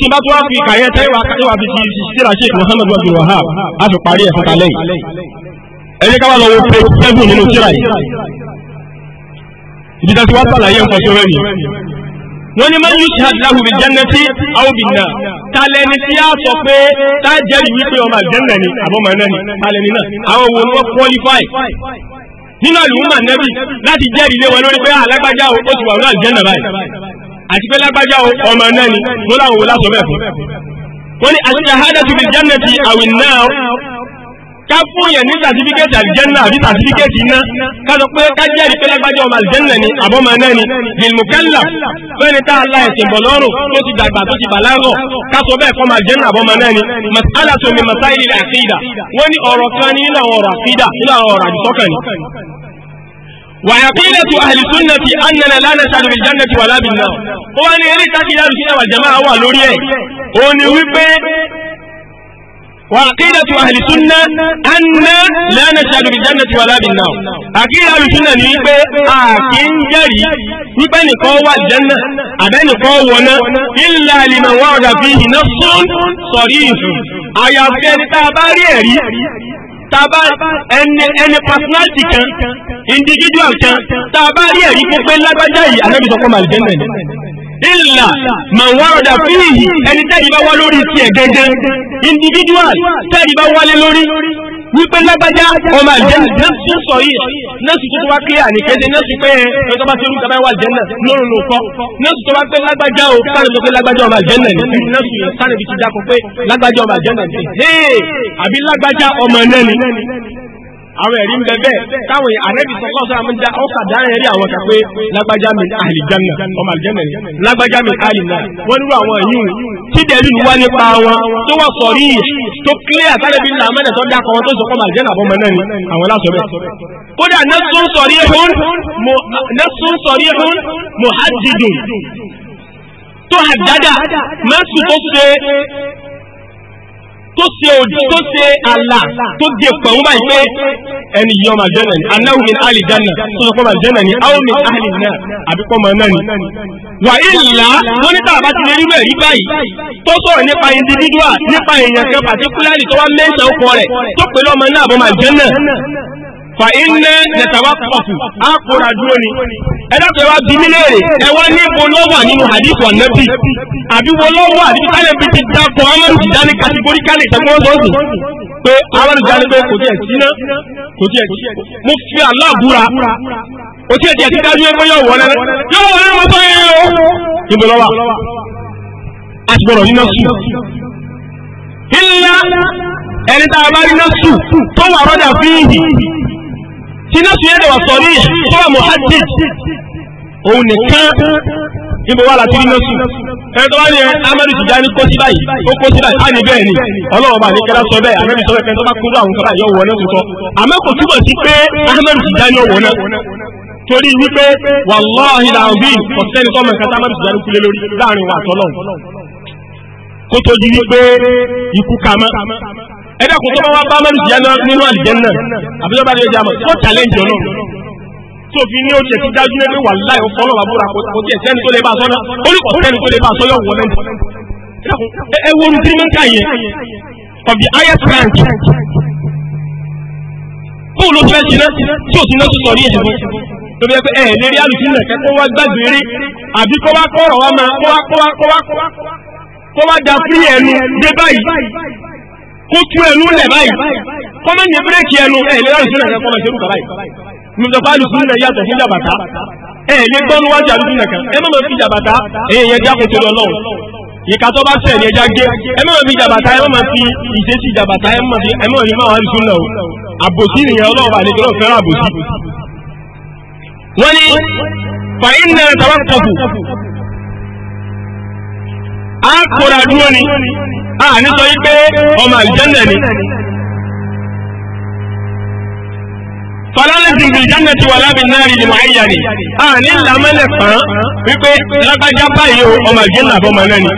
tí bá tó wá fi kàyẹ́ tẹ́wà kàyẹ́wà fi ti síra ṣe Muhammad bin Wahab a fi parí ẹ̀fọ́ kalẹ̀ yìí ẹ jẹ́ ká wá lọ wo page seven nínú síra yìí ibi tí wọ́n sàlàyé nǹkan tó rẹ̀ yìí wọ́n ní máa ń yùsì àdìláhùn bí jẹ́nẹ́tì àwòbìnà tálẹ́ni tí a sọ pé tájẹ́rì wípé ọmọ àjẹ́nà ni àbọ̀mọ̀ náà ni tálẹ́ni náà àwọn wo ni wọ́n qualify nínú àlùmọ̀ nẹ́bì láti jẹ́rìí lé wọn lórí pé alágbájá ah, ó ti wà ní àjẹ́nà báyìí àti pé lágbájá ọmọ náà ni mo láwọn wọlé àtọ́ bẹ́ẹ̀ fún. wọ́n ní ash-shahadatu bil jannati awin nar ká fún yẹn ní sàtífíkẹ́tì àlìjẹ́nà àbí sàtífíkẹ́tì iná ká sọ pé ká jẹ́ ìpínlẹ̀ lágbájá ọmọ àlìjẹ́nà ni àbọ́mọ náà ni bilmukalla fẹ́ni tá a la ẹ̀sìn bọ̀ lọ́rùn tó ti dàgbà tó ti bàlágọ̀ ká sọ bẹ́ẹ̀ fọmọ àlìjẹ́nà àbọ́mọ náà ni masala tó ní masáìlì àkídà wọ́n ní ọ̀rọ̀ kan ní nínú àwọn ọ̀rọ̀ àkídà nínú àwọn ọ̀rọ̀ àdìsọ́kàn ni وعقيدة أهل السنة أننا لا نسأل بالجنة ولا بالنار وأن يريد أكيد أهل السنة والجماعة والورية وأن يوبي وعقيدة أهل السنة أن لا نسأل بالجنة ولا بالنار أكيد أهل السنة يوبي أكين جري يوبي نقوى الجنة أبي نقوى إلا لمن ورد فيه نص صريح أيا فيه تاباري tàbá ẹni ẹni personality kan individual kan tàbá rí ẹ̀rí pípé lágbájá yìí anábì sọ pé màlì jẹ́ mẹ́rin ìlà màá wá ọ̀dà fún ìyí ẹni tẹ́yìí bá wá lórí tiẹ̀ gẹ́gẹ́ individual tẹ́yìí bá wálé lórí wípé lágbájá ọmọ àlùjẹ́nà nẹ́ẹ̀sì sọ yìí nẹ́ẹ̀sì tó wá kílíà ní kéde nẹ́ẹ̀sì pé ẹ tó bá ti rú kaba wà àlùjẹ́nà lórun ló kọ́ nẹ́ẹ̀sì tó bá pé lágbájá o sáré tó pé lágbájá ọmọ àlùjẹ́nà ní nẹ́ẹ̀sì yẹn sáré bí ti dákun pé lágbájá ọmọ àlùjẹ́nà ní àbí lágbájá ọmọ náà ní àwọn ẹ̀rí ń bẹ bẹ́ẹ̀ táwọn àrẹ́bí sọ́kọ́ sọ́ra mú dá ọkà dáhùn ẹ̀rí àwọn kan pé lágbájá mi àlì jẹ́nà ọmọ àlì jẹ́nà lágbájá mi àlì náà wọ́n nírú àwọn yìí tí dẹ̀lú wá nípa wọn tó wà sọ̀rí yìí tó clear àtàlẹ́bí ńlá mẹ́tẹ̀ tó dákọ̀ wọn tó sọ fọ́mọ jẹ́nà àbọ̀mọ náà ni àwọn láṣọ bẹ́ẹ̀. kódà nẹ́sùn sọ̀rí ṣe òjò tó ṣe àlà tó dé pẹ̀lú báyìí pé ẹni yìí ọmọ àjẹ́nà ni anáwó mi àlì dáná tó sọ pé ọmọ àjẹ́nà ni áwọ̀ mi àlì náà àbí pọ́mọ náà ni. wà ìlà wọn níta àbá ti lè rí rẹ̀ rí báyìí tó sọ̀rọ̀ nípa individual nípa èèyàn kan pàtíkúlárì tó wá mẹ́ta ọkọ rẹ̀ tó pẹ̀lú ọmọ náà àbọ̀mọ̀ àjẹ́nà fa iná nẹ̀tàwá pọ̀tù á kóra dúró ni bí mí léèrè ẹwà níbo ló nínú hadith ọ̀nẹ́bí àbíwo ló wà níbi ti dákọ̀ amadu jìdáni pé amadu jìdáni pé kò síná kò fi kò yóò wọlé yóò wọlé tó yẹ o nínú ilá ẹni tá a bá rí náà tó wà rọ́jà tí náà sùn yẹn lè wà sọ ní sọ́wọ́ muhaddis òun nìkan níbo wà láti rí náà sùn ẹni tó bá ní ẹ amadu ti já ní kó sí báyìí ó kó sí báyìí á ní bẹ́ẹ̀ ni ọlọ́wọ́ bá ní kẹ́lá sọ bẹ́ẹ̀ amadu sọ bẹ́ẹ̀ pé tó bá kúrò àwọn kọ́lá yóò náà tuntun àmọ́ kò túbọ̀ sí pé amadu ti ní òwò náà torí wípé wàláhì làbí ọ̀sẹ́ni tọ́mọ nǹkan tá amadu ti ní kulé lórí láàrin wa àtọ́lọ́hùn kó tó di wípé ikú kamọ́ ẹ̀dàkùn tó bá bá mẹ́rin jẹ́ nínú àlìjẹ́nà àbíjọba lè jẹ́ tó challenge ọ̀nà tó fi ní oṣù tí dájú pé wà láì ọkọ̀ ọlọ́wà kò tí ẹ̀sẹ́ni tó lè bá sọ́nà orúkọ sẹ́ni tó lè bá sọ́yọ̀ wọ̀ lẹ́nu. ẹ wo ohun tí mo yẹn of the highest rank bóun ló fẹ́ jiná tí ò sí náà sọ̀rí ẹ̀ fún torí ẹ pé ẹ lérí àlùfín náà wá da fúrí ẹnu dé báyìí kó tú ẹnu lẹ̀ báyìí kọ́mọ́ ní bírèkì ẹnu ẹ̀ lè láti sílẹ̀ kọ́mọ́ ṣerú kàbáyì nùdọ̀fà alùsùn lẹ̀ yàtọ̀ sí jàbàtà ẹ̀ lè gbọ́ níwájú alùsùn nìkan ẹ mọ̀ fi jàbàtà ẹ̀ yẹn já kòtò lọ lọ́wọ́ ìka tó bá sẹ̀ ní ẹja gé ẹ mọ̀ fi jàbàtà ẹ mọ̀ fi ìṣesí jàbàtà ẹ mọ̀ fi ẹ mọ̀ fi máa wà lùsùn lọ àbòsí nìyẹn ọlọ́ọ̀bà a kóra dúró ni a ní sọ yí pé ọmọ àlìjẹ́ndẹ̀ ni. fọlọ́lẹ̀ sìnkì ìjánà ti wà lábì náà rí ìmọ̀ ayé ni a ní làmọ́lẹ̀ pàán wípé lágbájá báyìí ọmọ àlìjẹ́ndẹ̀ àbọ̀mọ náà ni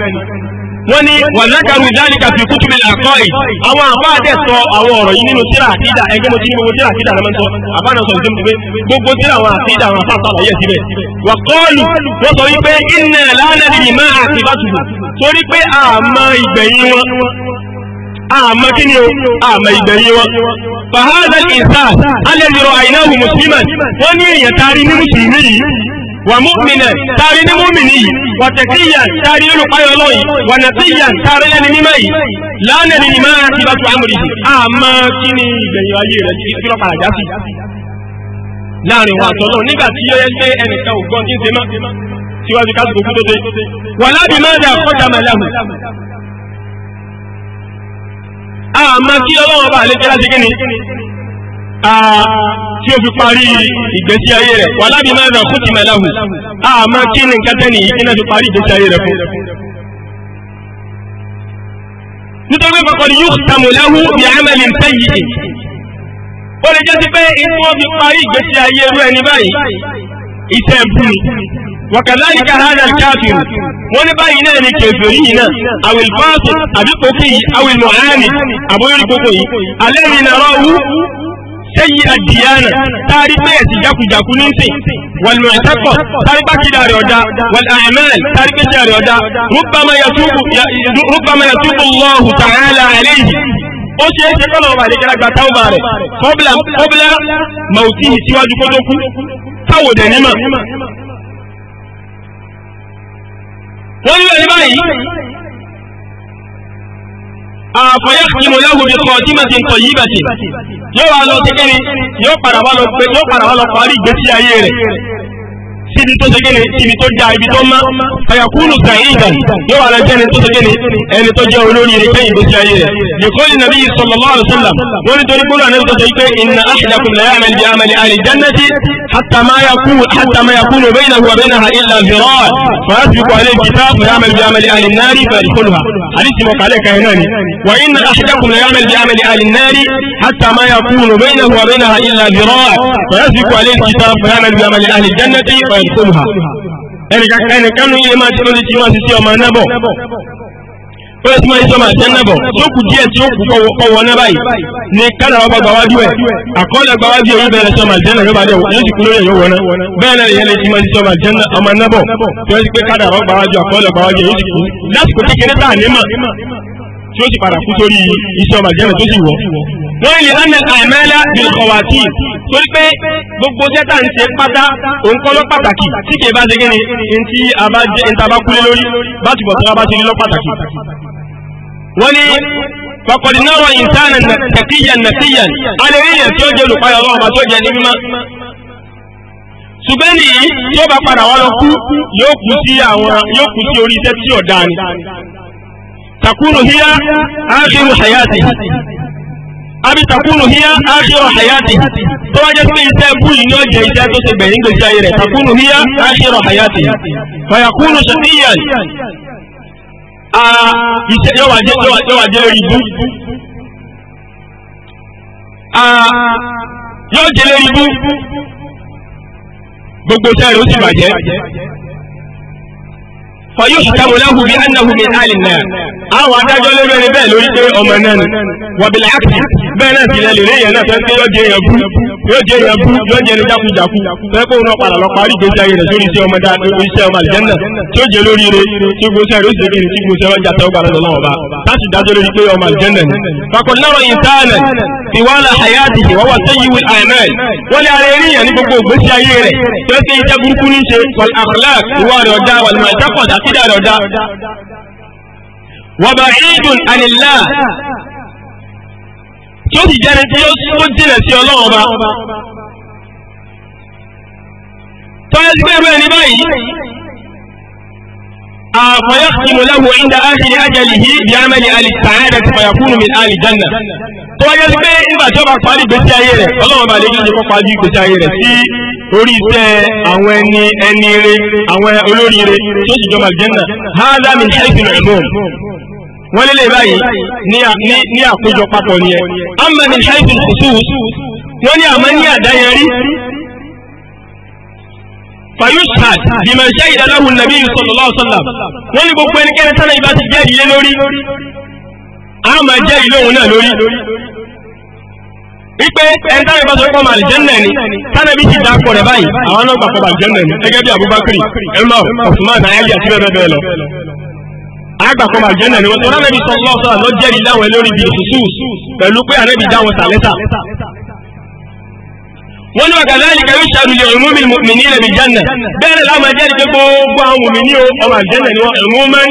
wọ́n ní wàzákàrù ìdáríkà fi kútùbí làkọ́ yìí àwọn àbá àdẹ sọ àwọn ọ̀rọ̀ yìí nínú tíra àtìdá ẹgbẹ́ mo ti ní gbogbo tíra àtìdá lọ́mọ́ sọ àbáná sọ ìdí pé gbogbo tíra àwọn àtìdá àwọn afá sọ àlàyé síbẹ̀ wà kọ́ọ̀lù wọ́n sọ wípé iná lánàá ni ìmá àti ìbátùbù torí pé àmọ́ ìgbẹ̀yìn wọn àmọ́ kí ni o àmọ́ ìgbẹ̀yìn wọn fàhádà ìsà alẹ́ lọ́rọ̀ àìnáwó ní èèyàn taari wàtẹ̀kíyà tàrí olùpáyọ̀ lọ́yìn wànàtíyà tàrí lẹ́ni mímọ́ yìí lánàá ni máa ti bá tu àmúrí àmọ́ kí ni ìgbẹ̀yìn ayé rẹ̀ ti fi lọ́pàá àjá sí láàrin wa àtọ́lọ́ nígbà tí ó yẹ pé ẹnìkan ò gbọ́n kí n ṣe mọ́ síwájú ká gbogbo tó dé wà lábì máa dà kọjá màláhù àmọ́ kí ọlọ́wọ́ bá àlejò láti kí ni tí ó fi parí ìgbésí ayé rẹ̀ wà lábì máa rà fún tìmẹ̀láhù àmọ́ kí ni nǹkan tẹ́ni yìí kíná fi parí ìgbésí ayé rẹ̀ fún. nítorí pé bàkọ́ni yóò tàmù láhù ní àmàlì ń tẹ́yì yìí ó lè jẹ́ sí pé inú wọn fi parí ìgbésí ayé irú ẹni báyìí iṣẹ́ ẹ̀bù ni wàkàláyìí ká hàn án káàfin wọn ní báyìí náà ni kẹfìrí yìí náà àwìl fáàtù àbí kòkè yìí àwìl mọ̀hánì àbóyórí gbogbo yìí alẹ́ mi nàrọ̀ wú sẹ́yìn àdìyànà táàrí pé ẹ̀sìn jákujàku ní sìn wàlùmọ̀ ìtẹ́kọ̀ táàrí pé kìlà rẹ̀ ọ̀dá wàlùmọ̀ẹ́mẹ́rẹ̀ táàrí pé kìlà rẹ̀ ọ̀dá rúbàmọ̀ yàtúbù lọ́hùn tààlà àlẹ́yìn ó ṣe é ṣe kọ́nà ọba àdékẹ́lá gba táwọ̀bà rẹ̀ kọ́bílà màùtí ìtiwájú kó tó kú táwọ̀ dẹ̀ nímọ̀ wọ́n ní àfọyẹ́ kí mo yàgò bí kan tí mo ti ń tọ̀ yí bàtì yóò wá lọ sí kíni yóò padà wá lọ parí ìgbésí ayé rẹ̀ síbi tó ṣe gẹ́ni ibi tó da ibi tó má fayakulu sa'idan yóò wà lẹ́jẹ́ ẹni tó ṣe gẹ́ni ẹni tó jẹ́ olórí rẹ̀ kẹ́yìn bó ti ayé rẹ̀ nìkọ́lì nàbí sallallahu alaihi wasallam wọ́n ní torí gbọ́dọ̀ àná tó ṣe pé inna ahadakum la ya'mal bi amali ahli jannati hatta ma yakunu hatta ma yakunu baynahu wa baynaha illa zira' fa yasbiqu alayhi alkitab fa ya'mal bi amali ahli an-nari fa yadkhuluha hadith mo kale kan nani wa inna ahadakum la ya'mal bi amali ahli an-nari hatta ma yakunu baynahu wa baynaha illa zira' fa yasbiqu alayhi alkitab fa ya'mal bi amali ahli jannati fa yadkhuluha ẹnìkan ní máa ṣe lórí tí wọ́n ti ṣe ọmọ náà bọ̀ ó yẹ tí wọ́n ti ṣe ọmọ àti náà bọ̀ tó kù díẹ̀ tí ó kù kọ̀wọ́ náà báyìí ní kádà ọba gbàwájú ẹ̀ àkọọ́lẹ̀ gbàwájú ẹ̀ yóò bẹ̀rẹ̀ ṣe ọmọ àti náà yóò bá dẹ̀ yóò sì kú lórí ẹ̀yọ́ wọ̀ná bẹ́ẹ̀ náà yẹn lè ti máa ṣe ọmọ àti ọmọ náà bọ̀ tí wọ́n ti pé kádà ọba gbàwájú àkọọ́lẹ̀ gbàwájú yóò sì kú lásìkò kékeré tá à ní mà tí ó sì padà kú sórí iṣẹ́ ọmọ àti náà tó sì wọ̀ wọ́n lè hàn àmẹ́lá bilkọ̀wàtì torí pé gbogbo sẹ́tà ń ṣe pátá òǹkọ́lọ́ pàtàkì tí kìí bá ṣe kí ni ní tí a bá jẹ́ ní tàbá kúlé lórí bá ti bọ̀ tí a bá ti rí lọ pàtàkì. wọ́n ní kọ̀kọ̀dì náà wọ ìtànà tẹ̀kíyàn nàtíyàn a tí ó jẹ́ olùpayọ̀ ọlọ́run bá tó jẹ ní mímọ́. ṣùgbọ́n nìyí tí ó bá padà wá lọ kú yóò kú sí orí iṣẹ́ tí ọ̀daràn takunu hiya akhiru hayati àbí takunu hiya akhiru hayati tó wájẹ́ pé iṣẹ́ bú yìí yóò jẹ́ iṣẹ́ tó ṣe gbẹ̀yìn gbèsè ayé rẹ̀ takunu hiya akhiru hayati fayakunu shaqiyan iṣẹ́ yóò wájẹ́ yóò wájẹ́ yóò jẹ́ lórí ibú gbogbo iṣẹ́ rẹ̀ ó sì bàjẹ́ fayuhtamu lahu bi annahu min ahli an-nar àwọn adájọ́ lórí ẹni bẹ́ẹ̀ lórí pé ọmọ náà ni wàbìlà ákìtì bẹ́ẹ̀ náà sì lẹ́lẹ̀ léyìn náà fẹ́ẹ́ yóò jẹ èèyàn bú yóò jẹ èèyàn bú yóò jẹ ẹni jákujàku fẹ́ẹ́ kó wọn padà lọ parí ìgbésí ayé rẹ̀ sórí iṣẹ́ ọmọ dáadáa iṣẹ́ ọmọ àlìjẹ́ndà tí ó jẹ lórí ire tí ó gbóṣẹ́ rẹ̀ ó sì kí ni tí gbóṣẹ́ wọn jà tẹ́wọ́ gbàdọ̀ lọ́wọ́ bá láti dájọ́ lórí pé ọmọ àlìjẹ́ndà ni. fakọ̀lọ́rọ̀ ìtaànà ìwàlà àyàtì ìwọ́wà sẹ́yìnwó tí ó sì jẹ́ni tí ó jìnà sí ọlọ́run ọba tọ́lá ti gbẹ́rù ẹni báyìí فيختم له عند آخر أجله بعمل أهل السعادة فيكون من أهل الجنة tó wáyé pé nígbà tí ó bá parí ìgbésí ayé rẹ̀ ọlọ́run bá lè yíyí kó parí ìgbésí ayé rẹ̀ sí orí iṣẹ́ àwọn ẹni ẹni rẹ̀ àwọn olóríire tí ó jọba jẹ́nà hádàmì ṣáìsì rẹ̀ mọ́ wọ́n lélẹ̀ báyìí ní àkójọ papọ̀ ni ẹ amma min haythu al-khusus wọ́n ní àmọ́ ní àdáyẹrí fayushad bima shahida lahu an-nabiy sallallahu alaihi wasallam wọ́n ní gbogbo ẹnikẹ́ni tánà ìbá ti jẹ́ ìlé lórí a máa jẹ́ ìlé òun náà lórí wípé ẹni tánà ìbá sọ̀rọ̀ pọ̀mọ̀ àlìjẹ́nà ni tánà bí ti dá agbàkọ́ máa jẹ́nà ni wọ́n tó ránàbí sọ lọ́sọ̀ lọ jẹ́rìí láwọn lórí ibi ìfúsù pẹ̀lú pé ànábì dáwọn sàlẹ́sà wọ́n ní wàkà láàrín kàwé ṣàrùlẹ̀ ọ̀rùn mi ní ilẹ̀ ìjánà bẹ́ẹ̀rẹ̀ láwọn jẹ́rìí pé gbogbo àwọn òmìn ní ọmọ àjẹ́nà ni wọ́n ẹ̀rùn mọ́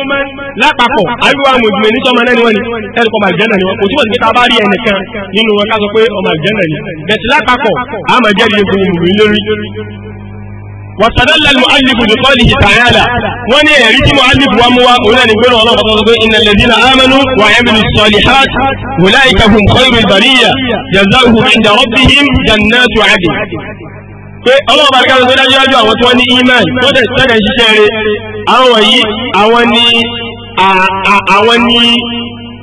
lápapọ̀ àríwá àwọn òjìmẹ̀ ní sọmọ náà ni wọ́n ni ẹ̀rùkọ́ àjẹ́nà ni wọ́n kò túbọ̀ sí pé ta bá rí ẹnìkan nínú wọn ká sọ pé ọmọ àjẹ́nà ni bẹ̀sí lápapọ̀ àmọ̀ jẹ́rìí gbogbo òmìn lórí واستدل المؤلف بقوله تعالى وني يريد مؤلف وموا هنا نقول الله إن الذين آمنوا وعملوا الصالحات أولئك هم خير البرية جزاؤهم عند ربهم جنات عدن ọlọ́run bá káàkiri tó dájú àwọn tí wọ́n ní iman wọ́n tẹ̀ sẹ́kẹ̀ ṣiṣẹ́ rẹ̀ àwọn yìí àwọn ni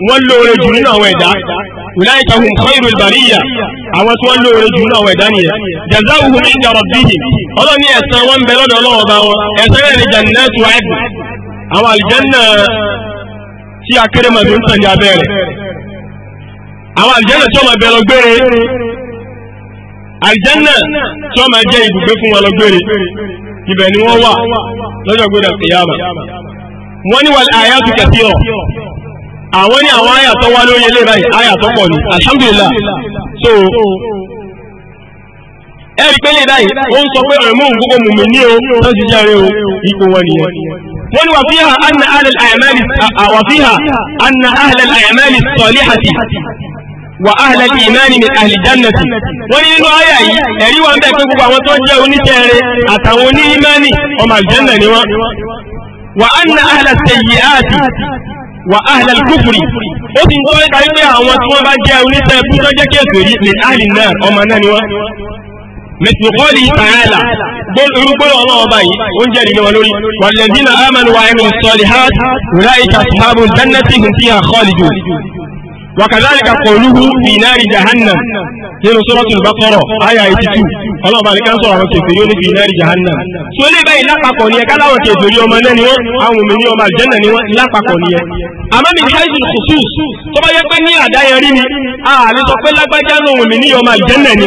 wọ́n lóore jù nínú àwọn ẹ̀dá ulaika hum khairul bariyya àwọn tí wọ́n lóore jù náà wẹ̀dá nìyẹn jazaohum inda rabbihim ọlọ́run ní ẹ̀san wọn bẹ lọ́dọ̀ ọlọ́run ọba wọn ẹ̀san rẹ̀ ní jannatu adn àwọn àlìjẹ́nà tí akérèmọ̀dé ń tàn ní abẹ́rẹ́ àwọn àlìjẹ́nà tí wọ́n máa bẹ lọ gbére àlìjẹ́nà tí wọ́n máa jẹ́ ibùgbé fún wọn lọ gbére ibẹ̀ ni wọ́n wà lọ́jọ́ gbére àkèyàmà wọ́n ní wal ayatu kathira àwọn ní àwọn àyà tó wá lórí ilé báyìí àyà tó pọ̀ ní alhamdulillah so ẹ̀rí pé lè báyìí ó ń sọ pé ọ̀rẹ́ mú gbogbo mùmí ní o tó ti járe o ipò wọn nìyẹn wọ́n ní wà fíhà anna ahlal àyàmẹ́lì wà fíhà anna ahlal àyàmẹ́lì sọ̀líhàtì wà áhàlẹ̀ ìmáàni min ahli jannati wọ́n ní nínú àyà yìí ẹ̀rí wa ń pé gbogbo àwọn tó jẹ́ oníṣẹ́rẹ́ àtàwọn oní ìmáàni ọmọ àlìjánà ni wọ́n wà á na áhàlẹ̀ sẹ̀yìáàtì wà áhìlẹ̀ kúfùrì ó sì ń tọ́ ẹ̀ka wípé àwọn tí wọ́n bá jẹ́ oníṣẹ́ ẹbú tó jẹ́ kéèkó yìí lè áhìlì náà ọmọ náà ni wọ́n. mẹtìkọ́lì tààlà gbólóhùn ọlọ́wọ́ báyìí ó ń jẹ́rìí wọn lórí wàlẹ́dínà amanu wa ẹ̀rù sọ̀lì hàt wùláìkà sùhábù dánnátì وكذلك قوله في نار جهنم nínú sọ́rọ́tún ìbákọ́rọ̀ àyà ìtìtù ọlọ́ọ̀bá ní káńsọ̀ àwọn kèfèrí ó ní fi náà jahannam. tí ó lè báyìí lápapọ̀ ni ẹ káláwọ̀ kèfèrí ọmọ náà ni wọ́n àwọn òmìn ní ọmọ àlùjẹ́nà ni wọ́n lápapọ̀ ni ẹ. àmọ́ mi káyìí khusus tó bá yẹ pé ní àdáyẹrí ni a lè sọ pé lágbájá ló òmìn ní ọmọ àlùjẹ́nà ni.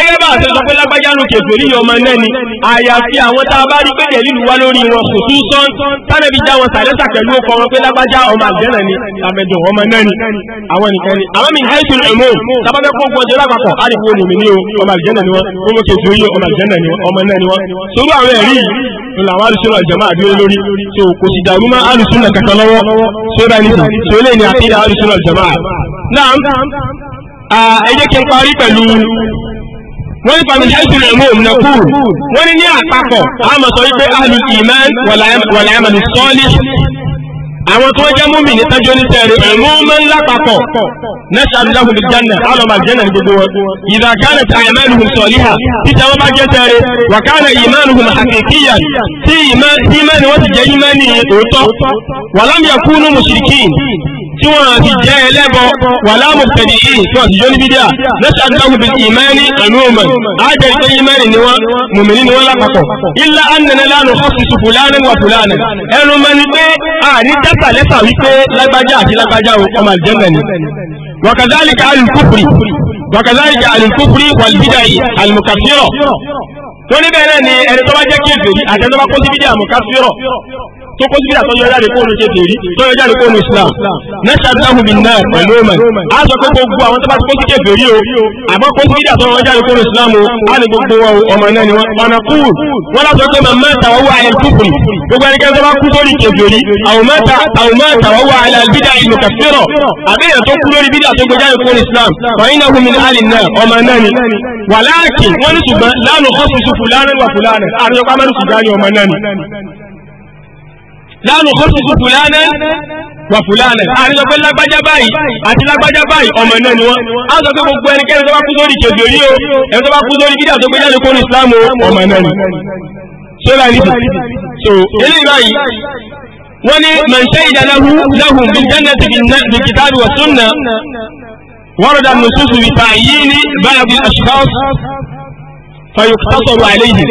ẹgẹ́ bá a ṣe sọ pé lágbájá ló kèfèrí ọmọ náà ni àyàfi àwọn tá a bá rí pé dẹ̀lílù wá lórí wọn khususan tánàbí já wọn sàlẹ́sà pẹ̀lú ọkọ̀ wọn pé lágbájá ọmọ àlùjẹ́nà ni tàbẹ̀dùn ọmọ náà ni àwọn nìkan ni àwọn mi haitu ẹ̀mọ́ tábàbẹ́ kó gbọ́n jẹ́ lápapọ̀ á lè fi olùmí ní o ọmọ àlùjẹ́nà ni wọ́n wọ́n mú kejì oyè ọmọ àlùjẹ́nà ni wọ́n ọmọ náà ni wọ́n. sórí àwọn ẹ̀rí ni làwọn alùsùnà jẹ̀mọ́ àdúró lórí tí o kò sì dàrú mọ́ alùsùnà kankan lọ́wọ́ sóra ní sọ lè ní àkídà alùsùnà jẹ̀mọ́ à. ẹ jẹ́ kí n parí pẹ̀lú wọ́n ní fàmí ṣáìsì rẹ̀ mọ́ òmìnà kúrò wọ́n ní ní àpapọ̀ àmọ̀ sọ wípé ahlul iman wàlàyàmàlù sọ́ọ́lì àwọn tó jẹ́ mú mi ní tẹ́jọ́ ní tẹ́rẹ ẹ̀mú mẹ́ ńlá papọ̀ nẹ́sàbí láhùn jẹ́nà alọ́mà jẹ́nà ní gbogbo wọn ìdàkánà tí àyẹ̀mẹ́lùm sọ̀líhà títí àwọn bá jẹ́ tẹ́rẹ wàkánà ìmẹ́lùm àkèkíyà tí ìmẹ́ni wọ́n ti jẹ́ ìmẹ́ni òótọ́ wàlámìyà kúnú mùsùlùkì tí wọ́n ti jẹ́ ẹlẹ́bọ wà láàmùtẹ̀dì yìí tí wọ́n ti jó ní bídíà lọ́sí àdáwò bí ìmẹ́ni àlúhùmọ̀n àjẹ́ ìpé ìmẹ́ni ni wọ́n mùmìnì ni wọ́n lápapọ̀ ilá annana lánà ọ́fíìsì fúlánà wà fúlánà ẹnu mẹ́ni pé a ní tẹ́sà lẹ́sà wípé lágbájá àti lágbájá ọmọ àjẹ́mẹ̀ ni wàkàzálìkà alùkúfùrì wàkàzálìkà alùkúfùrì wàlbídàì alùmùkàfíọ̀ tó níbẹ̀ náà ni ẹni tó bá jẹ́ kí èfèrí àtẹ́tọ́ bá kó sí bídíà mùkàfíọ̀ tó kó síbílà tọ́jọ́ jáde kó nu ṣe fèrí tọ́jọ́ jáde kó nu Islam nẹ́ṣà dáhùn mi náà pẹ̀lú ọmọ a sọ pé gbogbo àwọn tó bá kó síbílà fèrí o àbọ̀ kó síbílà tọ́jọ́ jáde kó nu Islam o a lè gbogbo wọn ọmọ náà ni wọn ọ̀nà kúrù wọn lọ sọ pé màmá tàwọ́wọ́ àyẹl kúkúrì gbogbo ẹnikẹ́ni tó bá kú sórí kèfèrí àwọn mẹ́ta tàwọ́wọ́ àyẹl bídà ìlú kàfẹ́rọ̀ àbẹ́yẹ tó kú lórí bídà láàrùn kọ́sùn fún fúlánà wà fúlánà àrísọ pé lágbájá báyìí àti lágbájá báyìí ọmọ náà ni wọ́n á sọ pé gbogbo ẹnikẹ́ni tó bá kú sórí kejì orí o ẹni tó bá kú sórí bídà tó gbé jáde kó ní islam ọmọ náà ni so la ní so eléyìí báyìí wọ́n ní mọ̀nsẹ́ ìdáláhù láhùn bí jẹ́nà ti fi kìtàbí wà súnà ورد النصوص بتعيين بعض الأشخاص فيقتصر عليهم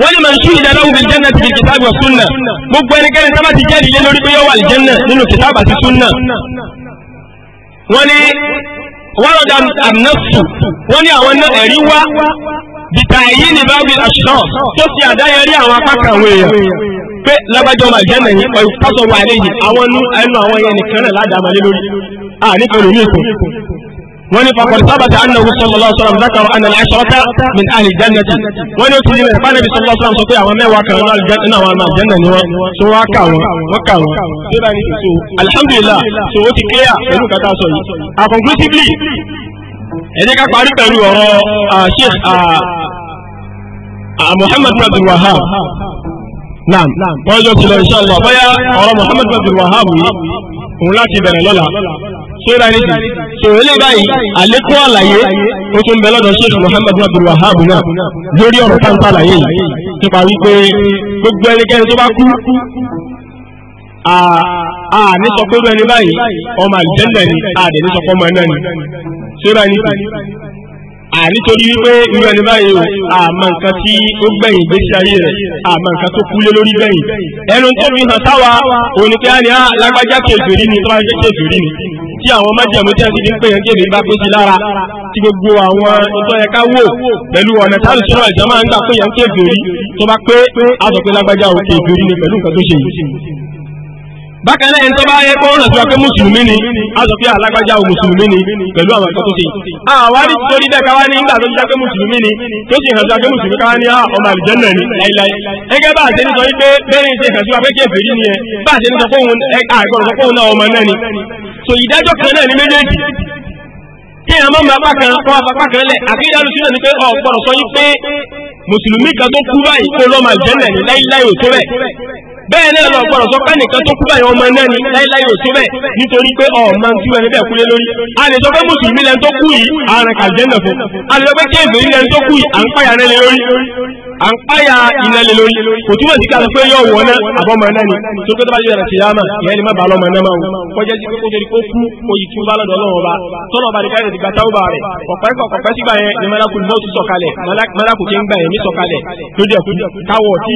wọ́n ní màṣú ìdádáwò bíi jẹ́nà ti fi kìtàbù sunna gbogbo ẹnikẹ́ni sábà ti jẹ́rìí lé lórí pé yọ wà jẹ́nà nínú kìtàbù àti sunna. wọ́n ní wàlọ́dà àmnásù wọ́n ní àwọn náà ẹ̀rí wá bìtà èyí ní báwí àṣìṣàn tó ti àdáyẹrí àwọn apá kan àwọn èèyàn pé lábàjọ́ wà jẹ́nà yìí pẹ̀lú pásọ̀ wà lẹ́yìn àwọn ẹnu àwọn ẹnìkan náà وني فقد ثبت انه صلى الله عليه وسلم ذكر ان العشره من اهل الجنه وني تجي من النبي صلى الله عليه وسلم سوى ما وكان من الجنه وما الجنه ني سوى كاو وكاو سيباني سو الحمد لله سو تي كيا لو كتا سو ا conclusively ẹni ká parí pẹ̀lú ọ̀rọ̀ sheikh muhammad bin abdul wahab naam wọ́n jọ tilẹ̀ inshallah bóyá ọ̀rọ̀ muhammad bin abdul wahab yìí òun láti bẹ̀rẹ̀ lọ́la so yíba ní ti so eléyìí báyìí àlékún àlàyé ó tún bẹ lọ́dọ̀ sheikh muhammad abdul wahab náà lórí ọ̀rọ̀ táǹtà àlàyé yìí nípa wípé gbogbo ẹnikẹ́ni tó bá kú a ní sọ pé ẹni báyìí ọmọ àlùjẹ́ndà ni a dẹ̀ ní sọ pé ọmọ ẹ̀ náà ni so ní ti ànítorí wípé irú ẹni báyìí o àmọ́ nǹkan tí ó gbẹ̀yìn gbèsè ayé rẹ̀ àmọ́ nǹkan tó kúlé lórí gbẹ̀yìn ẹnu tó fi hàn sáwa òun ni pé á ní ah, ni tó bá jẹ́ kejìrí ni tí àwọn májẹ̀mú tí a ti fi ń pè yẹn kébì bá pèsè lára tí gbogbo àwọn tó yẹ ká wò pẹ̀lú ọ̀nà táwọn ìṣúná ẹ̀jẹ̀ ń gbà pé yẹn kejìrí tó bá pé á lágbájá o kejìrí ni pẹ̀lú nǹkan tó ṣe yìí bákan náà ẹni tó bá yẹ kó rẹ̀ sọ pé mùsùlùmí ni a sọ pé alágbájá o mùsùlùmí ni pẹ̀lú àwọn ẹ̀kọ́ tó ṣe àwa rí torí bẹ́ẹ̀ káwá ní nígbà tó ti dápé mùsùlùmí ni tó sì hàn sọ pé mùsùlùmí káwá ní ah, ọmọ àlùjẹ́nà ni láíláí gẹ́gẹ́ bá a ṣe ń sọ wípé bẹ́ẹ̀ ṣe hàn sí wa pé kí èfèrí ni ẹ bá a ṣe ń sọ pé òun àìgbọ̀rọ̀ náà ọmọ náà ni so ìdájọ́ kan náà ni méjèèjì kí ẹ má máa kan kọ́ bẹ́ẹ̀ náà lọ gbọ́dọ̀ sọ pé nìkan tó kú báyìí ọmọ náà ni láíláí ò tó bẹ́ẹ̀ nítorí pé ọmọ tí wọn bẹ́ẹ̀ kúlé lórí a lè sọ pé mùsùlùmí lẹni tó kú yìí àrùn kàjẹ́ a lè sọ pé kéèfé lẹni tó kú yìí à ń pàyà náà lórí à ń páyà iná lé lórí kò túbọ̀ sí ká pé yọ wọ́n náà àbọ̀mọ náà ni tó tó bá yọ ẹ̀rẹ̀ kìyàmà ìyẹn ni má bàa lọ́mọ náà máa wò kọjá sí kókó jẹ́rìí kó kú oyì tún bá lọ́dọ̀ ọlọ́run ọba tọ́lọ̀ ọba nìkan ti gbàtà ọba rẹ̀ ọ̀pẹ́ kọ̀ọ̀pẹ́ sígbà ni mẹ́lákù náà tún sọ̀kalẹ̀ mẹ́lákù tí ń gbà yẹn ní sọ̀kalẹ̀ lójú ẹ̀kú táwọ̀ tí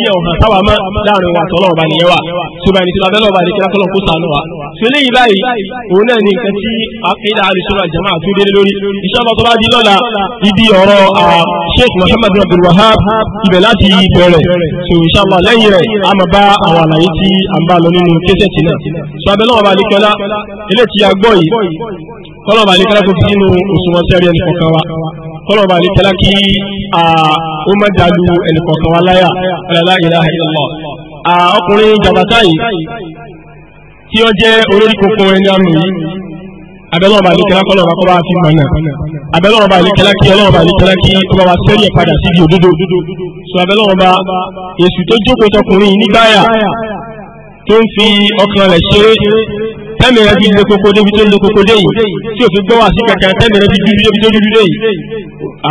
ni nǹkan tí akéda alùsọ̀rọ̀ àjàmà àtúndé lórí Sheikh Muhammad Abdul ibẹ̀ láti bẹ̀rẹ̀ so inshallah lẹ́yìn rẹ̀ a máa bá àwọn àlàyé tí a ń bá lọ nínú késẹ̀tì náà so abẹ́ náà wà ilé tí a gbọ́ yìí kọ́lọ̀ wà lẹ́kẹ́lá kó fi sínú òṣùwọ̀n sẹ́rí ẹnì kọ̀ọ̀kan wa kọ́lọ̀ wà lẹ́kẹ́lá kí ó má dàlú ẹnì kọ̀ọ̀kan wa láyà la ilaha illallah ọkùnrin jàbátá yìí tí ó jẹ́ olórí kòkòrò ẹni àmì yìí abẹ́lẹ́ ọba àlékẹ́lá kọ́ lọ́ba kọ́ bá fi mọ̀nà abẹ́lẹ́ ọba àlékẹ́lá kí ọlọ́ba àlékẹ́lá kí ọba wa sẹ́rí ẹ̀ padà síbi òdodo so abẹ́lẹ́ ọba èsù tó jókòó tọkùnrin nígbàyà tó ń fi ọkàn rẹ̀ ṣe tẹ́mi rẹ̀ fi lé koko débi tó lé koko dé yìí tí òfin gbọ́ wá sí kankan tẹ́mi rẹ̀ fi dúdú débi tó dúdú dé yìí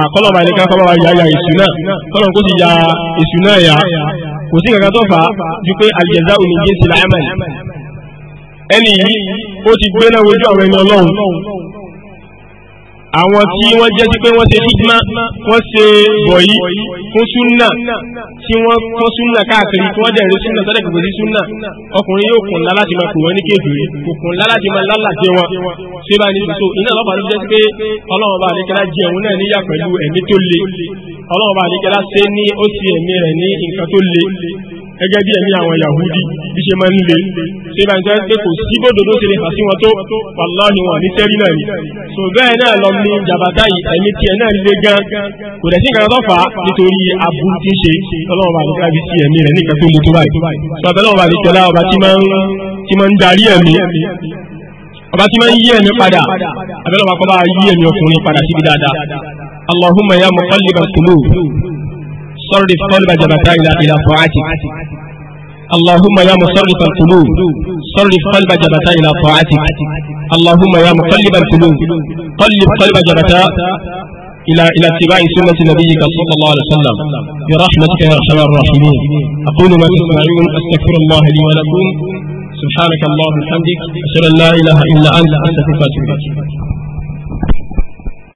àkọ́lọ́ba àlékẹ́lá kọ́ bá wa yà yà èsù náà kọ́lọ́ kó sì yà èsù náà yà kò sí kankan tó fà á ju pé àlìjẹ̀dá òní jẹ́ sílẹ̀ ẹ̀mẹ́lì ẹni yìí ó ti gbé náà wojú àwọn ẹni ọlọ́run àwọn tí wọ́n jẹ́ sí pé wọ́n ṣe hijma wọ́n ṣe bọ̀yí fún súnà tí wọ́n kọ́ súnà káàkiri tí wọ́n dẹ̀rẹ̀ súnà tọ́lẹ̀ kòkòrò sí súnà ọkùnrin yóò kùn lá láti máa kù wọ́n ní kéèkiri kò kùn lá láti máa lálàjẹ wọn ṣé bá ní ìṣòṣò iná lọ́pàá ló jẹ́ sí pé ọlọ́run bá àdékẹ́lá jẹ òun náà níyà pẹ̀lú ẹ̀mí tó le ọlọ́run bá àdékẹ́lá ṣe ní ó sì ẹ̀mí rẹ̀ ní nǹkan tó le gẹ́gẹ́ bí ẹ̀mí àwọn Yahudi bí ṣe máa ń le ṣe bá ń sọ pé kò sí bòdòdó ṣe lè fà sí wọn tó wàláhì wọn ní sẹ́rí náà ni so bẹ́ẹ̀ náà lọ ní jàbátá yìí ẹ̀mí tiẹ̀ náà le gan kò dẹ̀ sí nǹkan tó fà á nítorí aburú tí ṣe ọlọ́run bá nìkan fi sí ẹ̀mí rẹ̀ nìkan tó mu tó báyìí bàbá ọlọ́run bá nìkan lá ọba tí máa ń darí ẹ̀mí ọba tí máa ń yí ẹ̀mí padà صرف قلب جبتاي إلى طاعتك اللهم يا مصرف القلوب صرف قلب جبتا إلى طاعتك اللهم يا مقلب القلوب قلب قلب جبتا إلى إلى اتباع سنة نبيك صلى الله عليه وسلم برحمتك يا أرحم الراحمين أقول ما تسمعون أستغفر الله لي ولكم سبحانك اللهم وبحمدك أشهد أن لا إله إلا أنت أستغفرك